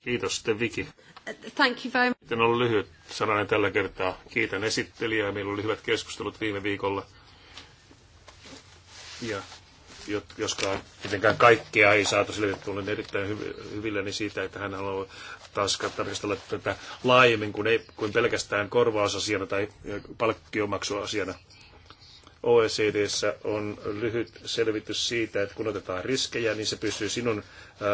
[SPEAKER 2] Kiitos sitten Viki.
[SPEAKER 4] Uh, thank you very much.
[SPEAKER 2] Miten on lyhyt sananen tällä kertaa. Kiitän esittelijää. Meillä oli hyvät keskustelut viime viikolla. Ja joskaan mitenkään kaikkea ei saatu että Olen erittäin hyvilläni siitä, että hän haluaa taas tarkastella tätä laajemmin kuin, ei, kuin pelkästään korvausasiana tai palkkiomaksuasiana. OECDssä on lyhyt selvitys siitä, että kun otetaan riskejä, niin se pysyy sinun, ää,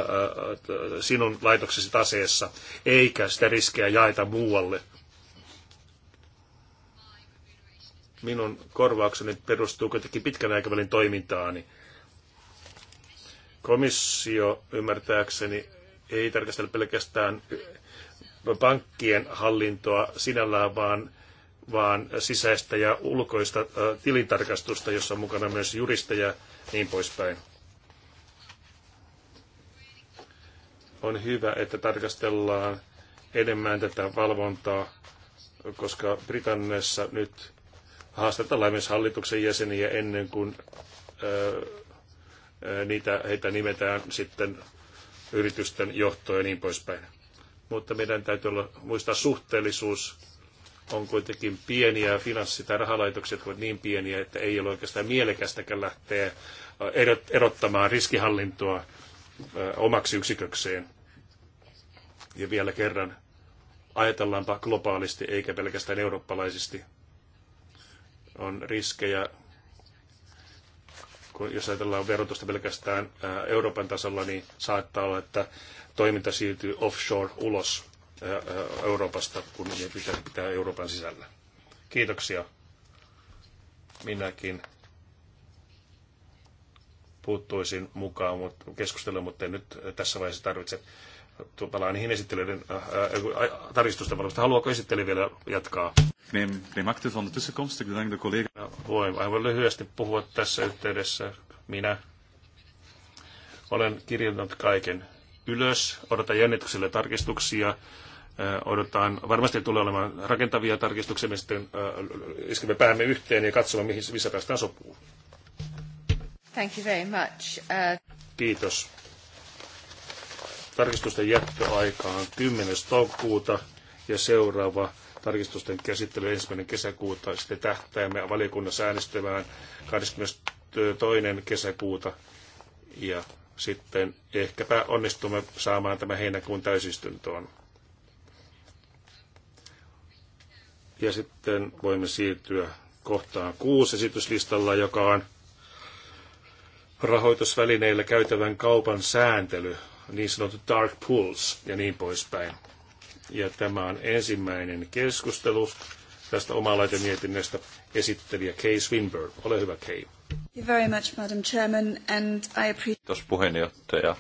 [SPEAKER 2] sinun laitoksesi taseessa, eikä sitä riskejä jaeta muualle. Minun korvaukseni perustuu kuitenkin pitkän aikavälin toimintaani. Komissio ymmärtääkseni ei tarkastele pelkästään pankkien hallintoa sinällään, vaan, vaan sisäistä ja ulkoista tilintarkastusta, jossa on mukana myös juristeja ja niin poispäin. On hyvä, että tarkastellaan enemmän tätä valvontaa, koska Britanniassa nyt haastetaan myös hallituksen jäseniä ennen kuin niitä, heitä nimetään sitten yritysten johtoon ja niin poispäin. Mutta meidän täytyy olla, muistaa suhteellisuus on kuitenkin pieniä finanssi- tai rahalaitokset ovat niin pieniä, että ei ole oikeastaan mielekästäkään lähteä erottamaan riskihallintoa omaksi yksikökseen. Ja vielä kerran, ajatellaanpa globaalisti eikä pelkästään eurooppalaisesti. On riskejä kun jos ajatellaan verotusta pelkästään Euroopan tasolla, niin saattaa olla, että toiminta siirtyy offshore ulos Euroopasta, kun ne pitää pitää Euroopan sisällä. Kiitoksia. Minäkin puuttuisin mukaan mutta keskusteluun, mutta en nyt tässä vaiheessa tarvitse tuota, niihin esittelyiden äh äh, äh, äh, tarkistusten valmista. Haluaako esitteli vielä jatkaa?
[SPEAKER 3] Neem, neem akte van
[SPEAKER 2] voin aivan lyhyesti puhua tässä yhteydessä. Minä olen kirjannut kaiken ylös. Odotan jännityksellä tarkistuksia. Äh, odotan, varmasti tulee olemaan rakentavia tarkistuksia, me sitten iskemme päämme yhteen ja katsomme, mihin, missä päästään sopuun.
[SPEAKER 1] Thank you very much. Uh...
[SPEAKER 2] Kiitos. Tarkistusten jättöaika on 10. toukokuuta ja seuraava tarkistusten käsittely ensimmäinen kesäkuuta. Sitten tähtäämme valiokunnassa äänestämään 22. kesäkuuta ja sitten ehkäpä onnistumme saamaan tämä heinäkuun täysistuntoon. Ja sitten voimme siirtyä kohtaan kuusi esityslistalla, joka on rahoitusvälineillä käytävän kaupan sääntely niin sanotut dark pools ja niin poispäin. Ja tämä on ensimmäinen keskustelu tästä mietinnöstä esittelijä Kay Swinburne. Ole hyvä, Kay.
[SPEAKER 1] Very much, Madam Chairman, and I
[SPEAKER 4] appreciate...
[SPEAKER 3] Kiitos puheenjohtaja.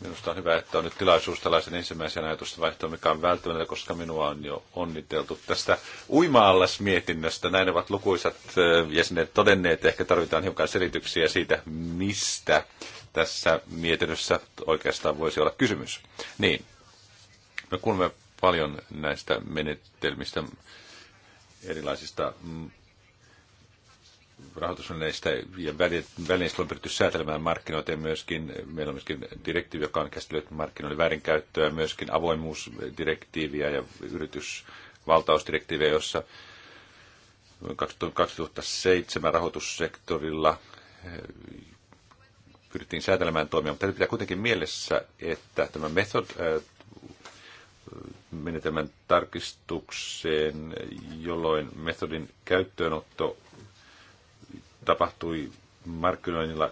[SPEAKER 3] Minusta on hyvä, että on nyt tilaisuus tällaisen ensimmäisen ajatusta vaihtoon, mikä on välttämätöntä, koska minua on jo onniteltu tästä uima mietinnöstä Näin ovat lukuisat äh, jäsenet todenneet. Ehkä tarvitaan hiukan selityksiä siitä, mistä tässä mietinnössä oikeastaan voisi olla kysymys. Niin, me kuulemme paljon näistä menetelmistä, erilaisista mm, rahoitusvälineistä ja välineistä on pyritty säätelemään markkinoita ja myöskin, meillä on myöskin direktiivi, joka on käsitellyt markkinoiden väärinkäyttöä, myöskin avoimuusdirektiiviä ja yritysvaltausdirektiiviä, jossa 2007 rahoitussektorilla pyrittiin säätelemään toimia, mutta pitää kuitenkin mielessä, että tämä method menetelmän tarkistukseen, jolloin metodin käyttöönotto tapahtui markkinoinnilla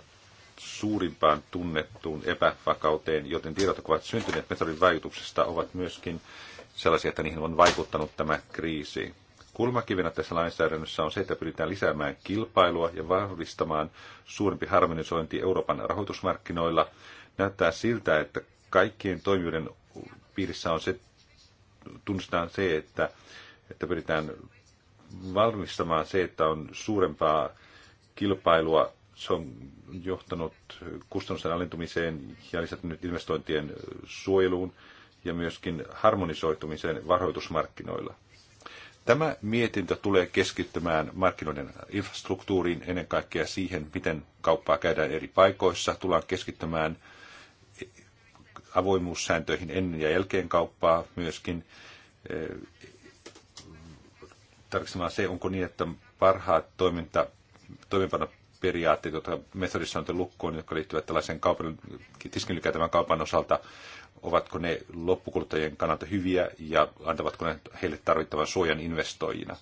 [SPEAKER 3] suurimpaan tunnettuun epävakauteen, joten tiedot, jotka ovat syntyneet metodin vaikutuksesta, ovat myöskin sellaisia, että niihin on vaikuttanut tämä kriisi. Kulmakivenä tässä lainsäädännössä on se, että pyritään lisäämään kilpailua ja vahvistamaan suurempi harmonisointi Euroopan rahoitusmarkkinoilla. Näyttää siltä, että kaikkien toimijoiden piirissä on se, tunnistetaan se, että, että pyritään valmistamaan se, että on suurempaa kilpailua. Se on johtanut kustannusten alentumiseen ja lisättynyt investointien suojeluun ja myöskin harmonisoitumiseen varoitusmarkkinoilla. Tämä mietintö tulee keskittymään markkinoiden infrastruktuuriin, ennen kaikkea siihen, miten kauppaa käydään eri paikoissa. Tullaan keskittymään avoimuussääntöihin ennen ja jälkeen kauppaa myöskin. Eh, tarkistamaan se, onko niin, että parhaat toiminta, periaatteet, jotka metodissa on lukkoon, jotka liittyvät tällaisen kaupan, tiskin kaupan osalta, ovatko ne loppukuluttajien kannalta hyviä ja antavatko ne heille tarvittavan suojan investoijina.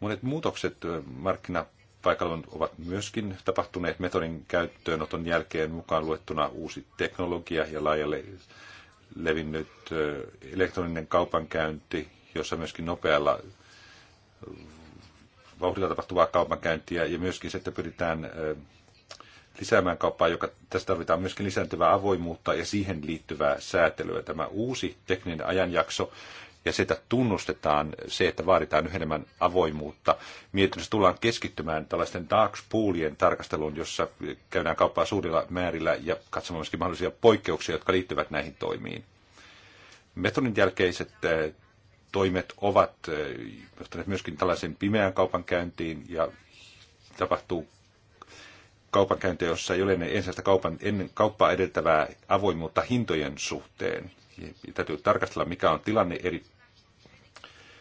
[SPEAKER 3] Monet muutokset markkinapaikalla ovat myöskin tapahtuneet metodin käyttöönoton jälkeen mukaan luettuna uusi teknologia ja laajalle levinnyt elektroninen kaupankäynti, jossa myöskin nopealla vauhdilla tapahtuvaa kaupankäyntiä ja myöskin se, että pyritään lisäämään kauppaa, joka tässä tarvitaan myöskin lisääntyvää avoimuutta ja siihen liittyvää säätelyä. Tämä uusi tekninen ajanjakso ja se, että tunnustetaan se, että vaaditaan yhä enemmän avoimuutta. Mietinnössä tullaan keskittymään tällaisten dark poolien tarkasteluun, jossa käydään kauppaa suurilla määrillä ja katsomaan myöskin mahdollisia poikkeuksia, jotka liittyvät näihin toimiin. Metodin jälkeiset toimet ovat johtaneet myöskin tällaisen pimeään kaupankäyntiin ja tapahtuu kaupankäynti, jossa ei ole ensimmäistä kaupan, ennen kauppaa edeltävää avoimuutta hintojen suhteen. Ja täytyy tarkastella, mikä on tilanne eri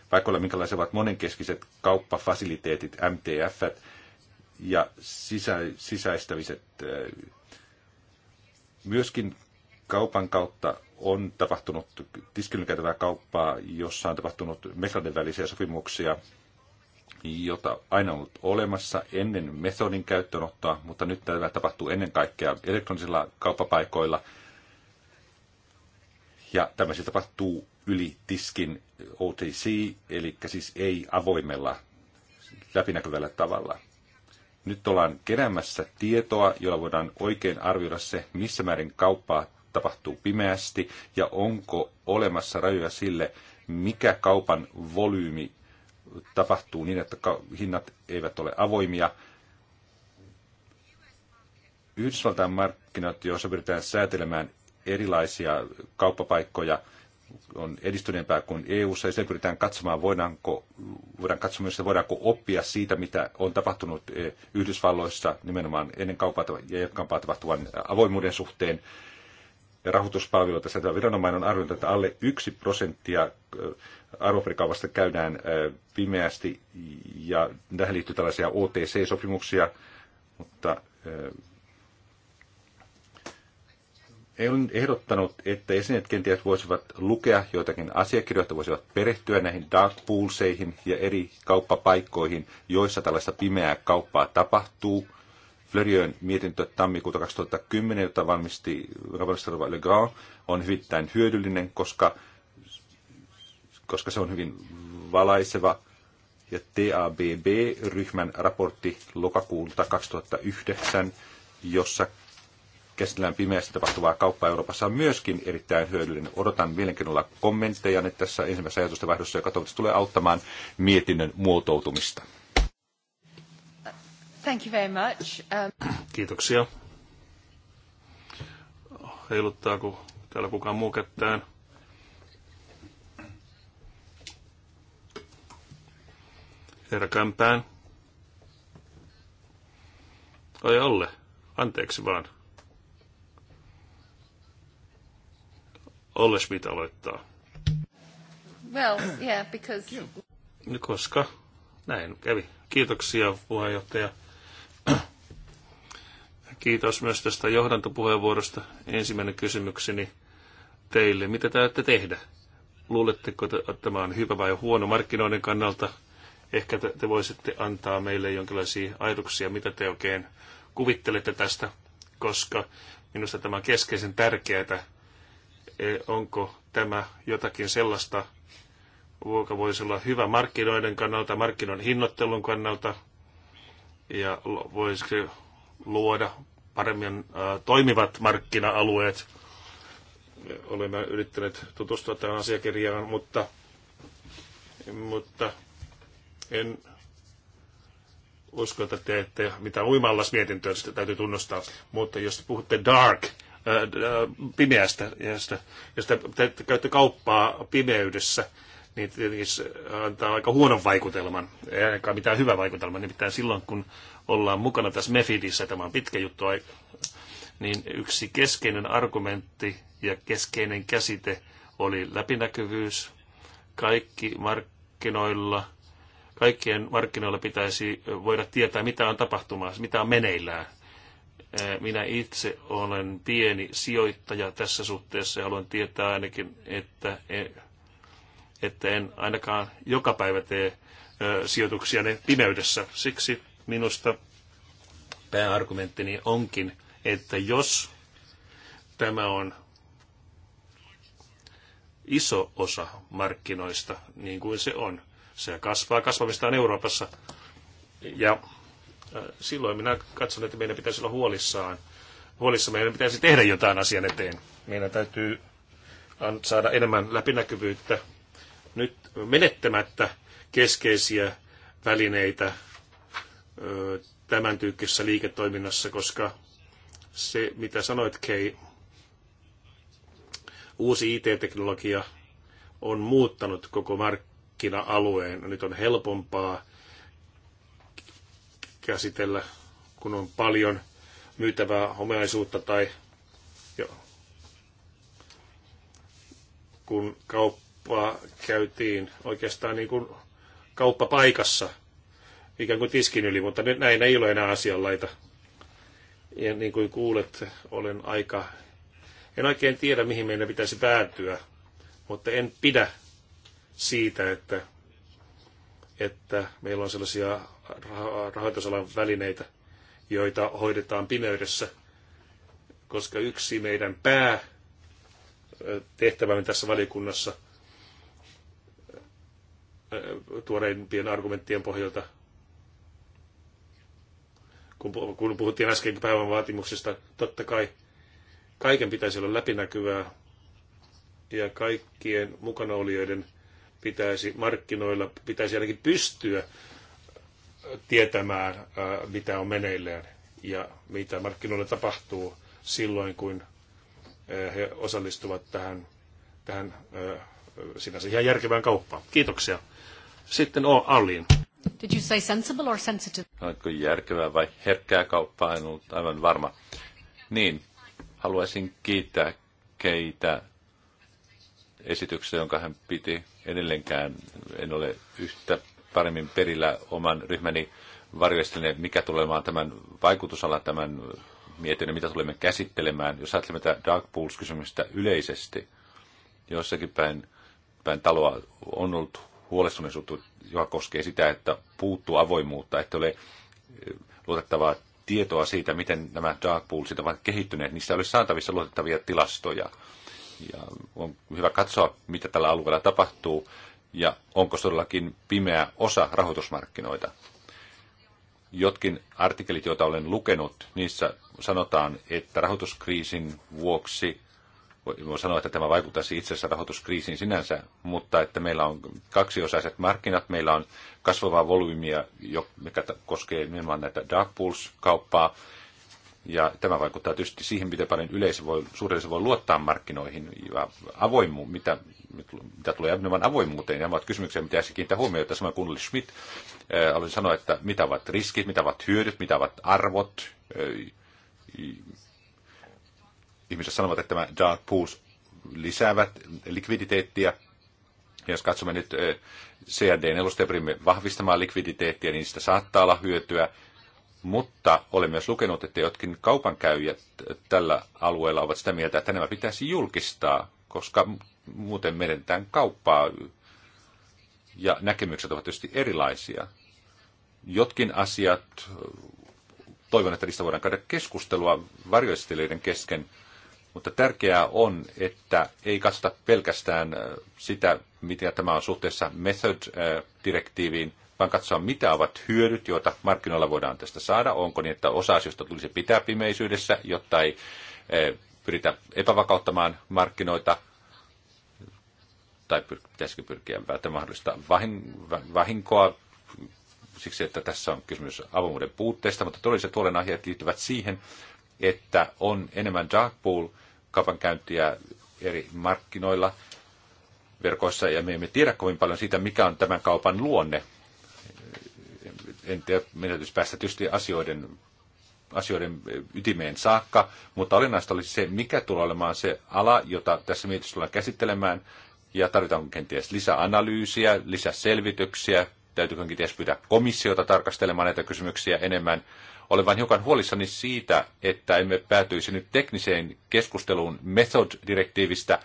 [SPEAKER 3] paikoilla, minkälaiset ovat monenkeskiset kauppafasiliteetit, MTF ja sisä, sisäistämiset. Myöskin kaupan kautta on tapahtunut diskriminaatiota kauppaa, jossa on tapahtunut Mekladin välisiä sopimuksia, jota aina ollut olemassa ennen metodin käyttöönottoa, mutta nyt tämä tapahtuu ennen kaikkea elektronisilla kauppapaikoilla. Ja tämä siis tapahtuu yli tiskin OTC, eli siis ei avoimella läpinäkyvällä tavalla. Nyt ollaan keräämässä tietoa, jolla voidaan oikein arvioida se, missä määrin kauppaa tapahtuu pimeästi ja onko olemassa rajoja sille, mikä kaupan volyymi tapahtuu niin, että hinnat eivät ole avoimia. Yhdysvaltain markkinat, joissa pyritään säätelemään erilaisia kauppapaikkoja, on edistyneempää kuin EU-ssa, ja pyritään katsomaan, voidaanko, voidaan katsoa myös, voidaanko oppia siitä, mitä on tapahtunut eh, Yhdysvalloissa, nimenomaan ennen kauppaa ja jatkampaa tapahtuvan avoimuuden suhteen, ja rahoituspalveluita säätelevä viranomainen on arvioinut, että alle yksi prosenttia arvopaperikaupasta käydään pimeästi ja tähän liittyy tällaisia OTC-sopimuksia, mutta olen ehdottanut, että esineet kenties voisivat lukea joitakin asiakirjoita, voisivat perehtyä näihin dark poolseihin ja eri kauppapaikkoihin, joissa tällaista pimeää kauppaa tapahtuu. Flöriön mietintö tammikuuta 2010, jota valmisti valmisteleva Le Grand, on hyvittäin hyödyllinen, koska, koska se on hyvin valaiseva. Ja TABB-ryhmän raportti lokakuulta 2009, jossa käsitellään pimeästi tapahtuvaa kauppaa Euroopassa on myöskin erittäin hyödyllinen. Odotan mielenkiinnolla kommentteja tässä ensimmäisessä ajatusten vaihdossa, joka toivottavasti tulee auttamaan mietinnön
[SPEAKER 2] muotoutumista.
[SPEAKER 1] Thank you very much. Um...
[SPEAKER 2] Kiitoksia. Heiluttaako täällä kukaan muu kättään? Herra Kämpään. Oi Olle, anteeksi vaan. Olle Schmidt aloittaa.
[SPEAKER 1] Well, yeah, because...
[SPEAKER 2] Koska näin kävi. Kiitoksia puheenjohtaja. Kiitos myös tästä johdantopuheenvuorosta. Ensimmäinen kysymykseni teille. Mitä te ajatte tehdä? Luuletteko, että tämä on hyvä vai huono markkinoiden kannalta? Ehkä te, te voisitte antaa meille jonkinlaisia ajatuksia, mitä te oikein kuvittelette tästä, koska minusta tämä on keskeisen tärkeää. E, onko tämä jotakin sellaista, joka voisi olla hyvä markkinoiden kannalta, markkinoiden hinnoittelun kannalta, ja voisiko luoda paremmin toimivat markkina-alueet. Olemme yrittäneet tutustua tähän asiakirjaan, mutta, mutta en usko, että te ette mitään uimallas mietintöä, sitä täytyy tunnustaa. Mutta jos puhutte dark, pimeästä, josta, josta te käytte kauppaa pimeydessä, niin tietenkin se antaa aika huonon vaikutelman, ei ainakaan mitään hyvä vaikutelma, nimittäin silloin kun ollaan mukana tässä Mefidissä, tämä on pitkä juttu, niin yksi keskeinen argumentti ja keskeinen käsite oli läpinäkyvyys. Kaikki markkinoilla, kaikkien markkinoilla pitäisi voida tietää, mitä on tapahtumassa, mitä on meneillään. Minä itse olen pieni sijoittaja tässä suhteessa ja haluan tietää ainakin, että e- että en ainakaan joka päivä tee sijoituksia ne pimeydessä. Siksi minusta pääargumenttini onkin, että jos tämä on iso osa markkinoista, niin kuin se on, se kasvaa kasvamistaan Euroopassa. Ja silloin minä katson, että meidän pitäisi olla huolissaan. Huolissa meidän pitäisi tehdä jotain asian eteen. Meidän täytyy saada enemmän läpinäkyvyyttä nyt menettämättä keskeisiä välineitä tämän tyyppisessä liiketoiminnassa, koska se, mitä sanoit, Kei, uusi IT-teknologia on muuttanut koko markkina-alueen. Nyt on helpompaa käsitellä, kun on paljon myytävää omaisuutta tai jo, kun kaup- kauppaa käytiin oikeastaan niin kuin kauppapaikassa, ikään kuin tiskin yli, mutta nyt näin ei ole enää asianlaita. Ja niin kuin kuulet, olen aika, en oikein tiedä mihin meidän pitäisi päätyä, mutta en pidä siitä, että, että meillä on sellaisia rahoitusalan välineitä, joita hoidetaan pimeydessä, koska yksi meidän pää tehtävämme tässä valiokunnassa Äh, tuoreimpien argumenttien pohjalta. Kun, kun puhuttiin äsken päivän vaatimuksista, totta kai kaiken pitäisi olla läpinäkyvää ja kaikkien mukanaolijoiden pitäisi markkinoilla, pitäisi ainakin pystyä tietämään, äh, mitä on meneillään ja mitä markkinoilla tapahtuu silloin, kun äh, he osallistuvat tähän, tähän sinänsä ihan järkevään kauppaan. Kiitoksia. Sitten O. Alliin.
[SPEAKER 5] Did you say sensible or sensitive?
[SPEAKER 2] Oletko järkevää vai herkkää kauppaa? En ollut aivan varma.
[SPEAKER 3] Niin, haluaisin kiittää keitä esityksestä, jonka hän piti. Edelleenkään en ole yhtä paremmin perillä oman ryhmäni varjoistelinen, mikä tulemaan tämän vaikutusala, tämän mietinnön, mitä tulemme käsittelemään. Jos ajattelemme tätä Dark Pools-kysymystä yleisesti, jossakin päin, päin taloa on ollut huolestuneisuutta, joka koskee sitä, että puuttuu avoimuutta, että ole eh, luotettavaa tietoa siitä, miten nämä dark poolsit ovat kehittyneet. Niissä olisi saatavissa luotettavia tilastoja. Ja on hyvä katsoa, mitä tällä alueella tapahtuu ja onko se todellakin pimeä osa rahoitusmarkkinoita. Jotkin artikkelit, joita olen lukenut, niissä sanotaan, että rahoituskriisin vuoksi Voin sanoa, että tämä vaikuttaisi itse asiassa rahoituskriisiin sinänsä, mutta että meillä on kaksiosaiset markkinat, meillä on kasvavaa volyymiä, mikä koskee nimenomaan näitä dark pools-kauppaa, ja tämä vaikuttaa tietysti siihen, miten paljon yleisö voi, suuryleisö voi luottaa markkinoihin ja avoimu, mitä, mitä tulee nimenomaan avoimuuteen. Nämä ovat kysymyksiä, mitä pitäisi kiinnittää huomiota. Sama kuin Schmidt äh, haluaisin sanoa, että mitä ovat riskit, mitä ovat hyödyt, mitä ovat arvot, ihmiset sanovat, että tämä dark pools lisäävät likviditeettiä. Ja jos katsomme nyt eh, CRD4, pyrimme vahvistamaan likviditeettiä, niin sitä saattaa olla hyötyä. Mutta olen myös lukenut, että jotkin kaupankäyjät tällä alueella ovat sitä mieltä, että nämä pitäisi julkistaa, koska muuten menetään kauppaa. Ja näkemykset ovat tietysti erilaisia. Jotkin asiat, eh, toivon, että niistä voidaan käydä keskustelua varjoistelijoiden kesken – mutta tärkeää on, että ei katsota pelkästään äh, sitä, mitä tämä on suhteessa method-direktiiviin, vaan katsoa, mitä ovat hyödyt, joita markkinoilla voidaan tästä saada. Onko niin, että osa asioista tulisi pitää pimeisyydessä, jotta ei äh, pyritä epävakauttamaan markkinoita, tai pitäisikö pyrkiä välttämään mahdollista vahinkoa siksi, että tässä on kysymys avoimuuden puutteesta, mutta todelliset huolenaiheet liittyvät siihen, että on enemmän dark pool kaupankäyntiä eri markkinoilla verkoissa ja me emme tiedä kovin paljon siitä, mikä on tämän kaupan luonne. En tiedä, meidän päästä tietysti asioiden, asioiden ytimeen saakka, mutta olennaista olisi se, mikä tulee olemaan se ala, jota tässä mietitys tullaan käsittelemään, ja tarvitaan kenties lisäanalyysiä, lisäselvityksiä, Täytyykö kenties pyytää komissiota tarkastelemaan näitä kysymyksiä enemmän? Olen vain hiukan huolissani siitä, että emme päätyisi nyt tekniseen keskusteluun method-direktiivistä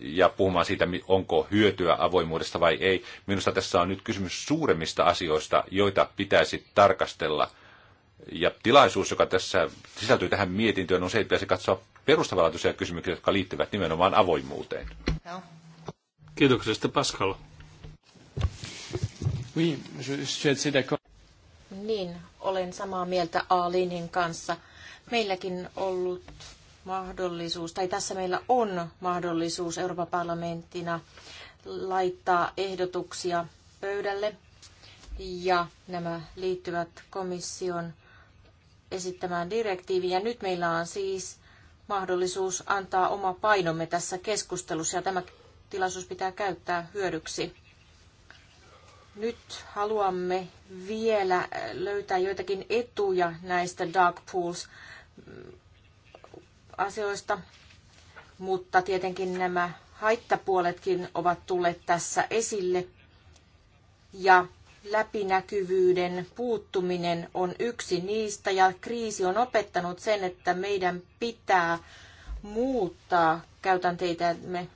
[SPEAKER 3] ja puhumaan siitä, onko hyötyä avoimuudesta vai ei. Minusta tässä on nyt kysymys suuremmista asioista, joita pitäisi tarkastella. Ja tilaisuus, joka tässä sisältyy tähän mietintöön, on se, että pitäisi katsoa perustavanlaatuisia kysymyksiä, jotka liittyvät nimenomaan avoimuuteen.
[SPEAKER 2] Kiitoksia sitten Pascal. Oui, je, suis assez d'accord.
[SPEAKER 4] Niin, olen samaa mieltä Aalinin kanssa. Meilläkin ollut mahdollisuus, tai tässä meillä on mahdollisuus Euroopan parlamenttina laittaa ehdotuksia pöydälle, ja nämä liittyvät komission esittämään direktiiviin. Ja nyt meillä on siis mahdollisuus antaa oma painomme tässä keskustelussa, ja tämä tilaisuus pitää käyttää hyödyksi nyt haluamme vielä löytää joitakin etuja näistä dark pools mm, asioista, mutta tietenkin nämä haittapuoletkin ovat tulleet tässä esille. Ja läpinäkyvyyden puuttuminen on yksi niistä ja kriisi on opettanut sen, että meidän pitää muuttaa käytänteitämme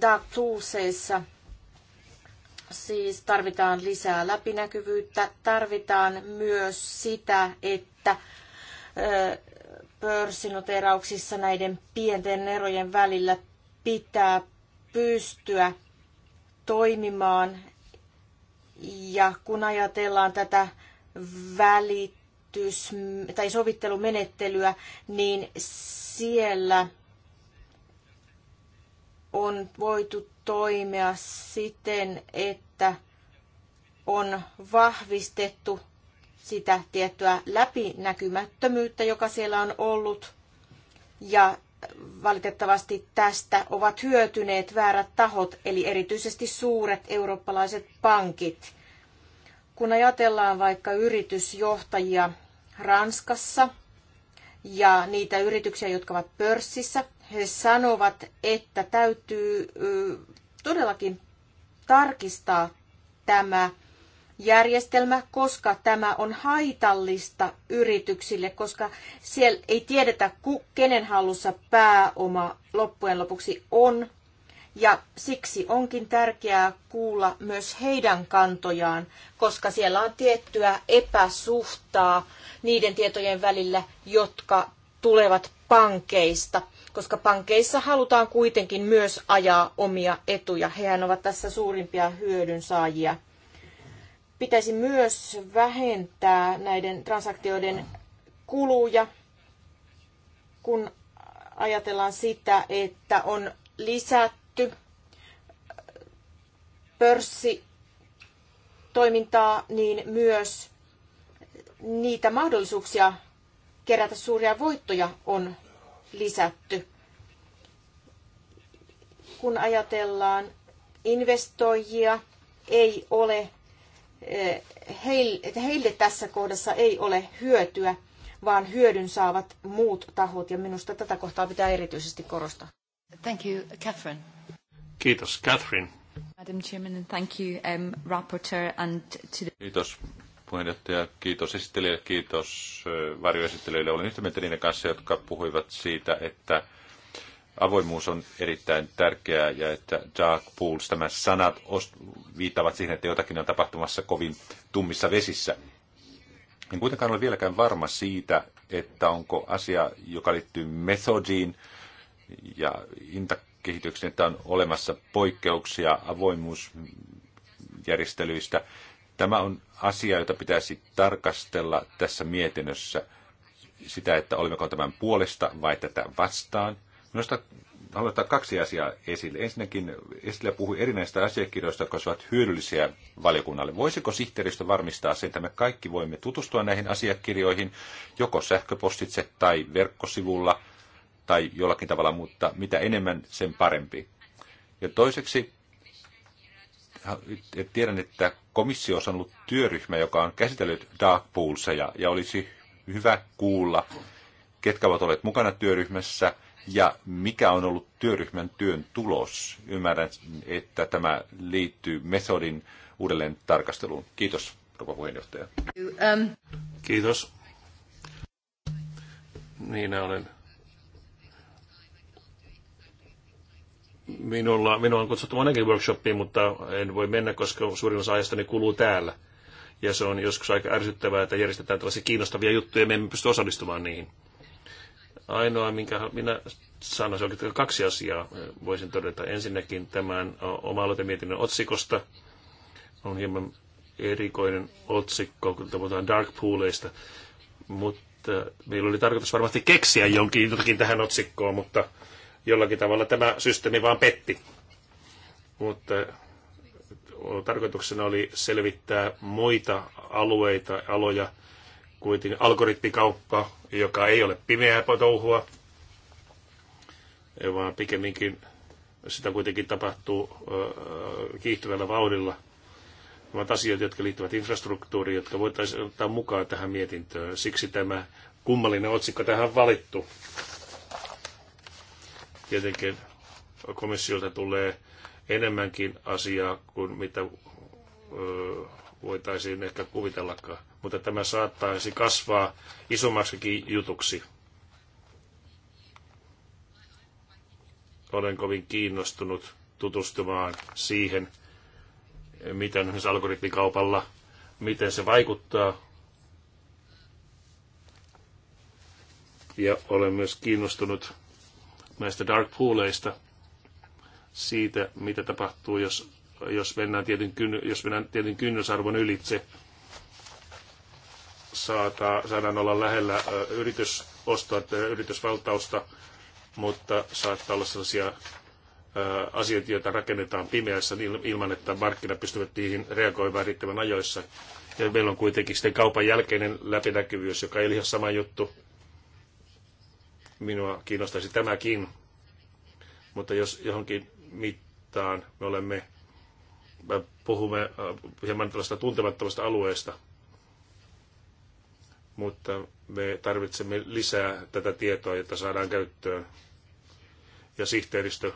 [SPEAKER 4] Dark poolsissa siis tarvitaan lisää läpinäkyvyyttä, tarvitaan myös sitä, että pörssinoterauksissa näiden pienten erojen välillä pitää pystyä toimimaan. Ja kun ajatellaan tätä välitys- tai sovittelumenettelyä, niin siellä on voitu toimia siten, että on vahvistettu sitä tiettyä läpinäkymättömyyttä, joka siellä on ollut. Ja valitettavasti tästä ovat hyötyneet väärät tahot, eli erityisesti suuret eurooppalaiset pankit. Kun ajatellaan vaikka yritysjohtajia Ranskassa ja niitä yrityksiä, jotka ovat pörssissä, he sanovat, että täytyy todellakin tarkistaa tämä järjestelmä, koska tämä on haitallista yrityksille, koska siellä ei tiedetä, kenen hallussa pääoma loppujen lopuksi on. Ja siksi onkin tärkeää kuulla myös heidän kantojaan, koska siellä on tiettyä epäsuhtaa niiden tietojen välillä, jotka tulevat pankeista koska pankeissa halutaan kuitenkin myös ajaa omia etuja. Hehän ovat tässä suurimpia saajia. Pitäisi myös vähentää näiden transaktioiden kuluja, kun ajatellaan sitä, että on lisätty pörssitoimintaa, niin myös niitä mahdollisuuksia kerätä suuria voittoja on lisätty. Kun ajatellaan investoijia, ei ole, eh, heille tässä kohdassa ei ole hyötyä, vaan hyödyn saavat muut tahot, ja minusta tätä kohtaa pitää erityisesti korostaa. Thank you, Catherine.
[SPEAKER 2] Kiitos, Catherine.
[SPEAKER 4] Madam Chairman, and thank you, um, Rapporteur, and to the...
[SPEAKER 3] Kiitos puheenjohtaja. Kiitos esittelijälle, kiitos varjoesittelijöille. Olen yhtä mieltä niiden kanssa, jotka puhuivat siitä, että avoimuus on erittäin tärkeää ja että dark pools, tämä sanat viittavat siihen, että jotakin on tapahtumassa kovin tummissa vesissä. En kuitenkaan ole vieläkään varma siitä, että onko asia, joka liittyy metodiin ja hintakehitykseen, että on olemassa poikkeuksia avoimuusjärjestelyistä. Tämä on asia, jota pitäisi tarkastella tässä mietinnössä sitä, että olemmeko tämän puolesta vai tätä vastaan. Minusta haluan ottaa kaksi asiaa esille. Ensinnäkin esille puhui erinäistä asiakirjoista, jotka olisivat hyödyllisiä valiokunnalle. Voisiko sihteeristö varmistaa sen, että me kaikki voimme tutustua näihin asiakirjoihin joko sähköpostitse tai verkkosivulla tai jollakin tavalla, mutta mitä enemmän, sen parempi. Ja toiseksi, tiedän, että komissio on ollut työryhmä, joka on käsitellyt dark poolseja, ja olisi hyvä kuulla, ketkä ovat olleet mukana työryhmässä ja mikä on ollut työryhmän työn tulos. Ymmärrän, että tämä liittyy metodin uudelleen tarkasteluun. Kiitos,
[SPEAKER 2] rouva puheenjohtaja. Um, Kiitos. Niin, olen Minulla, minua on kutsuttu monenkin workshoppiin, mutta en voi mennä, koska suurin osa ajastani kuluu täällä. Ja se on joskus aika ärsyttävää, että järjestetään tällaisia kiinnostavia juttuja, ja me emme pysty osallistumaan niihin. Ainoa, minkä minä sanoisin, on kaksi asiaa voisin todeta. Ensinnäkin tämän oma aloitemietinnön otsikosta on hieman erikoinen otsikko, kun puhutaan dark pooleista, mutta meillä oli tarkoitus varmasti keksiä jonkin jotakin tähän otsikkoon, mutta Jollakin tavalla tämä systeemi vaan petti. Mutta tarkoituksena oli selvittää muita alueita, aloja, kuitenkin algoritmikauppa, joka ei ole pimeää touhua, vaan pikemminkin sitä kuitenkin tapahtuu kiihtyvällä vauhdilla. Ovat asioita, jotka liittyvät infrastruktuuriin, jotka voitaisiin ottaa mukaan tähän mietintöön. Siksi tämä kummallinen otsikko tähän valittu. Tietenkin komissiolta tulee enemmänkin asiaa kuin mitä voitaisiin ehkä kuvitellakaan. Mutta tämä saattaisi kasvaa isommaksikin jutuksi. Olen kovin kiinnostunut tutustumaan siihen, miten esimerkiksi algoritmikaupalla, miten se vaikuttaa. Ja olen myös kiinnostunut näistä dark pooleista, siitä mitä tapahtuu, jos, jos, mennään, tietyn, jos mennään tietyn kynnysarvon ylitse. Saata, saadaan olla lähellä yritysostoa tai yritysvaltausta, mutta saattaa olla sellaisia asioita, joita rakennetaan pimeässä ilman, että markkina pystyvät niihin reagoimaan riittävän ajoissa. Ja meillä on kuitenkin sitten kaupan jälkeinen läpinäkyvyys, joka ei ole ihan sama juttu Minua kiinnostaisi tämäkin, mutta jos johonkin mittaan me olemme, me puhumme äh, hieman tällaista tuntemattomasta alueesta, mutta me tarvitsemme lisää tätä tietoa, jotta saadaan käyttöön. Ja sihteeristö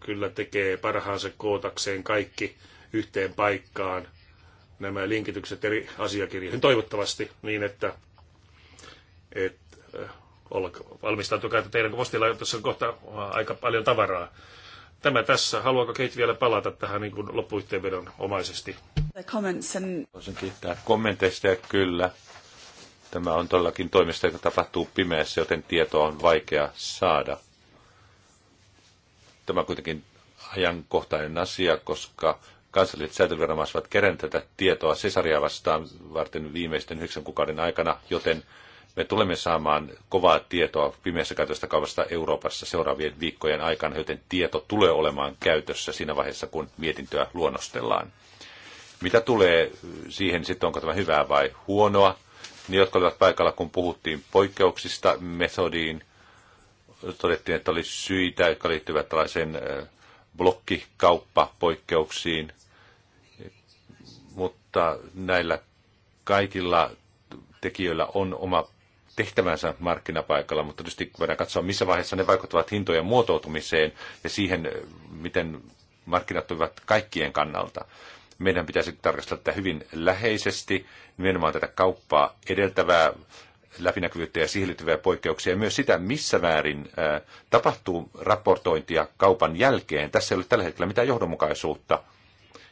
[SPEAKER 2] kyllä tekee parhaansa kootakseen kaikki yhteen paikkaan nämä linkitykset eri asiakirjoihin, toivottavasti niin, että, että valmistautukaa, että teidän postilaitossa on kohta äh, aika paljon tavaraa. Tämä tässä. Haluaako Kate vielä palata tähän niin kuin loppuyhteenvedon omaisesti? Voisin kiittää
[SPEAKER 3] kommenteista ja kyllä. Tämä on todellakin toimista, joka tapahtuu pimeässä, joten tietoa on vaikea saada. Tämä on kuitenkin ajankohtainen asia, koska kansalliset säätöviranomaiset ovat tätä tietoa sesaria vastaan varten viimeisten yhdeksän kuukauden aikana, joten me tulemme saamaan kovaa tietoa pimeässä käytöstä kaupasta Euroopassa seuraavien viikkojen aikana, joten tieto tulee olemaan käytössä siinä vaiheessa, kun mietintöä luonnostellaan. Mitä tulee siihen, sitten onko tämä hyvää vai huonoa, niin jotka olivat paikalla, kun puhuttiin poikkeuksista metodiin, todettiin, että oli syitä, jotka liittyvät tällaiseen blokkikauppapoikkeuksiin, mutta näillä kaikilla tekijöillä on oma tehtävänsä markkinapaikalla, mutta tietysti voidaan katsoa, missä vaiheessa ne vaikuttavat hintojen muotoutumiseen ja siihen, miten markkinat toimivat kaikkien kannalta. Meidän pitäisi tarkastella tätä hyvin läheisesti, nimenomaan tätä kauppaa edeltävää läpinäkyvyyttä ja siihen liittyviä poikkeuksia, ja myös sitä, missä määrin tapahtuu raportointia kaupan jälkeen. Tässä ei ole tällä hetkellä mitään johdonmukaisuutta,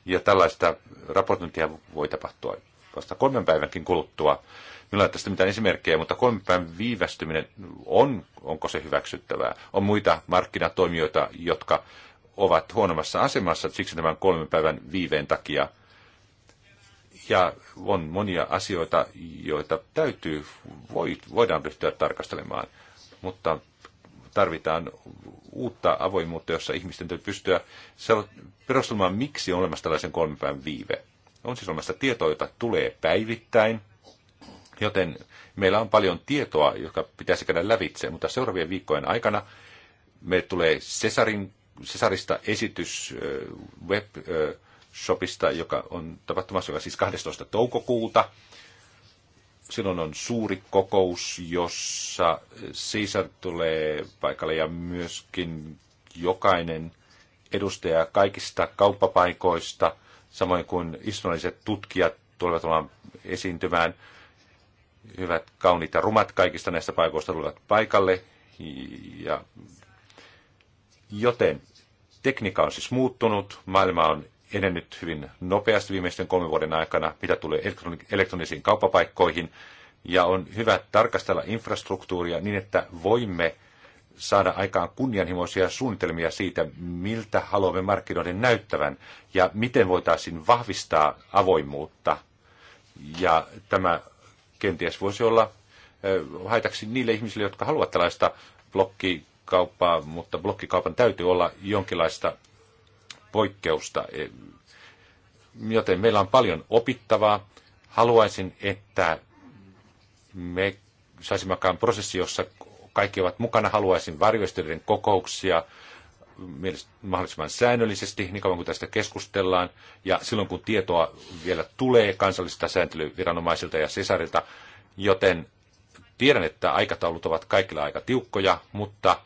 [SPEAKER 3] ja tällaista raportointia voi tapahtua vasta kolmen päivänkin kuluttua. Minulla ei tästä mitään esimerkkejä, mutta kolmen päivän viivästyminen on, onko se hyväksyttävää. On muita markkinatoimijoita, jotka ovat huonommassa asemassa siksi tämän kolmen päivän viiveen takia. Ja on monia asioita, joita täytyy, voi, voidaan ryhtyä tarkastelemaan, mutta tarvitaan uutta avoimuutta, jossa ihmisten täytyy pystyä perustelemaan, miksi on olemassa tällaisen kolmen päivän viive. On siis olemassa tietoa, jota tulee päivittäin, Joten meillä on paljon tietoa, joka pitäisi käydä lävitse, mutta seuraavien viikkojen aikana me tulee Cesarin, Cesarista esitys webshopista, joka on tapahtumassa joka siis 12. toukokuuta. Silloin on suuri kokous, jossa Caesar tulee paikalle ja myöskin jokainen edustaja kaikista kauppapaikoista, samoin kuin islamiset tutkijat tulevat olemaan esiintymään – hyvät, kauniit ja rumat kaikista näistä paikoista tulevat paikalle. Ja, joten tekniikka on siis muuttunut, maailma on edennyt hyvin nopeasti viimeisten kolmen vuoden aikana, mitä tulee elektronisiin kauppapaikkoihin, ja on hyvä tarkastella infrastruktuuria niin, että voimme saada aikaan kunnianhimoisia suunnitelmia siitä, miltä haluamme markkinoiden näyttävän ja miten voitaisiin vahvistaa avoimuutta. Ja tämä kenties voisi olla haitaksi niille ihmisille, jotka haluavat tällaista blokkikauppaa, mutta blokkikaupan täytyy olla jonkinlaista poikkeusta. E, joten meillä on paljon opittavaa. Haluaisin, että me saisimme prosessi, jossa kaikki ovat mukana. Haluaisin varjoistelijoiden kokouksia, mahdollisimman säännöllisesti niin kauan kuin tästä keskustellaan. Ja silloin kun tietoa vielä tulee kansallisista sääntelyviranomaisilta ja sisarilta, joten tiedän, että aikataulut ovat kaikilla aika tiukkoja, mutta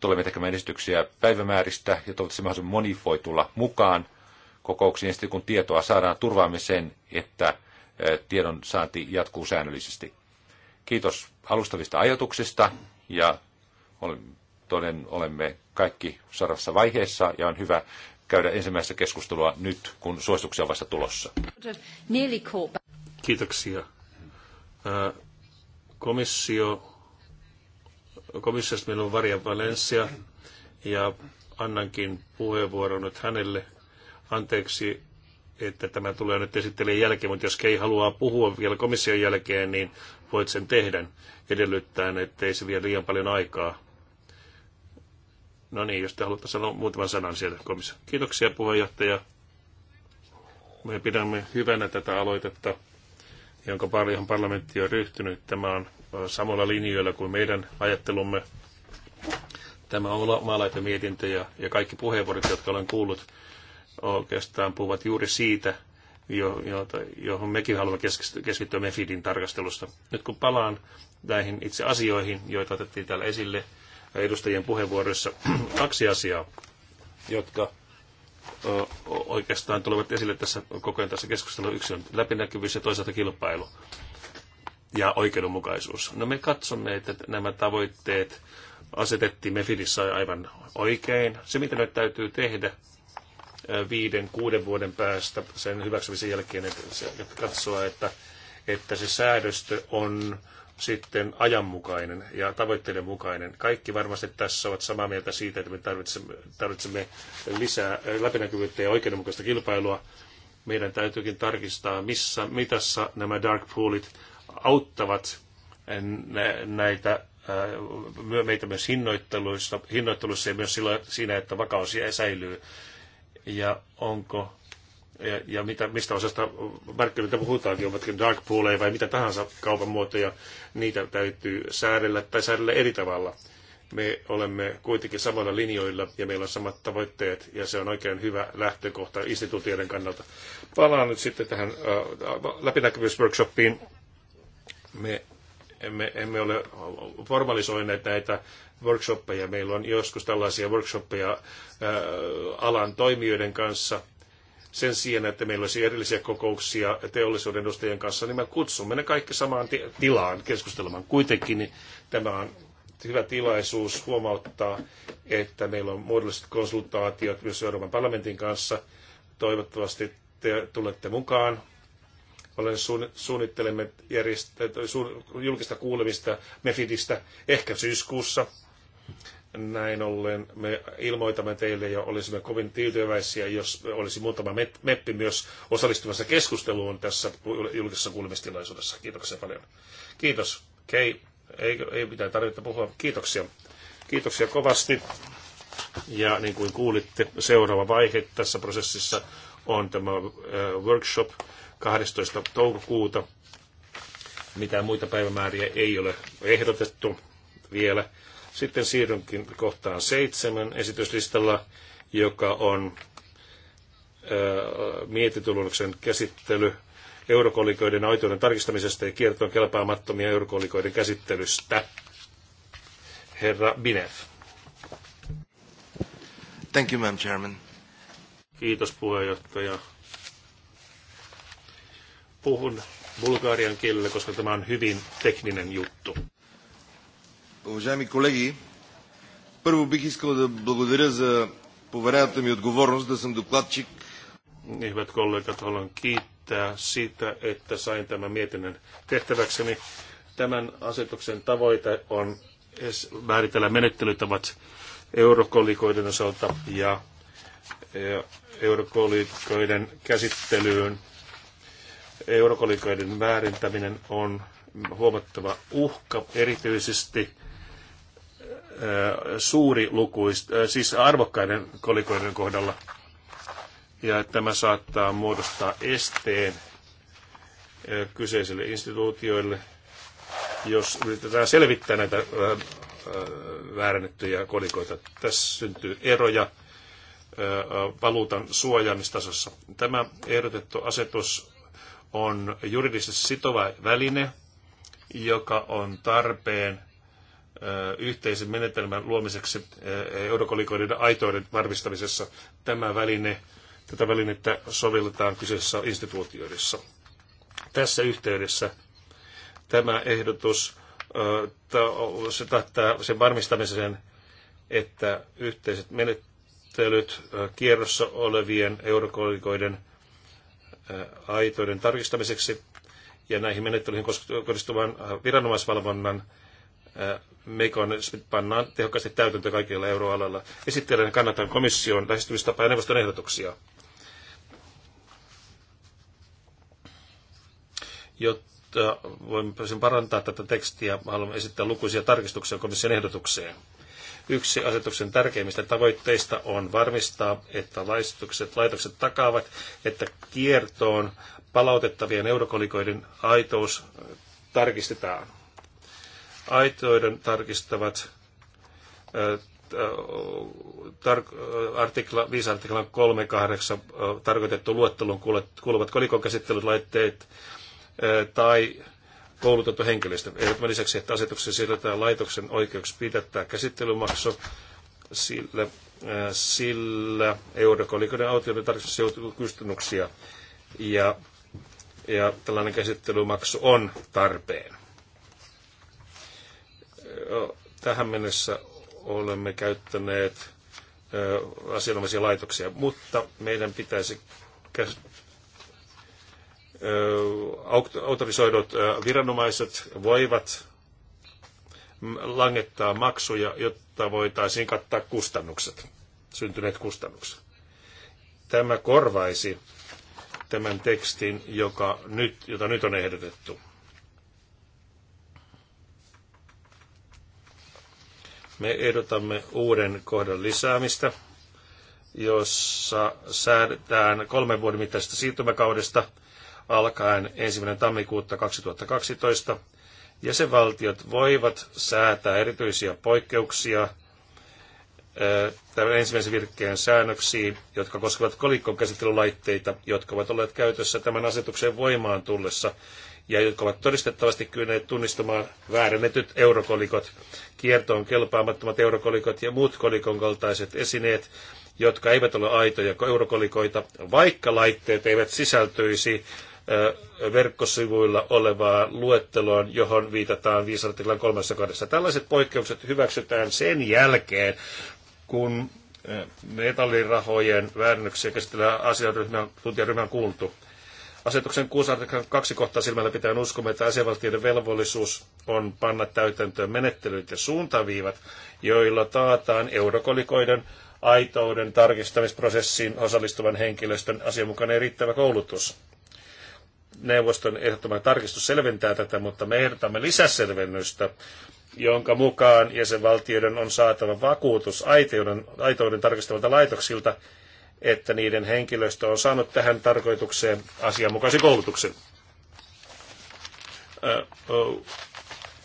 [SPEAKER 3] tulemme tekemään esityksiä päivämääristä ja toivottavasti mahdollisimman moni voi tulla mukaan kokouksiin. sitten kun tietoa saadaan, turvaamme sen, että tiedon saanti jatkuu säännöllisesti. Kiitos alustavista ajatuksista ja olen toden olemme kaikki sarassa vaiheessa ja on hyvä käydä ensimmäistä keskustelua nyt, kun suosituksia on vasta tulossa.
[SPEAKER 2] Kiitoksia. Äh, komissio, komissiosta meillä on Varja Valencia ja annankin puheenvuoron nyt hänelle. Anteeksi, että tämä tulee nyt esittelijän jälkeen, mutta jos Kei haluaa puhua vielä komission jälkeen, niin voit sen tehdä edellyttäen, ettei se vie liian paljon aikaa. No niin, jos te haluatte sanoa muutaman sanan sieltä komissa. Kiitoksia puheenjohtaja. Me pidämme hyvänä tätä aloitetta, jonka paljon parlamentti on ryhtynyt. Tämä on samalla linjoilla kuin meidän ajattelumme. Tämä on mietintö ja, ja kaikki puheenvuorot, jotka olen kuullut, oikeastaan puhuvat juuri siitä, johon mekin haluamme keskittyä Mefidin tarkastelusta. Nyt kun palaan näihin itse asioihin, joita otettiin täällä esille, edustajien puheenvuoroissa kaksi asiaa, jotka oikeastaan tulevat esille tässä koko ajan tässä keskustelussa. Yksi on läpinäkyvyys ja toisaalta kilpailu ja oikeudenmukaisuus. No me katsomme, että nämä tavoitteet asetettiin Mefidissä aivan oikein. Se, mitä nyt täytyy tehdä viiden, kuuden vuoden päästä sen hyväksymisen jälkeen, että katsoa, että, että se säädöstö on sitten ajanmukainen ja tavoitteiden mukainen. Kaikki varmasti tässä ovat samaa mieltä siitä, että me tarvitsemme, tarvitsemme lisää läpinäkyvyyttä ja oikeudenmukaista kilpailua. Meidän täytyykin tarkistaa, missä mitassa nämä dark poolit auttavat näitä meitä myös hinnoitteluissa, hinnoittelussa ja myös siinä, että vakaus säilyy. Ja onko ja, ja mitä, mistä osasta markkinoita puhutaankin, ovatkin dark pooleja vai mitä tahansa kaupan muotoja, niitä täytyy säädellä tai säädellä eri tavalla. Me olemme kuitenkin samoilla linjoilla ja meillä on samat tavoitteet ja se on oikein hyvä lähtökohta instituutioiden kannalta. Palaan nyt sitten tähän äh, läpinäkyvyysworkshoppiin. Me emme, emme ole formalisoineet näitä workshoppeja. Meillä on joskus tällaisia workshoppeja ää, alan toimijoiden kanssa, sen sijaan, että meillä olisi erillisiä kokouksia teollisuuden edustajien kanssa, niin me kutsumme ne kaikki samaan tilaan keskustelemaan. Kuitenkin niin tämä on hyvä tilaisuus huomauttaa, että meillä on muodolliset konsultaatiot myös Euroopan parlamentin kanssa. Toivottavasti te tulette mukaan. Olen suunnittelemme järjestä, äh, julkista kuulemista Mefidistä ehkä syyskuussa. Näin ollen me ilmoitamme teille ja olisimme kovin tyytyväisiä, jos olisi muutama meppi myös osallistumassa keskusteluun tässä julkisessa kuulemistilaisuudessa. Kiitoksia paljon. Kiitos. Kei, ei, ei mitään tarvitse puhua. Kiitoksia. Kiitoksia kovasti. Ja niin kuin kuulitte, seuraava vaihe tässä prosessissa on tämä äh, workshop 12. toukokuuta. Mitään muita päivämääriä ei ole ehdotettu vielä. Sitten siirrynkin kohtaan seitsemän esityslistalla, joka on mietituloksen käsittely eurokolikoiden oikeuden tarkistamisesta ja kiertoon kelpaamattomia eurokolikoiden käsittelystä. Herra Binev.
[SPEAKER 5] Thank you, Madam Chairman.
[SPEAKER 2] Kiitos puheenjohtaja. Puhun bulgarian kielellä, koska tämä on hyvin tekninen juttu
[SPEAKER 3] уважаеми колеги! Първо бих искал да благодаря за поверената ми отговорност да
[SPEAKER 1] съм докладчик.
[SPEAKER 2] Hyvät kollegat, haluan kiittää siitä, että sain tämän mietinnön tehtäväkseni. Tämän asetuksen tavoite on määritellä menettelytavat eurokolikoiden osalta ja e, eurokolikoiden käsittelyyn. Eurokolikoiden määrintäminen on huomattava uhka erityisesti suuri lukuist, äh, siis arvokkaiden kolikoiden kohdalla. Ja tämä saattaa muodostaa esteen äh, kyseisille instituutioille, jos yritetään selvittää näitä äh, väärännettyjä kolikoita. Tässä syntyy eroja valuutan suojaamistasossa. Tämä ehdotettu asetus on juridisesti sitova väline, joka on tarpeen yhteisen menetelmän luomiseksi eurokolikoiden aitoiden varmistamisessa. Tämä väline, tätä välinettä sovelletaan kyseisissä instituutioissa. Tässä yhteydessä tämä ehdotus se tähtää sen varmistamiseen, että yhteiset menettelyt kierrossa olevien eurokolikoiden aitoiden tarkistamiseksi ja näihin menettelyihin kohdistuvan viranomaisvalvonnan Äh, mekanismit pannaan tehokkaasti täytäntöön kaikilla euroalueilla. Esittelen kannatan komission lähestymistapa- ja neuvoston ehdotuksia. Jotta voimme parantaa tätä tekstiä, haluamme esittää lukuisia tarkistuksia komission ehdotukseen. Yksi asetuksen tärkeimmistä tavoitteista on varmistaa, että laitokset, laitokset takaavat, että kiertoon palautettavien eurokolikoiden aitous tarkistetaan aitoiden tarkistavat tar- artikla, 5 artiklan 38 tarkoitettu luettelun kuuluvat kolikon käsittelylaitteet tai koulutettu henkilöstö. Ehdottoman lisäksi, että asetuksen siirretään laitoksen oikeuksi pidättää käsittelymaksu sillä, sillä eurokolikoiden autioiden tarkistuksessa joutuu kustannuksia ja, ja tällainen käsittelymaksu on tarpeen tähän mennessä olemme käyttäneet asianomaisia laitoksia, mutta meidän pitäisi autorisoidut viranomaiset voivat langettaa maksuja, jotta voitaisiin kattaa kustannukset, syntyneet kustannukset. Tämä korvaisi tämän tekstin, joka nyt, jota nyt on ehdotettu. Me ehdotamme uuden kohdan lisäämistä, jossa säädetään kolmen vuoden mittaisesta siirtymäkaudesta alkaen 1. tammikuuta 2012. Jäsenvaltiot voivat säätää erityisiä poikkeuksia tämän ensimmäisen virkkeen säännöksiin, jotka koskevat kolikon käsittelylaitteita, jotka ovat olleet käytössä tämän asetuksen voimaan tullessa ja jotka ovat todistettavasti kyenneet tunnistamaan väärennetyt eurokolikot, kiertoon kelpaamattomat eurokolikot ja muut kolikon kaltaiset esineet, jotka eivät ole aitoja eurokolikoita, vaikka laitteet eivät sisältyisi verkkosivuilla olevaan luetteloon, johon viitataan 5 artiklan 3 kohdassa. Tällaiset poikkeukset hyväksytään sen jälkeen, kun eh, metallirahojen väännöksiä käsittelevä asiaryhmän, tuntijaryhmän kuultu. Asetuksen 6 artiklan kaksi kohtaa silmällä pitäen uskomme, että asiavaltioiden velvollisuus on panna täytäntöön menettelyt ja suuntaviivat, joilla taataan eurokolikoiden aitouden tarkistamisprosessiin osallistuvan henkilöstön asianmukainen riittävä koulutus. Neuvoston ehdottoman tarkistus selventää tätä, mutta me ehdotamme lisäselvennystä jonka mukaan jäsenvaltioiden on saatava vakuutus aitouden, aitouden tarkistavalta laitoksilta, että niiden henkilöstö on saanut tähän tarkoitukseen asianmukaisen koulutuksen.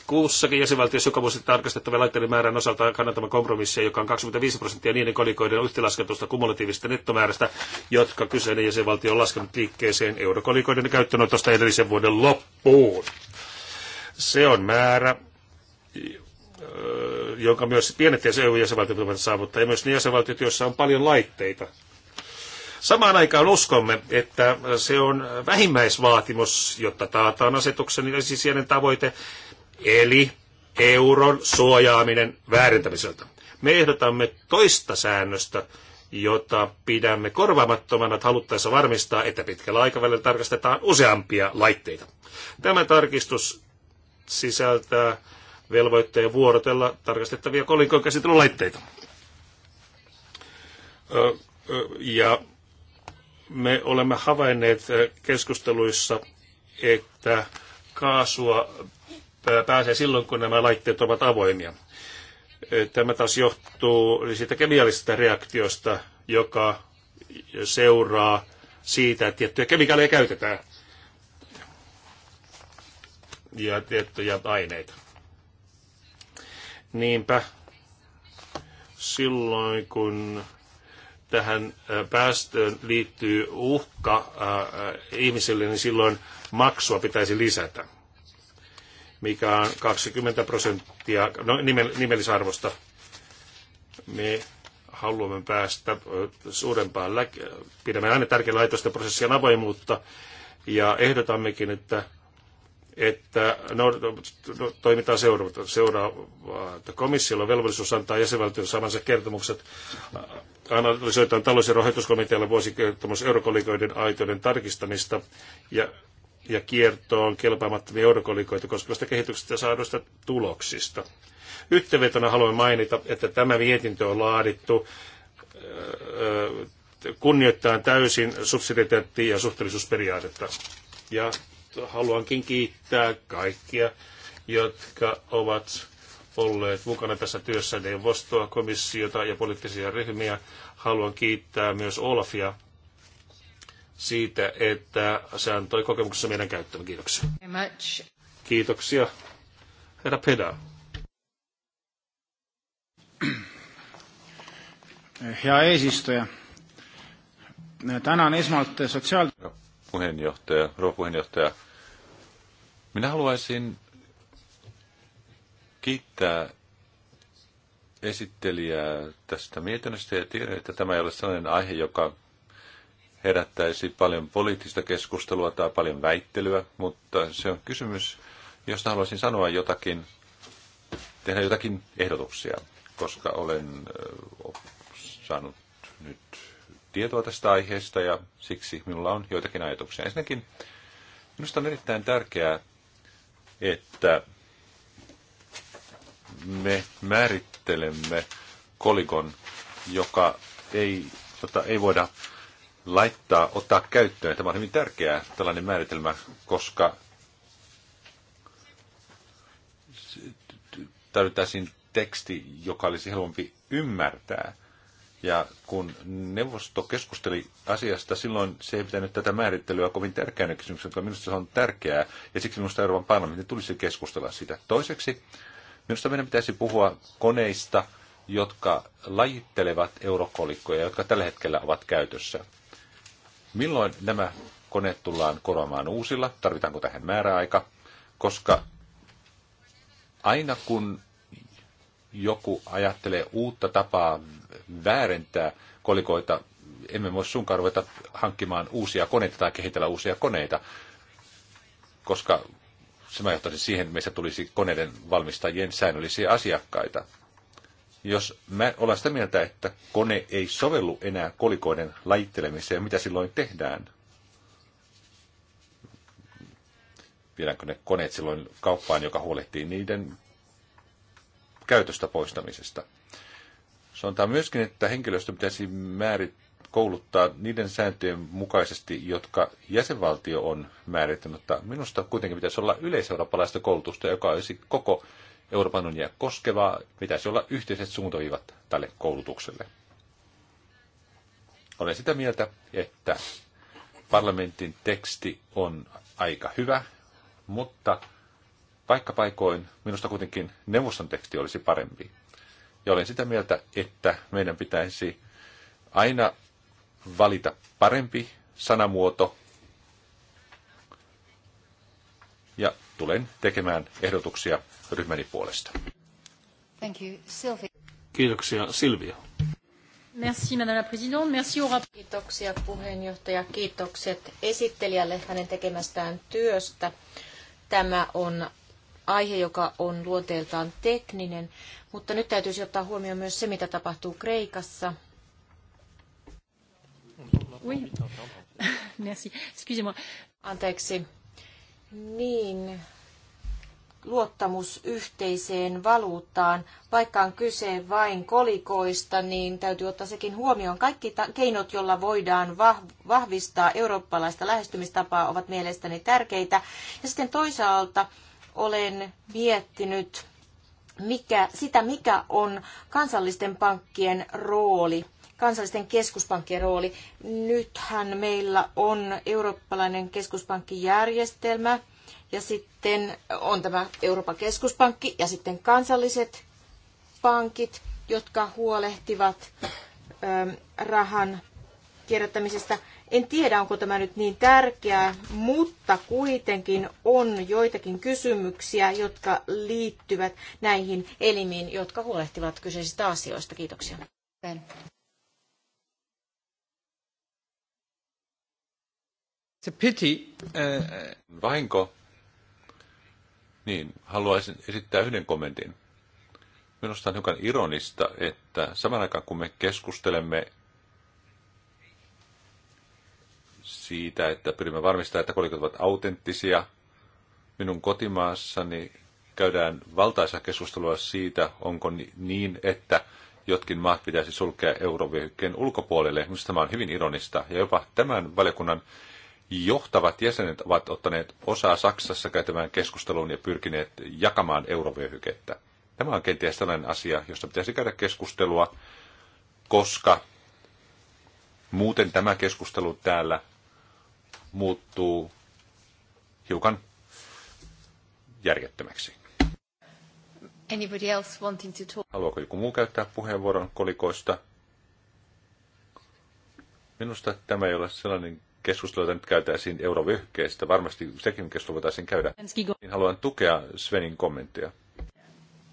[SPEAKER 2] Kuussakin jäsenvaltiossa joka vuosi tarkastettavien laitteiden määrän osalta kannattava kompromissi, joka on 25 prosenttia niiden kolikoiden yhtilasketusta kumulatiivisesta nettomäärästä, jotka kyseinen jäsenvaltio on laskenut liikkeeseen eurokolikoiden käyttöönotosta edellisen vuoden loppuun. Se on määrä, jonka myös pienet EU-jäsenvaltiot voivat saavuttaa, ja myös ne jäsenvaltiot, joissa on paljon laitteita. Samaan aikaan uskomme, että se on vähimmäisvaatimus, jotta taataan asetuksen ensisijainen tavoite, eli euron suojaaminen väärentämiseltä. Me ehdotamme toista säännöstä, jota pidämme korvaamattomana, että haluttaessa varmistaa, että pitkällä aikavälillä tarkastetaan useampia laitteita. Tämä tarkistus sisältää velvoitteen vuorotella tarkastettavia kolikon käsittelylaitteita. Ja me olemme havainneet keskusteluissa, että kaasua pääsee silloin, kun nämä laitteet ovat avoimia. Tämä taas johtuu siitä kemiallisesta reaktiosta, joka seuraa siitä, että tiettyjä kemikaaleja käytetään ja tiettyjä aineita. Niinpä silloin, kun tähän päästöön liittyy uhka ihmisille, niin silloin maksua pitäisi lisätä, mikä on 20 prosenttia no, nimellisarvosta. Me haluamme päästä suurempaan, pidämme aina tärkeänä laitosten prosessien avoimuutta ja ehdotammekin, että että no, no, toimitaan seuraavaa. seuraava, että komissiolla on velvollisuus antaa jäsenvaltion samansa kertomukset. Analysoitaan talous- ja rahoituskomitealla vuosikertomus eurokolikoiden aitoiden tarkistamista ja, ja kiertoon kelpaamattomia eurokolikoita koskevasta kehityksestä ja saaduista tuloksista. Yhteenvetona haluan mainita, että tämä mietintö on laadittu kunnioittaa täysin subsidiariteetti- ja suhteellisuusperiaatetta. Ja haluankin kiittää kaikkia, jotka ovat olleet mukana tässä työssä neuvostoa, komissiota ja poliittisia ryhmiä. Haluan kiittää myös Olafia siitä, että se antoi kokemuksessa meidän käyttöön. Kiitoksia. Kiitoksia. Herra Peda. Hea eesistuja. Tänään esmalt sotsiaal...
[SPEAKER 3] Puheenjohtaja, rouva puheenjohtaja, minä haluaisin kiittää esittelijää tästä mietinnöstä ja tiedän, että tämä ei ole sellainen aihe, joka herättäisi paljon poliittista keskustelua tai paljon väittelyä, mutta se on kysymys, josta haluaisin sanoa jotakin, tehdä jotakin ehdotuksia, koska olen saanut nyt tietoa tästä aiheesta ja siksi minulla on joitakin ajatuksia. Ensinnäkin minusta on erittäin tärkeää että me määrittelemme kolikon, joka ei, jota ei voida laittaa, ottaa käyttöön. Tämä on hyvin tärkeää, tällainen määritelmä, koska tarvittaisiin teksti, joka olisi helpompi ymmärtää – ja kun neuvosto keskusteli asiasta, silloin se ei pitänyt tätä määrittelyä kovin tärkeänä kysymyksenä, mutta minusta se on tärkeää, ja siksi minusta Euroopan parlamentin tulisi keskustella sitä. Toiseksi, minusta meidän pitäisi puhua koneista, jotka lajittelevat eurokolikkoja, jotka tällä hetkellä ovat käytössä. Milloin nämä koneet tullaan korvaamaan uusilla? Tarvitaanko tähän määräaika? Koska aina kun joku ajattelee uutta tapaa väärentää kolikoita, emme voi sunkaan ruveta hankkimaan uusia koneita tai kehitellä uusia koneita, koska se johtaisi siihen, että meistä tulisi koneiden valmistajien säännöllisiä asiakkaita. Jos mä olen sitä mieltä, että kone ei sovellu enää kolikoiden lajittelemiseen, mitä silloin tehdään? Viedäänkö ne koneet silloin kauppaan, joka huolehtii niiden käytöstä poistamisesta. Sanotaan myöskin, että henkilöstö pitäisi määrit kouluttaa niiden sääntöjen mukaisesti, jotka jäsenvaltio on määrittänyt. Mutta minusta kuitenkin pitäisi olla yleiseurooppalaista koulutusta, joka olisi koko Euroopan unionia koskevaa. Pitäisi olla yhteiset suuntaviivat tälle koulutukselle. Olen sitä mieltä, että parlamentin teksti on aika hyvä, mutta Paikka paikoin minusta kuitenkin neuvoston teksti olisi parempi. Ja olen sitä mieltä, että meidän pitäisi aina valita parempi sanamuoto. Ja tulen tekemään ehdotuksia ryhmäni puolesta.
[SPEAKER 4] Thank you. Sylvie.
[SPEAKER 2] Kiitoksia Silvia.
[SPEAKER 4] Merci Madame la Présidente, merci au Kiitoksia puheenjohtaja, kiitokset esittelijälle hänen tekemästään työstä. Tämä on aihe, joka on luonteeltaan tekninen, mutta nyt täytyisi ottaa huomioon myös se, mitä tapahtuu Kreikassa. Oui. Merci. Excusez-moi. Anteeksi. Niin, luottamus yhteiseen valuuttaan, vaikka on kyse vain kolikoista, niin täytyy ottaa sekin huomioon. Kaikki keinot, joilla voidaan vahvistaa eurooppalaista lähestymistapaa, ovat mielestäni tärkeitä. Ja sitten toisaalta olen miettinyt mikä, sitä, mikä on kansallisten pankkien rooli, kansallisten keskuspankkien rooli. Nythän meillä on eurooppalainen keskuspankkijärjestelmä ja sitten on tämä Euroopan keskuspankki ja sitten kansalliset pankit, jotka huolehtivat rahan kierrättämisestä. En tiedä, onko tämä nyt niin tärkeää, mutta kuitenkin on joitakin kysymyksiä, jotka liittyvät näihin elimiin, jotka huolehtivat kyseisistä asioista. Kiitoksia.
[SPEAKER 3] Uh, Vahinko? Niin, haluaisin esittää yhden kommentin. Minusta on hiukan ironista, että saman aikaan kun me keskustelemme siitä, että pyrimme varmistamaan, että kolikot ovat autenttisia. Minun kotimaassani käydään valtaisa keskustelua siitä, onko niin, että jotkin maat pitäisi sulkea eurovyöhykkeen ulkopuolelle. Minusta tämä on hyvin ironista. Ja jopa tämän valiokunnan johtavat jäsenet ovat ottaneet osaa Saksassa käytämään keskusteluun ja pyrkineet jakamaan eurovyöhykettä. Tämä on kenties sellainen asia, josta pitäisi käydä keskustelua, koska muuten tämä keskustelu täällä muuttuu hiukan järjettömäksi.
[SPEAKER 4] Anybody else wanting to talk?
[SPEAKER 3] Haluaako joku muu käyttää puheenvuoron kolikoista? Minusta tämä ei ole sellainen keskustelu, jota nyt käytäisiin eurovyöhkeestä. Varmasti sekin keskustelu voitaisiin käydä. Niin haluan tukea Svenin kommenttia.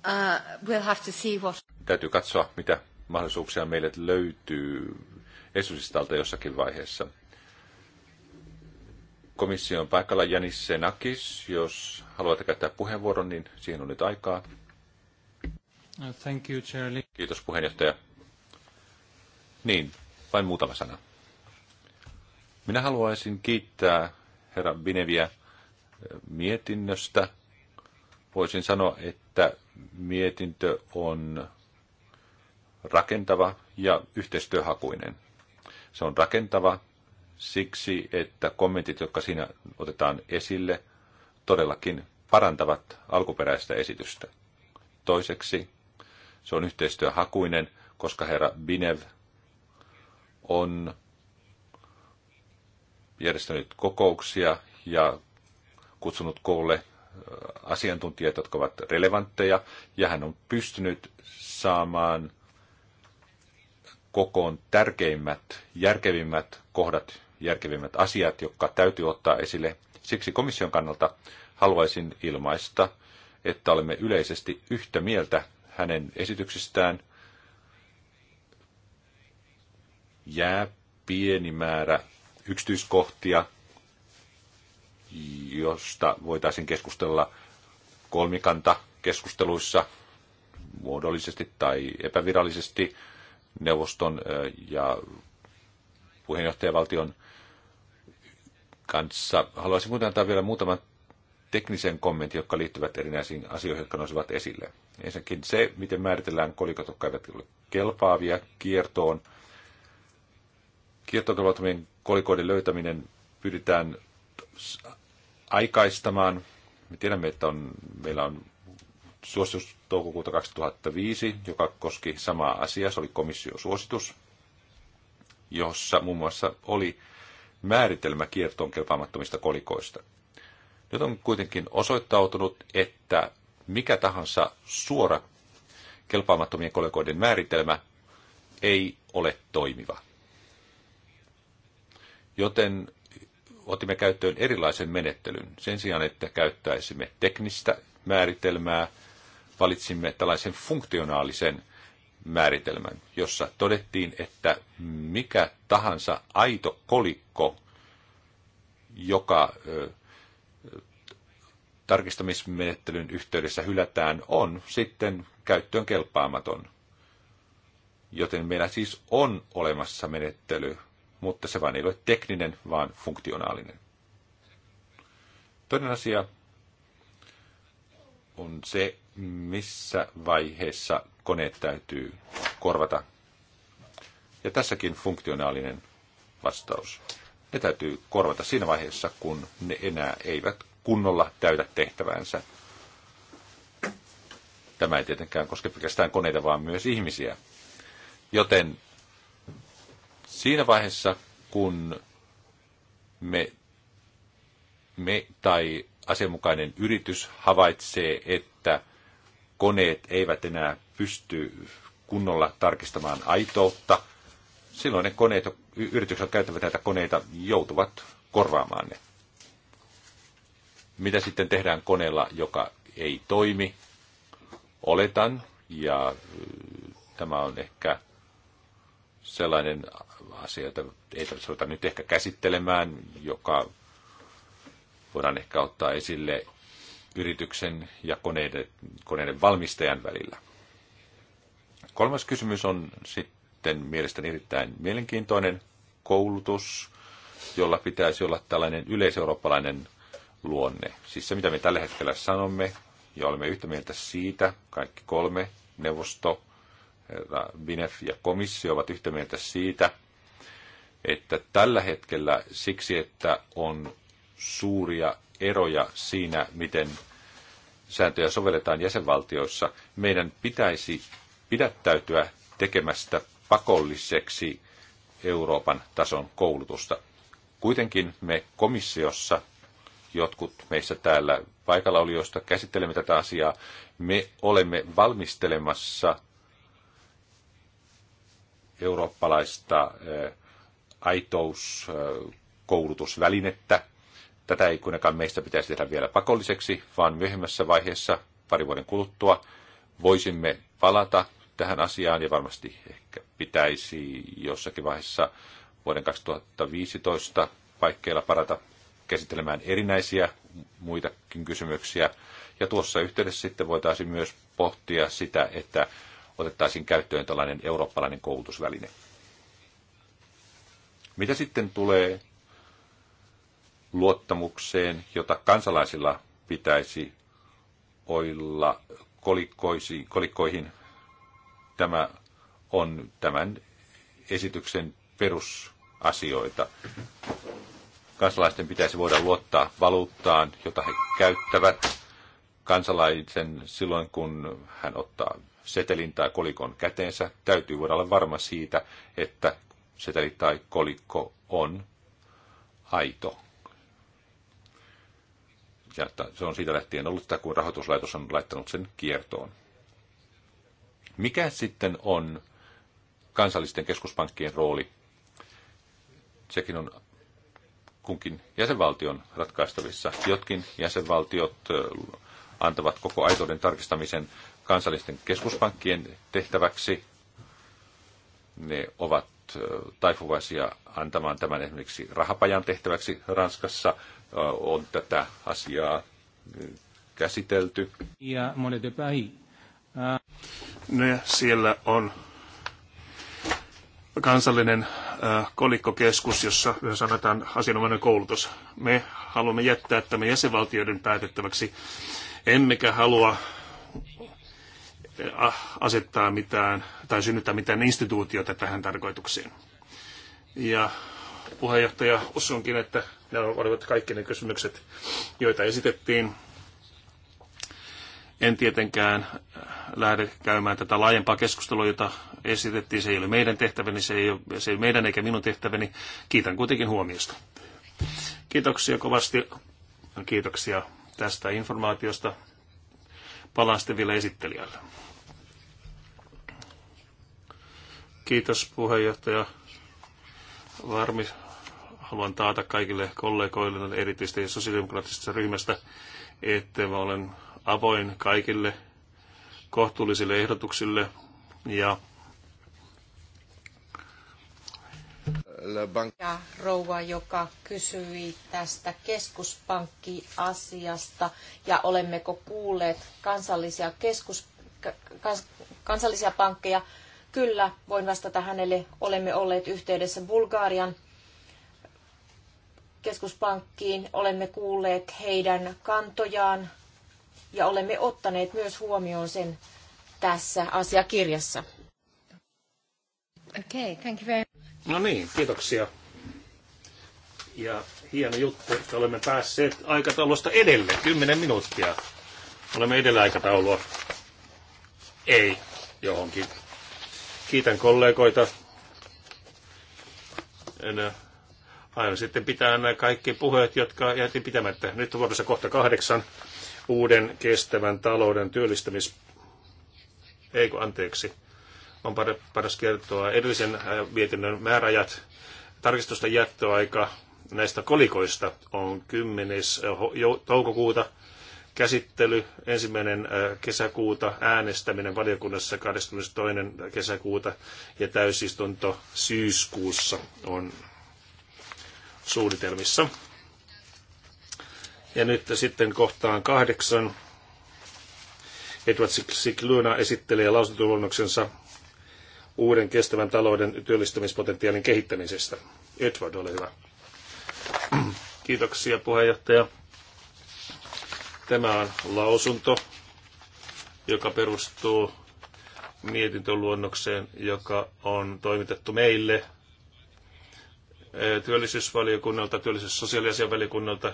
[SPEAKER 1] Uh, we'll have to see what...
[SPEAKER 3] Täytyy katsoa, mitä mahdollisuuksia meille löytyy esitystalta jossakin vaiheessa. Komission paikalla Janis Senakis. Jos haluatte käyttää puheenvuoron, niin siihen on nyt aikaa. Thank you, Charlie. Kiitos puheenjohtaja. Niin, vain muutama sana. Minä haluaisin kiittää herra Bineviä eh, mietinnöstä. Voisin sanoa, että mietintö on rakentava ja yhteistyöhakuinen. Se on rakentava siksi, että kommentit, jotka siinä otetaan esille, todellakin parantavat alkuperäistä esitystä. Toiseksi se on yhteistyöhakuinen, koska herra Binev on järjestänyt kokouksia ja kutsunut koolle äh, asiantuntijat, jotka ovat relevantteja, ja hän on pystynyt saamaan kokoon tärkeimmät, järkevimmät kohdat, järkevimmät asiat, jotka täytyy ottaa esille. Siksi komission kannalta haluaisin ilmaista, että olemme yleisesti yhtä mieltä hänen esityksistään. Jää pieni määrä yksityiskohtia, josta voitaisiin keskustella kolmikanta keskusteluissa muodollisesti tai epävirallisesti neuvoston ja puheenjohtajavaltion kanssa. Haluaisin muuten antaa vielä muutaman teknisen kommentin, jotka liittyvät erinäisiin asioihin, jotka nousivat esille. Ensinnäkin se, miten määritellään kolikot, jotka eivät ole kelpaavia kiertoon. Kiertokelvottomien kolikoiden löytäminen pyritään aikaistamaan. Me tiedämme, että on, meillä on suositus toukokuuta 2005, joka koski samaa asiaa. Se oli komission jossa muun muassa oli määritelmä kiertoon kelpaamattomista kolikoista. Nyt on kuitenkin osoittautunut, että mikä tahansa suora kelpaamattomien kolikoiden määritelmä ei ole toimiva. Joten otimme käyttöön erilaisen menettelyn. Sen sijaan, että käyttäisimme teknistä määritelmää, valitsimme tällaisen funktionaalisen määritelmän, jossa todettiin, että mikä tahansa aito kolikko, joka tarkistamismenettelyn yhteydessä hylätään, on sitten käyttöön kelpaamaton. Joten meillä siis on olemassa menettely, mutta se vain ei ole tekninen, vaan funktionaalinen. Toinen asia on se, missä vaiheessa koneet täytyy korvata. Ja tässäkin funktionaalinen vastaus. Ne täytyy korvata siinä vaiheessa, kun ne enää eivät kunnolla täytä tehtävänsä. Tämä ei tietenkään koske pelkästään koneita, vaan myös ihmisiä. Joten siinä vaiheessa, kun me, me tai asianmukainen yritys havaitsee, että – koneet eivät enää pysty kunnolla tarkistamaan aitoutta, silloin ne koneet, yritykset, jotka käyttävät näitä koneita, joutuvat korvaamaan ne. Mitä sitten tehdään koneella, joka ei toimi? Oletan, ja äh, tämä on ehkä sellainen asia, jota ei tarvitse nyt ehkä käsittelemään, joka voidaan ehkä ottaa esille yrityksen ja koneiden, koneiden valmistajan välillä. Kolmas kysymys on sitten mielestäni erittäin mielenkiintoinen koulutus, jolla pitäisi olla tällainen yleiseurooppalainen luonne. Siis se, mitä me tällä hetkellä sanomme, ja olemme yhtä mieltä siitä, kaikki kolme, neuvosto, Binef ja komissio ovat yhtä mieltä siitä, että tällä hetkellä siksi, että on suuria eroja siinä, miten sääntöjä sovelletaan jäsenvaltioissa. Meidän pitäisi pidättäytyä tekemästä pakolliseksi Euroopan tason koulutusta. Kuitenkin me komissiossa, jotkut meissä täällä paikalla joista käsittelemme tätä asiaa, me olemme valmistelemassa eurooppalaista aitouskoulutusvälinettä, Tätä ei kuitenkaan meistä pitäisi tehdä vielä pakolliseksi, vaan myöhemmässä vaiheessa, pari vuoden kuluttua, voisimme palata tähän asiaan ja varmasti ehkä pitäisi jossakin vaiheessa vuoden 2015 paikkeilla parata käsittelemään erinäisiä muitakin kysymyksiä. Ja tuossa yhteydessä sitten voitaisiin myös pohtia sitä, että otettaisiin käyttöön tällainen eurooppalainen koulutusväline. Mitä sitten tulee luottamukseen, jota kansalaisilla pitäisi olla kolikkoihin. Tämä on tämän esityksen perusasioita. Kansalaisten pitäisi voida luottaa valuuttaan, jota he käyttävät. Kansalaisen silloin, kun hän ottaa setelin tai kolikon käteensä, täytyy voida olla varma siitä, että seteli tai kolikko on aito ja se on siitä lähtien ollut sitä, kun rahoituslaitos on laittanut sen kiertoon. Mikä sitten on kansallisten keskuspankkien rooli? Sekin on kunkin jäsenvaltion ratkaistavissa. Jotkin jäsenvaltiot antavat koko aitouden tarkistamisen kansallisten keskuspankkien tehtäväksi. Ne ovat taipuvaisia antamaan tämän esimerkiksi rahapajan tehtäväksi Ranskassa on tätä asiaa
[SPEAKER 2] käsitelty. Ja monet No ja siellä on kansallinen kolikkokeskus, jossa myös annetaan asianomainen koulutus. Me haluamme jättää tämän jäsenvaltioiden päätettäväksi, emmekä halua ah, asettaa mitään tai synnyttää mitään instituutiota tähän tarkoitukseen. Ja puheenjohtaja, usunkin, että nämä olivat kaikki ne kysymykset, joita esitettiin. En tietenkään lähde käymään tätä laajempaa keskustelua, jota esitettiin. Se ei ole meidän tehtäväni, se ei ole, se ei ole meidän eikä minun tehtäväni. Kiitän kuitenkin huomiosta. Kiitoksia kovasti. Kiitoksia tästä informaatiosta. Palaan sitten vielä esittelijälle. Kiitos puheenjohtaja. Varmi, haluan taata kaikille kollegoille, erityisesti sosiaalidemokraattisesta ryhmästä, että mä olen avoin kaikille kohtuullisille ehdotuksille ja
[SPEAKER 4] Ja rouva, joka kysyi tästä keskuspankkiasiasta ja olemmeko kuulleet kansallisia, keskus, kans, kansallisia pankkeja. Kyllä, voin vastata hänelle. Olemme olleet yhteydessä Bulgarian keskuspankkiin. Olemme kuulleet heidän kantojaan ja olemme ottaneet myös huomioon sen tässä asiakirjassa. Okay, thank you very much.
[SPEAKER 2] No niin, kiitoksia. Ja hieno juttu, että olemme päässeet aikataulusta edelle, 10 minuuttia. Olemme edellä aikataulua. Ei, johonkin. Kiitän kollegoita. En, Aion sitten pitää nämä kaikki puheet, jotka jätin pitämättä. Nyt on vuodessa kohta kahdeksan uuden kestävän talouden työllistämis... Ei kun anteeksi. On paras kertoa edellisen äh, mietinnön määräajat. Tarkistusta jättöaika näistä kolikoista on 10. Äh, toukokuuta käsittely ensimmäinen äh, kesäkuuta, äänestäminen valiokunnassa 22. kesäkuuta ja täysistunto syyskuussa on suunnitelmissa. Ja nyt sitten kohtaan kahdeksan. Edward Sikluna esittelee lausuntoluonnoksensa uuden kestävän talouden työllistämispotentiaalin kehittämisestä. Edward, ole hyvä. Kiitoksia puheenjohtaja. Tämä on lausunto, joka perustuu mietintöluonnokseen, joka on toimitettu meille Eh, työllisyysvaliokunnalta, työllisyys- ja sosiaaliasianvaliokunnalta,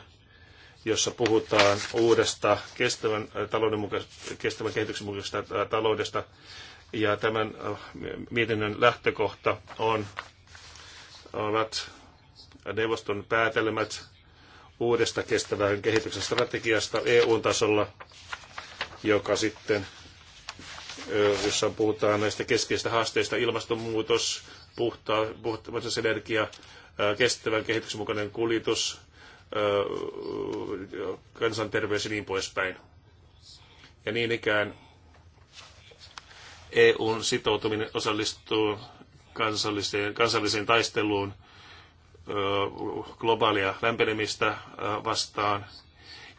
[SPEAKER 2] jossa puhutaan uudesta kestävän, eh, talouden muka, kestävän kehityksen mukaisesta eh, taloudesta. Ja tämän mietinnön lähtökohta on, ovat neuvoston päätelmät uudesta kestävän kehityksen strategiasta EU-tasolla, joka sitten, jossa puhutaan näistä keskeisistä haasteista, ilmastonmuutos, puhtaus, puhtaus energia, kestävän kehityksen mukainen kuljetus, kansanterveys ja niin poispäin. Ja niin ikään EUn sitoutuminen osallistuu kansalliseen, kansalliseen taisteluun globaalia lämpenemistä vastaan.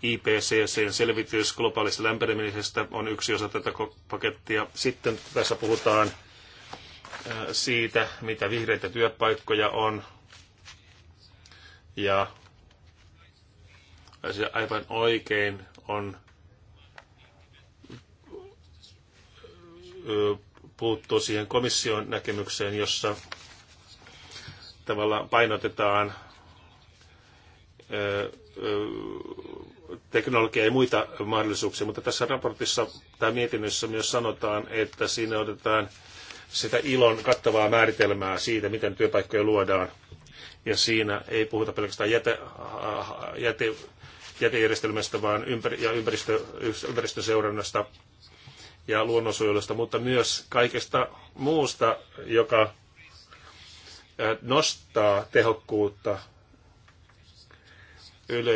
[SPEAKER 2] IPCCn selvitys globaalista lämpenemisestä on yksi osa tätä pakettia. Sitten tässä puhutaan siitä, mitä vihreitä työpaikkoja on ja se aivan oikein on puuttuu siihen komission näkemykseen, jossa tavallaan painotetaan teknologiaa ja muita mahdollisuuksia, mutta tässä raportissa tai mietinnössä myös sanotaan, että siinä otetaan sitä ilon kattavaa määritelmää siitä, miten työpaikkoja luodaan ja siinä ei puhuta pelkästään jäte, jäte, jätejärjestelmästä vaan ympär, ja ympäristö, ympäristöseurannasta ja luonnonsuojelusta, mutta myös kaikesta muusta, joka nostaa tehokkuutta yle,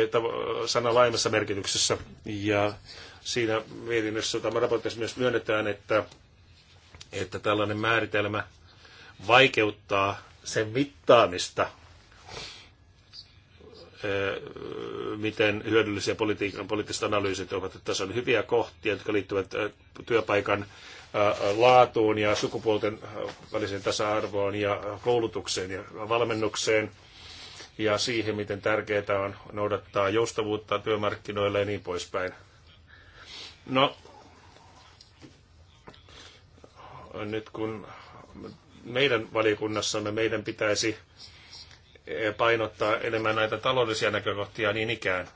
[SPEAKER 2] sana laajemmassa merkityksessä. Ja siinä mietinnössä tämä raportissa myös myönnetään, että, että tällainen määritelmä vaikeuttaa sen mittaamista miten hyödyllisiä politiikan, poliittiset analyysit ovat. että Tässä on hyviä kohtia, jotka liittyvät työpaikan laatuun ja sukupuolten väliseen tasa-arvoon ja koulutukseen ja valmennukseen ja siihen, miten tärkeää on noudattaa joustavuutta työmarkkinoille ja niin poispäin. No, nyt kun meidän valiokunnassamme meidän pitäisi painottaa enemmän näitä taloudellisia näkökohtia niin ikään.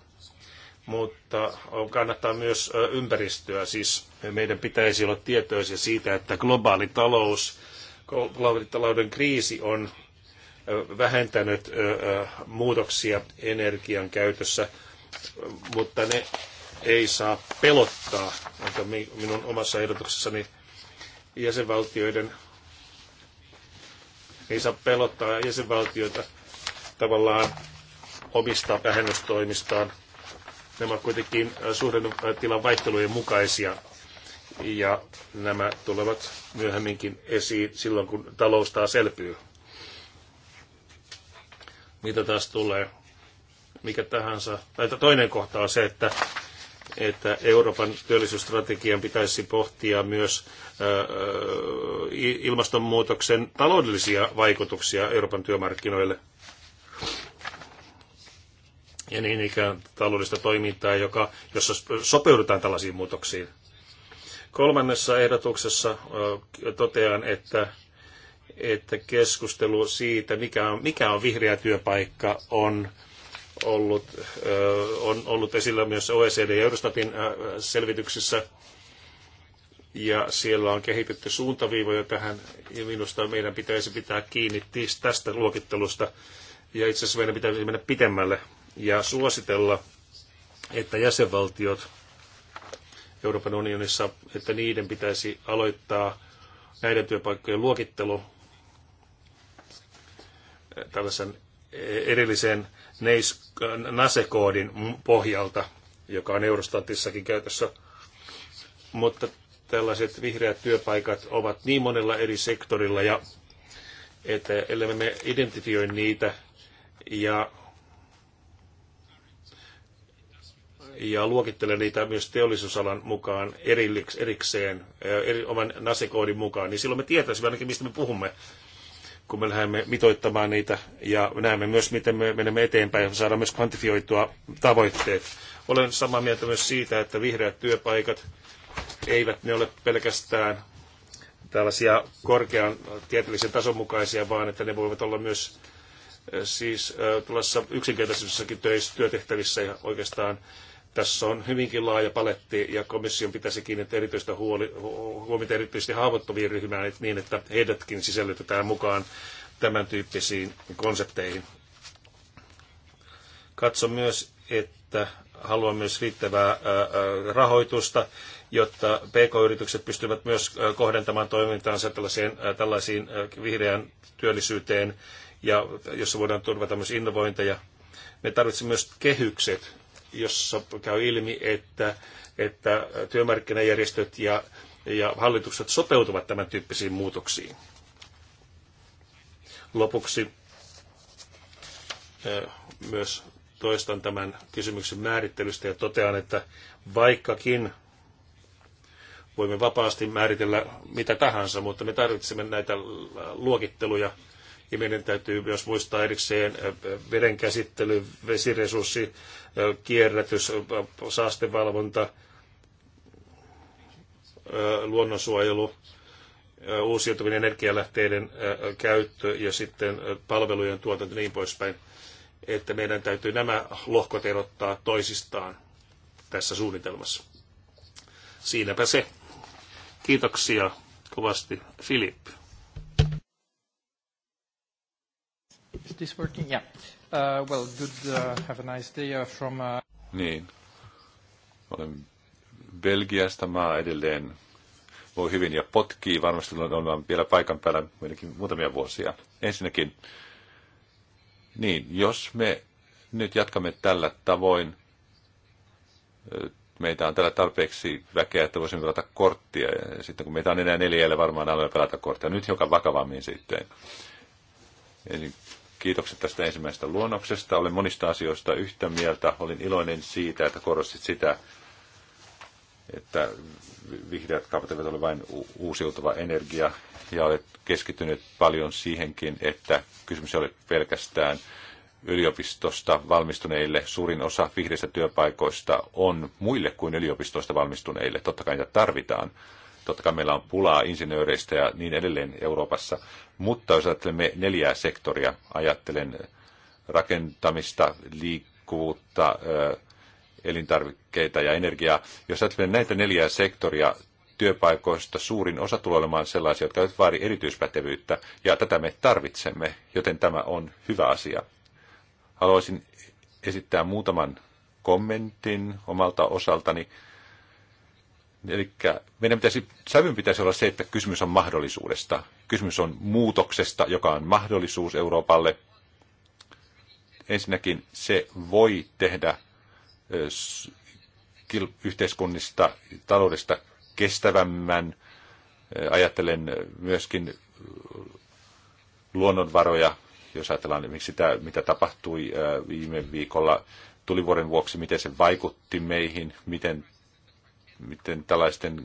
[SPEAKER 2] Mutta kannattaa myös ympäristöä, siis meidän pitäisi olla tietoisia siitä, että globaali talous, globaalitalouden kriisi on vähentänyt muutoksia energian käytössä, mutta ne ei saa pelottaa, mutta minun omassa ehdotuksessani jäsenvaltioiden ei saa pelottaa jäsenvaltioita tavallaan omista vähennystoimistaan. Nämä ovat kuitenkin äh, suhdannetilan vaihtelujen mukaisia ja nämä tulevat myöhemminkin esiin silloin, kun talous taas elpyy. Mitä taas tulee? Mikä tahansa. Tai toinen kohta on se, että, että Euroopan työllisyysstrategian pitäisi pohtia myös äh, äh, ilmastonmuutoksen taloudellisia vaikutuksia Euroopan työmarkkinoille – ja niin ikään taloudellista toimintaa, joka, jossa sopeudutaan tällaisiin muutoksiin. Kolmannessa ehdotuksessa totean, että, että keskustelu siitä, mikä on, mikä on vihreä työpaikka, on ollut, on ollut esillä myös OECD ja Eurostatin selvityksissä. Ja siellä on kehitetty suuntaviivoja tähän, ja minusta meidän pitäisi pitää kiinni tästä luokittelusta. Ja itse asiassa meidän pitäisi mennä pitemmälle ja suositella, että jäsenvaltiot Euroopan unionissa, että niiden pitäisi aloittaa näiden työpaikkojen luokittelu eh, tällaisen e- erillisen NASE-koodin pohjalta, joka on Eurostatissakin käytössä. Mutta tällaiset vihreät työpaikat ovat niin monella eri sektorilla, ja että ellei me identifioi niitä ja ja luokittelee niitä myös teollisuusalan mukaan erikseen, eri, oman nasekoodin mukaan, niin silloin me tietäisimme ainakin, mistä me puhumme, kun me lähdemme mitoittamaan niitä ja näemme myös, miten me menemme eteenpäin ja saadaan myös kvantifioitua tavoitteet. Olen samaa mieltä myös siitä, että vihreät työpaikat eivät ne ole pelkästään tällaisia korkean tieteellisen tason mukaisia, vaan että ne voivat olla myös siis tuollaisissa yksinkertaisissakin töissä, työtehtävissä ja oikeastaan tässä on hyvinkin laaja paletti ja komission pitäisi kiinnittää erityistä huoli, huomiota erityisesti haavoittuviin ryhmään niin, että heidätkin sisällytetään mukaan tämän tyyppisiin konsepteihin. Katson myös, että haluan myös riittävää rahoitusta, jotta PK-yritykset pystyvät myös kohdentamaan toimintaansa tällaisiin, tällaisiin vihreään työllisyyteen, ja jossa voidaan turvata myös innovointeja. Me tarvitsemme myös kehykset, jossa käy ilmi, että, että työmarkkinajärjestöt ja, ja hallitukset sopeutuvat tämän tyyppisiin muutoksiin. Lopuksi eh, myös toistan tämän kysymyksen määrittelystä ja totean, että vaikkakin voimme vapaasti määritellä mitä tahansa, mutta me tarvitsemme näitä luokitteluja – ja meidän täytyy myös muistaa erikseen vedenkäsittely, vesiresurssi, kierrätys, saastevalvonta, luonnonsuojelu, uusiutuvien energialähteiden käyttö ja sitten palvelujen tuotanto ja niin poispäin, että meidän täytyy nämä lohkot erottaa toisistaan tässä suunnitelmassa. Siinäpä se. Kiitoksia kovasti, Filippi.
[SPEAKER 5] Is this working? Yeah. Uh,
[SPEAKER 4] well, good, uh, have a nice day uh, from...
[SPEAKER 3] Niin. Olen Belgiasta maa edelleen voi hyvin ja potkii. Varmasti ollaan vielä paikan päällä muutamia vuosia. Ensinnäkin, niin, jos me nyt jatkamme tällä tavoin, meitä on täällä tarpeeksi väkeä, että voisimme pelata korttia. Ja sitten kun meitä on enää neljällä, varmaan aloja pelata korttia. Nyt hiukan vakavammin sitten. Eli Kiitokset tästä ensimmäisestä luonnoksesta. Olen monista asioista yhtä mieltä. Olin iloinen siitä, että korostit sitä, että vihreät kaupat eivät ole vain uusiutuva energia, ja olet keskittynyt paljon siihenkin, että kysymys ei pelkästään yliopistosta valmistuneille. Suurin osa vihreistä työpaikoista on muille kuin yliopistoista valmistuneille. Totta kai niitä tarvitaan, Totta kai meillä on pulaa insinööreistä ja niin edelleen Euroopassa, mutta jos ajattelemme neljää sektoria, ajattelen rakentamista, liikkuvuutta, elintarvikkeita ja energiaa. Jos ajattelemme näitä neljää sektoria, työpaikoista suurin osa tulee olemaan sellaisia, jotka eivät vaadi erityispätevyyttä, ja tätä me tarvitsemme, joten tämä on hyvä asia. Haluaisin esittää muutaman kommentin omalta osaltani. Eli meidän pitäisi, sävyn pitäisi olla se, että kysymys on mahdollisuudesta. Kysymys on muutoksesta, joka on mahdollisuus Euroopalle. Ensinnäkin se voi tehdä yhteiskunnista, taloudesta kestävämmän. Ajattelen myöskin luonnonvaroja, jos ajatellaan miksi sitä, mitä tapahtui viime viikolla tulivuoren vuoksi, miten se vaikutti meihin, miten miten tällaisten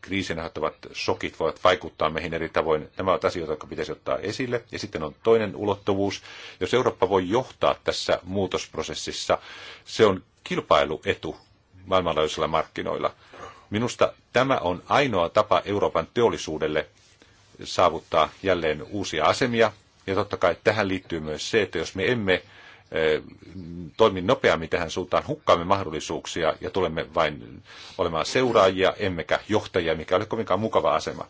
[SPEAKER 3] kriisin aiheuttavat sokit voivat vaikuttaa meihin eri tavoin. Nämä ovat asioita, jotka pitäisi ottaa esille. Ja sitten on toinen ulottuvuus. Jos Eurooppa voi johtaa tässä muutosprosessissa, se on kilpailuetu maailmanlaajuisilla markkinoilla. Minusta tämä on ainoa tapa Euroopan teollisuudelle saavuttaa jälleen uusia asemia. Ja totta kai tähän liittyy myös se, että jos me emme Eh, toimi nopeammin tähän suuntaan, hukkaamme mahdollisuuksia ja tulemme vain olemaan seuraajia, emmekä johtajia, mikä ole kovinkaan mukava asema.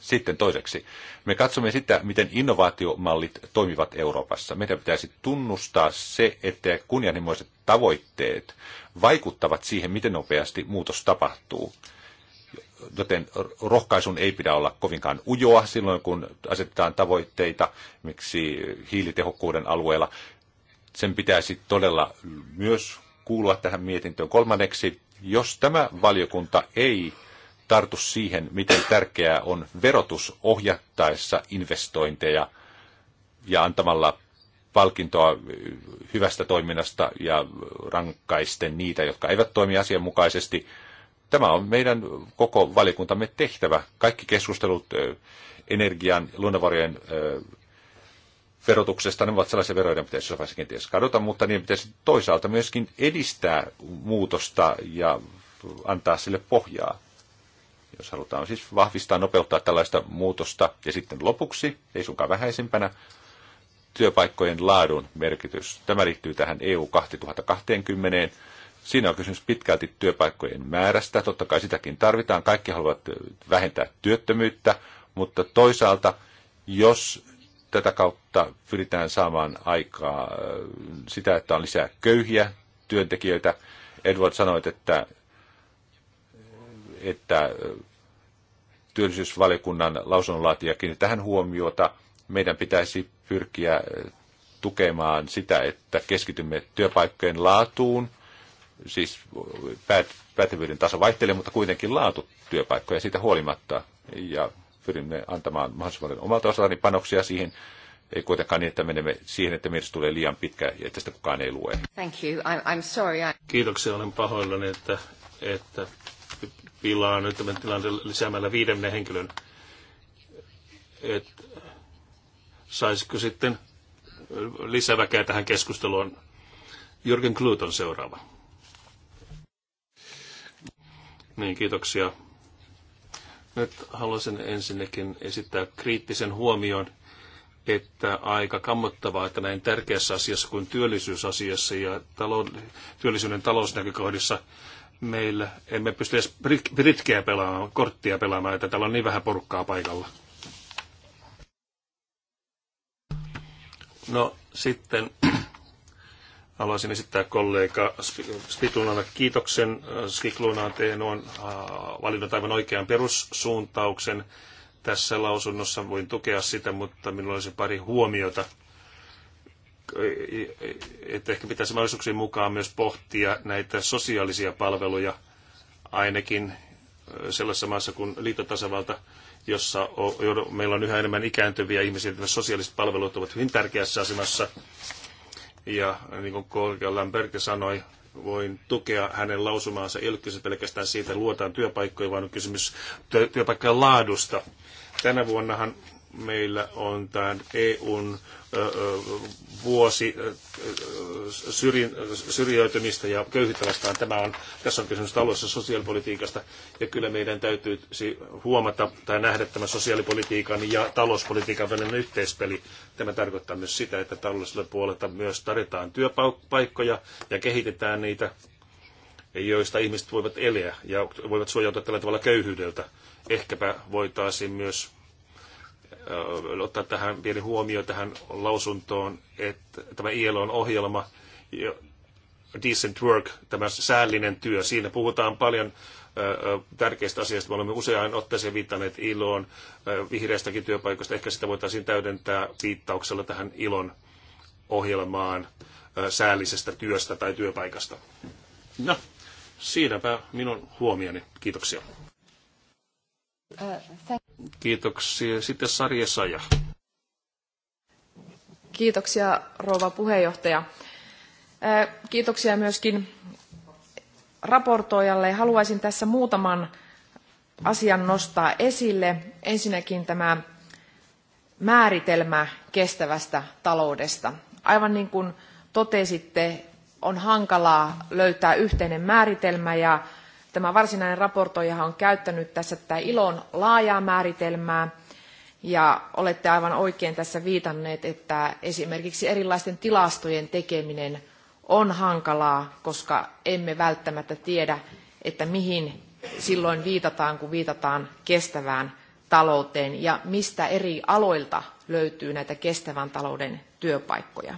[SPEAKER 3] Sitten toiseksi, me katsomme sitä, miten innovaatiomallit toimivat Euroopassa. Meidän pitäisi tunnustaa se, että kunnianhimoiset tavoitteet vaikuttavat siihen, miten nopeasti muutos tapahtuu. Joten rohkaisun ei pidä olla kovinkaan ujoa silloin, kun asetetaan tavoitteita, miksi hiilitehokkuuden alueella sen pitäisi todella myös kuulua tähän mietintöön. Kolmanneksi, jos tämä valiokunta ei tartu siihen, miten tärkeää on verotus ohjattaessa investointeja ja antamalla palkintoa hyvästä toiminnasta ja rankkaisten niitä, jotka eivät toimi asianmukaisesti. Tämä on meidän koko valiokuntamme tehtävä. Kaikki keskustelut energian, luonnonvarojen verotuksesta, ne ovat sellaisia veroja, joita pitäisi jossain kenties kadota, mutta niiden pitäisi toisaalta myöskin edistää muutosta ja antaa sille pohjaa. Jos halutaan siis vahvistaa, nopeuttaa tällaista muutosta. Ja sitten lopuksi, ei suinkaan vähäisimpänä, työpaikkojen laadun merkitys. Tämä liittyy tähän EU 2020. Siinä on kysymys pitkälti työpaikkojen määrästä. Totta kai sitäkin tarvitaan. Kaikki haluavat vähentää työttömyyttä, mutta toisaalta, jos tätä kautta pyritään saamaan aikaa äh, sitä, että on lisää köyhiä työntekijöitä. Edward sanoi, että, että äh, työllisyysvaliokunnan lausunnonlaatija tähän huomiota. Meidän pitäisi pyrkiä äh, tukemaan sitä, että keskitymme työpaikkojen laatuun, siis pätevyyden taso vaihtelee, mutta kuitenkin laatu työpaikkoja siitä huolimatta. Ja pyrimme antamaan mahdollisimman omalta osaltani panoksia siihen, ei kuitenkaan niin, että menemme siihen, että mielestä tulee liian pitkä
[SPEAKER 2] ja että sitä kukaan ei lue.
[SPEAKER 1] Thank you. I'm, I'm sorry. I...
[SPEAKER 2] Kiitoksia, olen pahoillani, että, että pilaa nyt tämän tilanteen lisäämällä viidennen henkilön. Että saisiko sitten lisäväkeä tähän keskusteluun? Jürgen Kluut on seuraava. Niin, kiitoksia nyt haluaisin ensinnäkin esittää kriittisen huomion, että aika kammottavaa, että näin tärkeässä asiassa kuin työllisyysasiassa ja talou- työllisyyden talousnäkökohdissa meillä emme pysty edes britkeä pelaamaan, korttia pelaamaan, että täällä on niin vähän porukkaa paikalla. No sitten Haluaisin esittää kollega Spitlunalle kiitoksen. Spikluna on tehnyt äh, valinnut aivan oikean perussuuntauksen tässä lausunnossa. Voin tukea sitä, mutta minulla olisi pari huomiota että ehkä pitäisi mahdollisuuksien mukaan myös pohtia näitä sosiaalisia palveluja, ainakin äh, sellaisessa maassa kuin liittotasavalta, jossa meillä on yhä enemmän ikääntyviä ihmisiä, että sosiaaliset palvelut ovat hyvin tärkeässä asemassa. Ja niin kuin kollega Lamberg sanoi, voin tukea hänen lausumaansa. Ei ole kyse pelkästään siitä, että luotaan työpaikkoja, vaan on kysymys työpaikkojen laadusta. Tänä vuonnahan meillä on tämän EUn vuosi syrjäytymistä ja köyhyyttä vastaan. Tämä on, tässä on kysymys alueessa sosiaalipolitiikasta ja kyllä meidän täytyy huomata tai nähdä tämä sosiaalipolitiikan ja talouspolitiikan välinen yhteispeli. Tämä tarkoittaa myös sitä, että taloudellisella puolelta myös tarjotaan työpaikkoja ja kehitetään niitä joista ihmiset voivat elää ja voivat suojautua tällä tavalla köyhyydeltä. Ehkäpä voitaisiin myös ottaa tähän pieni huomio tähän lausuntoon, että tämä ILOn ohjelma, Decent Work, tämä säällinen työ, siinä puhutaan paljon tärkeistä asioista. Me olemme useaan otteeseen viittaneet ILOon vihreästäkin työpaikoista. Ehkä sitä voitaisiin täydentää viittauksella tähän ILOn ohjelmaan säällisestä työstä tai työpaikasta. No, siinäpä minun huomioni. Kiitoksia. Uh, Kiitoksia. Sitten Sarja Saja.
[SPEAKER 5] Kiitoksia rouva puheenjohtaja. Kiitoksia myöskin raportoijalle. Haluaisin tässä muutaman asian nostaa esille. Ensinnäkin tämä määritelmä kestävästä taloudesta. Aivan niin kuin totesitte, on hankalaa löytää yhteinen määritelmä ja Tämä varsinainen raportoijahan on käyttänyt tässä tätä ilon laajaa määritelmää, ja olette aivan oikein tässä viitanneet, että esimerkiksi erilaisten tilastojen tekeminen on hankalaa, koska emme välttämättä tiedä, että mihin silloin viitataan, kun viitataan kestävään talouteen ja mistä eri aloilta löytyy näitä kestävän talouden työpaikkoja.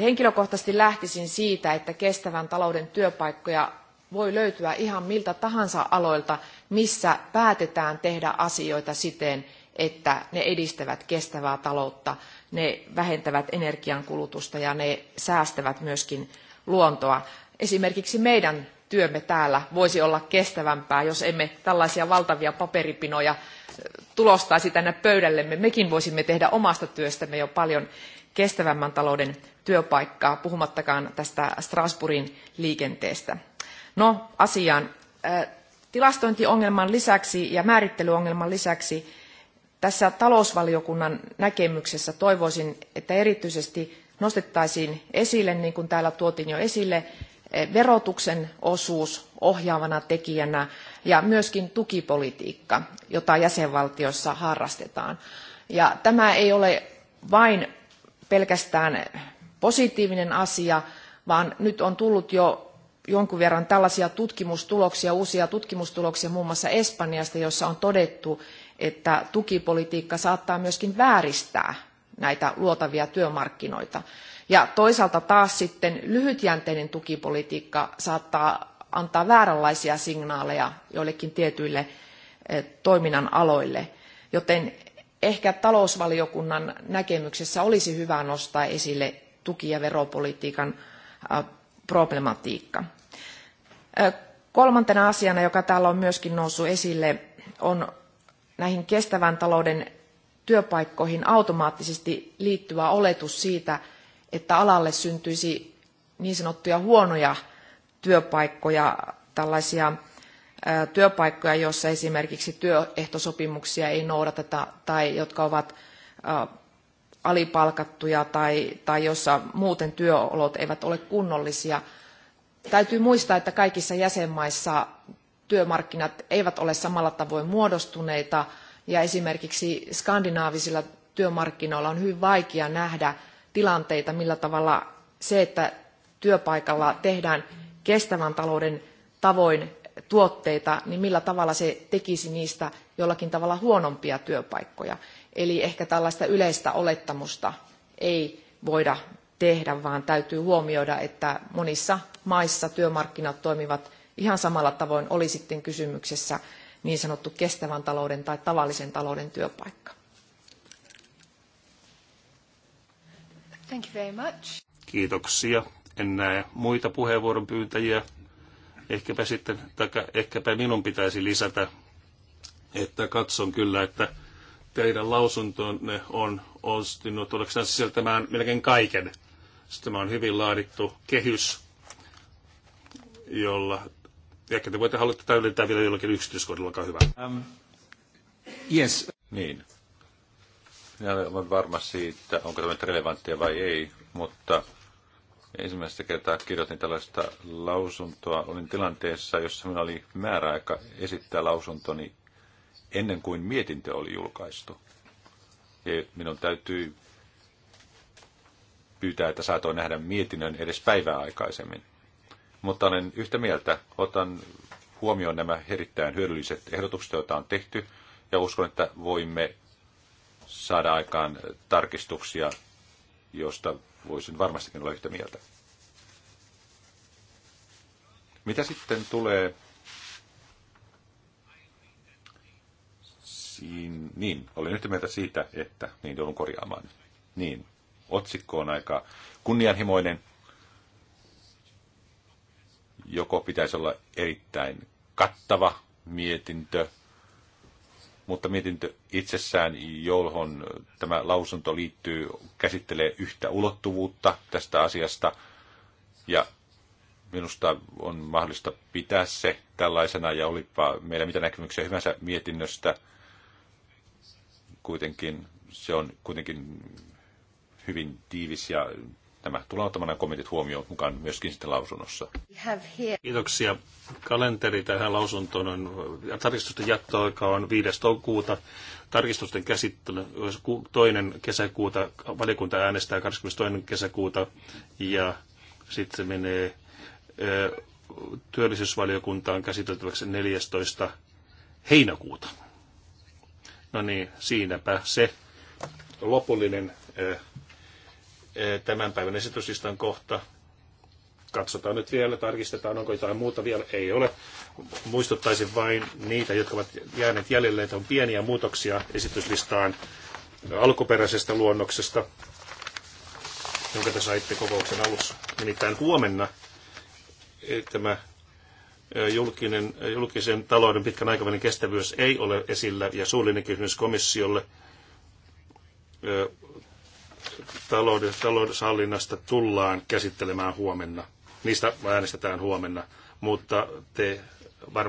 [SPEAKER 5] Henkilökohtaisesti lähtisin siitä, että kestävän talouden työpaikkoja voi löytyä ihan miltä tahansa aloilta, missä päätetään tehdä asioita siten, että ne edistävät kestävää taloutta, ne vähentävät energiankulutusta ja ne säästävät myöskin luontoa. Esimerkiksi meidän työmme täällä voisi olla kestävämpää, jos emme tällaisia valtavia paperipinoja tulostaisi tänne pöydällemme. Mekin voisimme tehdä omasta työstämme jo paljon kestävämmän talouden työpaikkaa, puhumattakaan tästä Strasbourgin liikenteestä. No, asiaan. Tilastointiongelman lisäksi ja määrittelyongelman lisäksi tässä talousvaliokunnan näkemyksessä toivoisin, että erityisesti nostettaisiin esille, niin kuin täällä tuotiin jo esille, verotuksen osuus ohjaavana tekijänä ja myöskin tukipolitiikka, jota jäsenvaltioissa harrastetaan. Ja tämä ei ole vain pelkästään positiivinen asia, vaan nyt on tullut jo jonkun verran tällaisia tutkimustuloksia, uusia tutkimustuloksia muun muassa Espanjasta, jossa on todettu, että tukipolitiikka saattaa myöskin vääristää näitä luotavia työmarkkinoita. Ja toisaalta taas sitten lyhytjänteinen tukipolitiikka saattaa antaa vääränlaisia signaaleja joillekin tietyille eh, toiminnan aloille. Joten ehkä talousvaliokunnan näkemyksessä olisi hyvä nostaa esille tuki- ja veropolitiikan problematiikka. Kolmantena asiana, joka täällä on myöskin noussut esille, on näihin kestävän talouden työpaikkoihin automaattisesti liittyvä oletus siitä, että alalle syntyisi niin sanottuja huonoja työpaikkoja, tällaisia työpaikkoja, joissa esimerkiksi työehtosopimuksia ei noudateta tai jotka ovat alipalkattuja tai, tai jossa muuten työolot eivät ole kunnollisia. Täytyy muistaa, että kaikissa jäsenmaissa työmarkkinat eivät ole samalla tavoin muodostuneita ja esimerkiksi skandinaavisilla työmarkkinoilla on hyvin vaikea nähdä tilanteita, millä tavalla se, että työpaikalla tehdään kestävän talouden tavoin tuotteita, niin millä tavalla se tekisi niistä jollakin tavalla huonompia työpaikkoja. Eli ehkä tällaista yleistä olettamusta ei voida tehdä, vaan täytyy huomioida, että monissa maissa työmarkkinat toimivat ihan samalla tavoin, oli sitten kysymyksessä niin sanottu kestävän talouden tai tavallisen talouden työpaikka.
[SPEAKER 1] Thank you very much.
[SPEAKER 2] Kiitoksia. En näe muita puheenvuoron Ehkäpä, sitten, ehkäpä minun pitäisi lisätä, että katson kyllä, että teidän lausuntonne on onnistunut oliko se sisältämään melkein kaiken. Siis tämä on hyvin laadittu kehys, jolla, ehkä te voitte haluta täydentää vielä jollakin yksityiskohdalla, olkaa hyvä. Um, yes. Niin.
[SPEAKER 3] Minä olen varma siitä, onko tämä relevanttia vai ei, mutta ensimmäistä kertaa kirjoitin tällaista lausuntoa. Olin tilanteessa, jossa minulla oli määräaika esittää lausuntoni ennen kuin mietintö oli julkaistu. Ja minun täytyy pyytää, että saatoin nähdä mietinnön edes päivää aikaisemmin. Mutta olen yhtä mieltä, otan huomioon nämä erittäin hyödylliset ehdotukset, joita on tehty, ja uskon, että voimme saada aikaan tarkistuksia, joista voisin varmastikin olla yhtä mieltä. Mitä sitten tulee Siin, niin, olen yhtä mieltä siitä, että niin joudun korjaamaan. Niin, otsikko on aika kunnianhimoinen. Joko pitäisi olla erittäin kattava mietintö, mutta mietintö itsessään, johon tämä lausunto liittyy, käsittelee yhtä ulottuvuutta tästä asiasta. Ja minusta on mahdollista pitää se tällaisena, ja olipa meillä mitä näkemyksiä hyvänsä mietinnöstä – kuitenkin, se on kuitenkin hyvin tiivis ja nämä tullaan ottamaan kommentit huomioon mukaan myöskin sitten lausunnossa.
[SPEAKER 2] Kiitoksia. Kalenteri tähän lausuntoon on tarkistusten jatkoaika on 5. toukokuuta. Tarkistusten käsittely toinen kesäkuuta, valiokunta äänestää 22. kesäkuuta ja sitten se menee ö, työllisyysvaliokuntaan käsiteltäväksi 14. heinäkuuta. No niin, siinäpä se lopullinen eh, eh, tämän päivän esityslistan kohta. Katsotaan nyt vielä, tarkistetaan, onko jotain muuta vielä. Ei ole. Muistuttaisin vain niitä, jotka ovat jääneet jäljelle, että on pieniä muutoksia esityslistaan alkuperäisestä luonnoksesta, jonka te saitte kokouksen alussa. Nimittäin huomenna eh, tämä julkinen, julkisen talouden pitkän aikavälin kestävyys ei ole esillä ja suullinen kysymys komissiolle talouden, hallinnasta tullaan käsittelemään huomenna. Niistä äänestetään huomenna, mutta te
[SPEAKER 1] varmasti